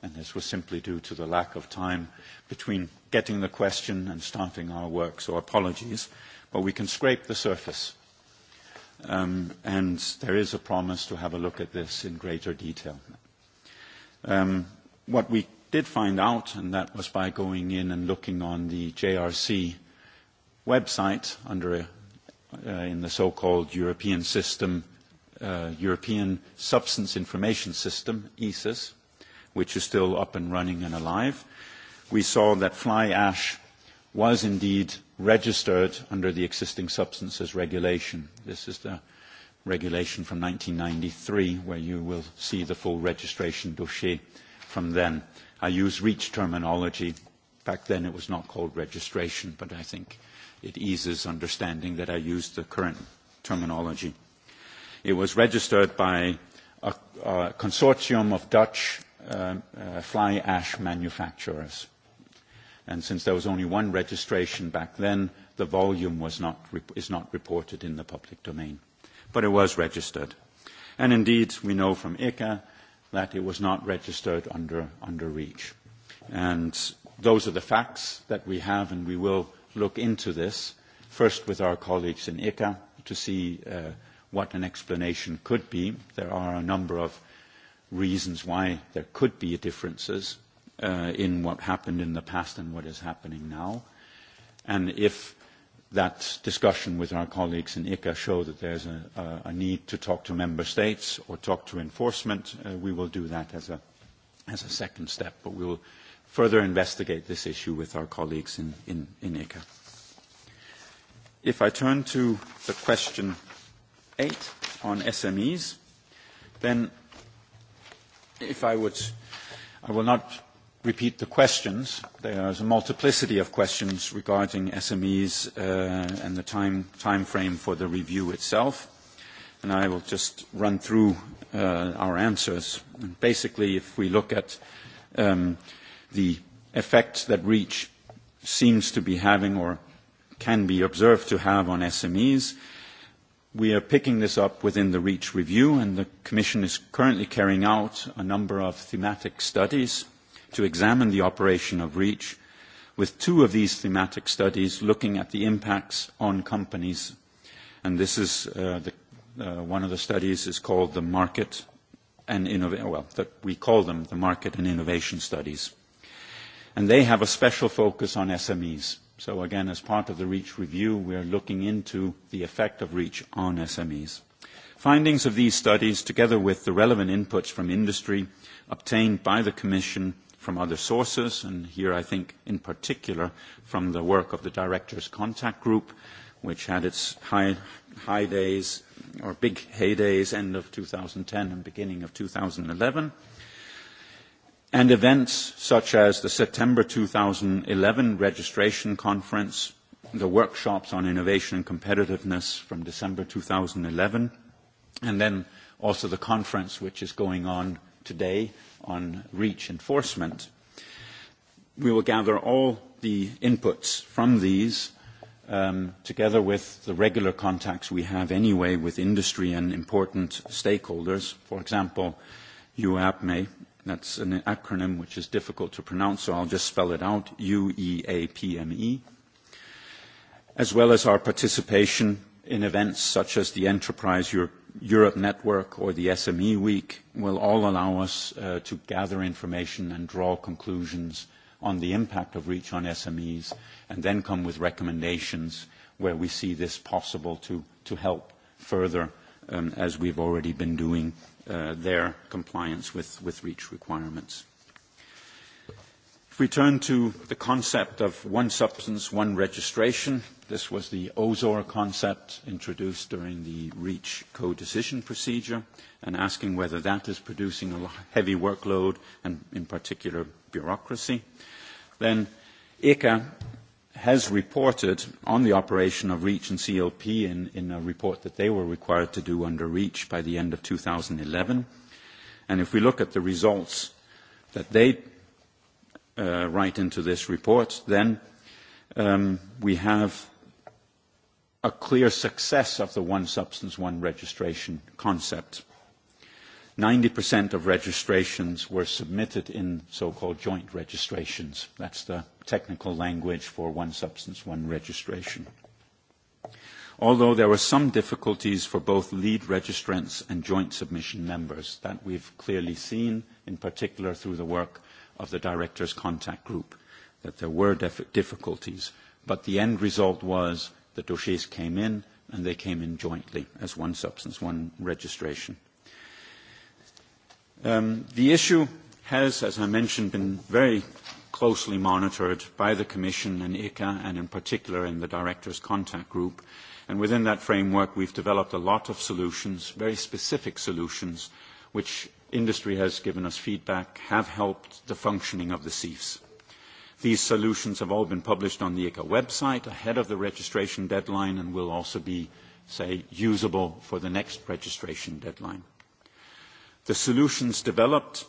And this was simply due to the lack of time between getting the question and starting our work, so apologies. But we can scrape the surface. Um, and there is a promise to have a look at this in greater detail. Um, what we did find out, and that was by going in and looking on the JRC website under a, uh, uh, in the so-called European system, uh, European Substance Information System, ESIS, which is still up and running and alive, we saw that fly ash was indeed registered under the existing substances regulation. This is the regulation from 1993, where you will see the full registration dossier from then. I use REACH terminology. Back then, it was not called registration, but I think it eases understanding that I use the current terminology. It was registered by a, a consortium of Dutch uh, uh, fly ash manufacturers. And since there was only one registration back then, the volume was not rep- is not reported in the public domain. But it was registered. And indeed, we know from ICA that it was not registered under, under REACH. And those are the facts that we have, and we will look into this, first with our colleagues in ICA to see uh, what an explanation could be. There are a number of reasons why there could be differences uh, in what happened in the past and what is happening now. And if that discussion with our colleagues in ICA show that there's a, a, a need to talk to member states or talk to enforcement, uh, we will do that as a, as a second step, but we will further investigate this issue with our colleagues in, in, in ICA. If I turn to the question eight on SMEs, then if I would, I will not repeat the questions. There is a multiplicity of questions regarding SMEs uh, and the time, time frame for the review itself. And I will just run through uh, our answers. And basically, if we look at um, uh, the effect that REACH seems to be having or can be observed to have on SMEs. We are picking this up within the REACH review, and the Commission is currently carrying out a number of thematic studies to examine the operation of REACH, with two of these thematic studies looking at the impacts on companies. And this is uh, the, uh, one of the studies is called the Market and Innovation, well, that we call them the Market and Innovation Studies and they have a special focus on SMEs. So again, as part of the REACH review, we are looking into the effect of REACH on SMEs. Findings of these studies, together with the relevant inputs from industry obtained by the Commission from other sources, and here I think in particular from the work of the Directors Contact Group, which had its high, high days or big heydays end of 2010 and beginning of 2011, And events such as the September 2011 registration conference, the workshops on innovation and competitiveness from December 2011, and then also the conference which is going on today on REACH enforcement. We will gather all the inputs from these um, together with the regular contacts we have anyway with industry and important stakeholders, for example, UAPME, That's an acronym which is difficult to pronounce, so I'll just spell it out, UEAPME, e. as well as our participation in events such as the Enterprise Europe, Europe Network or the SME Week will all allow us uh, to gather information and draw conclusions on the impact of REACH on SMEs and then come with recommendations where we see this possible to, to help further um, as we've already been doing uh, their compliance with, with REACH requirements. If we turn to the concept of one substance, one registration, this was the OZOR concept introduced during the REACH co-decision procedure and asking whether that is producing a heavy workload and in particular bureaucracy. Then ICA has reported on the operation of REACH and CLP in, in a report that they were required to do under REACH by the end of 2011. And if we look at the results that they uh, write into this report, then um, we have a clear success of the one substance, one registration concept. 90% of registrations were submitted in so-called joint registrations. That's the technical language for one substance, one registration. Although there were some difficulties for both lead registrants and joint submission members that we've clearly seen, in particular through the work of the directors' contact group, that there were difficulties. But the end result was the dossiers came in, and they came in jointly as one substance, one registration. Um, the issue has, as I mentioned, been very closely monitored by the Commission and ICA, and in particular in the Directors' Contact Group. And within that framework, we've developed a lot of solutions, very specific solutions, which industry has given us feedback have helped the functioning of the CEFs. These solutions have all been published on the ICA website ahead of the registration deadline and will also be, say, usable for the next registration deadline. The solutions developed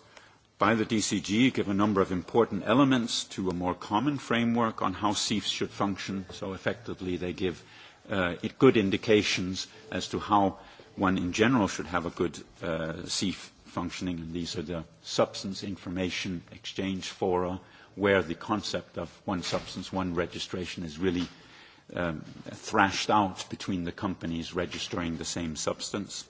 by the DCG give a number of important elements to a more common framework on how CEFs should function. So effectively, they give uh, it good indications as to how one in general should have a good uh, CEF functioning. And these are the substance information exchange fora where the concept of one substance, one registration is really um, thrashed out between the companies registering the same substance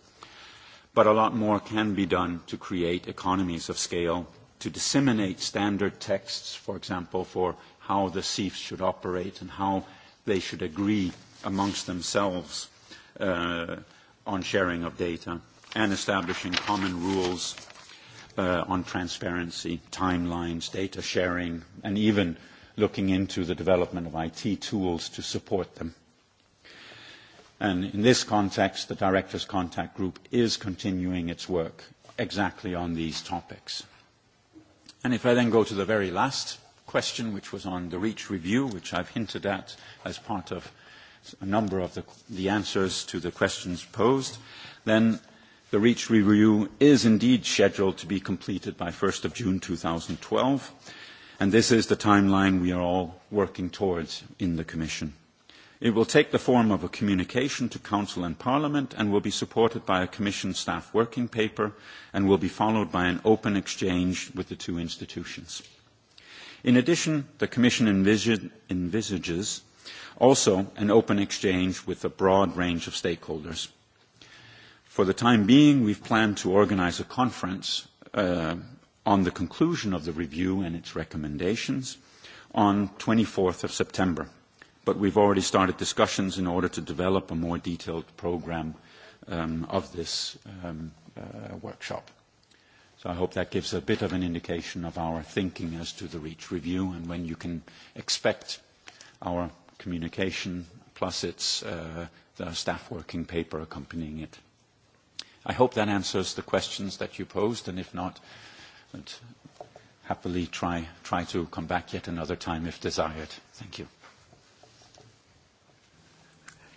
but a lot more can be done to create economies of scale, to disseminate standard texts, for example, for how the CEFs should operate and how they should agree amongst themselves uh, on sharing of data and establishing common rules uh, on transparency, timelines, data sharing, and even looking into the development of IT tools to support them. And in this context, the Directors' Contact Group is continuing its work exactly on these topics. And if I then go to the very last question, which was on the REACH review, which I've hinted at as part of a number of the, the answers to the questions posed, then the REACH review is indeed scheduled to be completed by 1st of June 2012, and this is the timeline we are all working towards in the Commission. It will take the form of a communication to Council and Parliament and will be supported by a Commission staff working paper and will be followed by an open exchange with the two institutions. In addition, the Commission envis envisages also an open exchange with a broad range of stakeholders. For the time being, we've planned to organize a conference uh, on the conclusion of the review and its recommendations on 24th of September but we've already started discussions in order to develop a more detailed program um, of this um, uh, workshop. So I hope that gives a bit of an indication of our thinking as to the REACH review and when you can expect our communication plus its uh, the staff working paper accompanying it. I hope that answers the questions that you posed, and if not, I'd happily try, try to come back yet another time if desired. Thank you.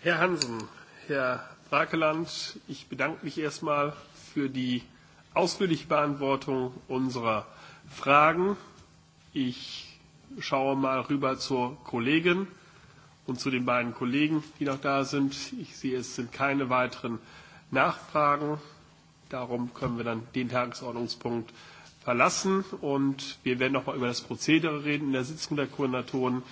Herr Hansen, Herr Brakeland, ich bedanke mich erstmal für die ausführliche Beantwortung unserer Fragen. Ich schaue mal rüber zur Kollegin und zu den beiden Kollegen, die noch da sind. Ich sehe, es sind keine weiteren Nachfragen. Darum können wir dann den Tagesordnungspunkt verlassen und wir werden nochmal über das Prozedere reden in der Sitzung der Koordinatoren,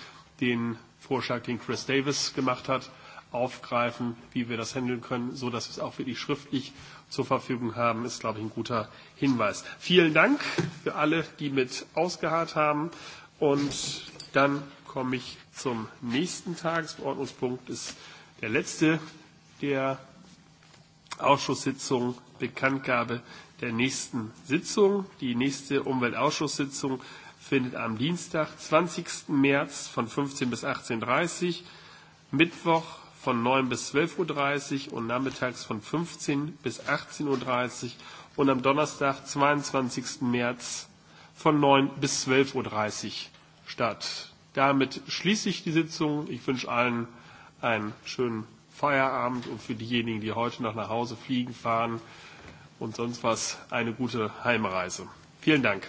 den Vorschlag, den Chris Davis gemacht hat aufgreifen, wie wir das handeln können, so dass wir es auch wirklich schriftlich zur Verfügung haben, ist, glaube ich, ein guter Hinweis. Vielen Dank für alle, die mit ausgeharrt haben. Und dann komme ich zum nächsten Tagesordnungspunkt. Ist der letzte der Ausschusssitzung Bekanntgabe der nächsten Sitzung. Die nächste Umweltausschusssitzung findet am Dienstag, 20. März von 15 bis 18.30 Uhr, Mittwoch, von 9 bis 12.30 Uhr und nachmittags von 15 bis 18.30 Uhr und am Donnerstag, 22. März von 9 bis 12.30 Uhr statt. Damit schließe ich die Sitzung. Ich wünsche allen einen schönen Feierabend und für diejenigen, die heute noch nach Hause fliegen, fahren und sonst was, eine gute Heimreise. Vielen Dank.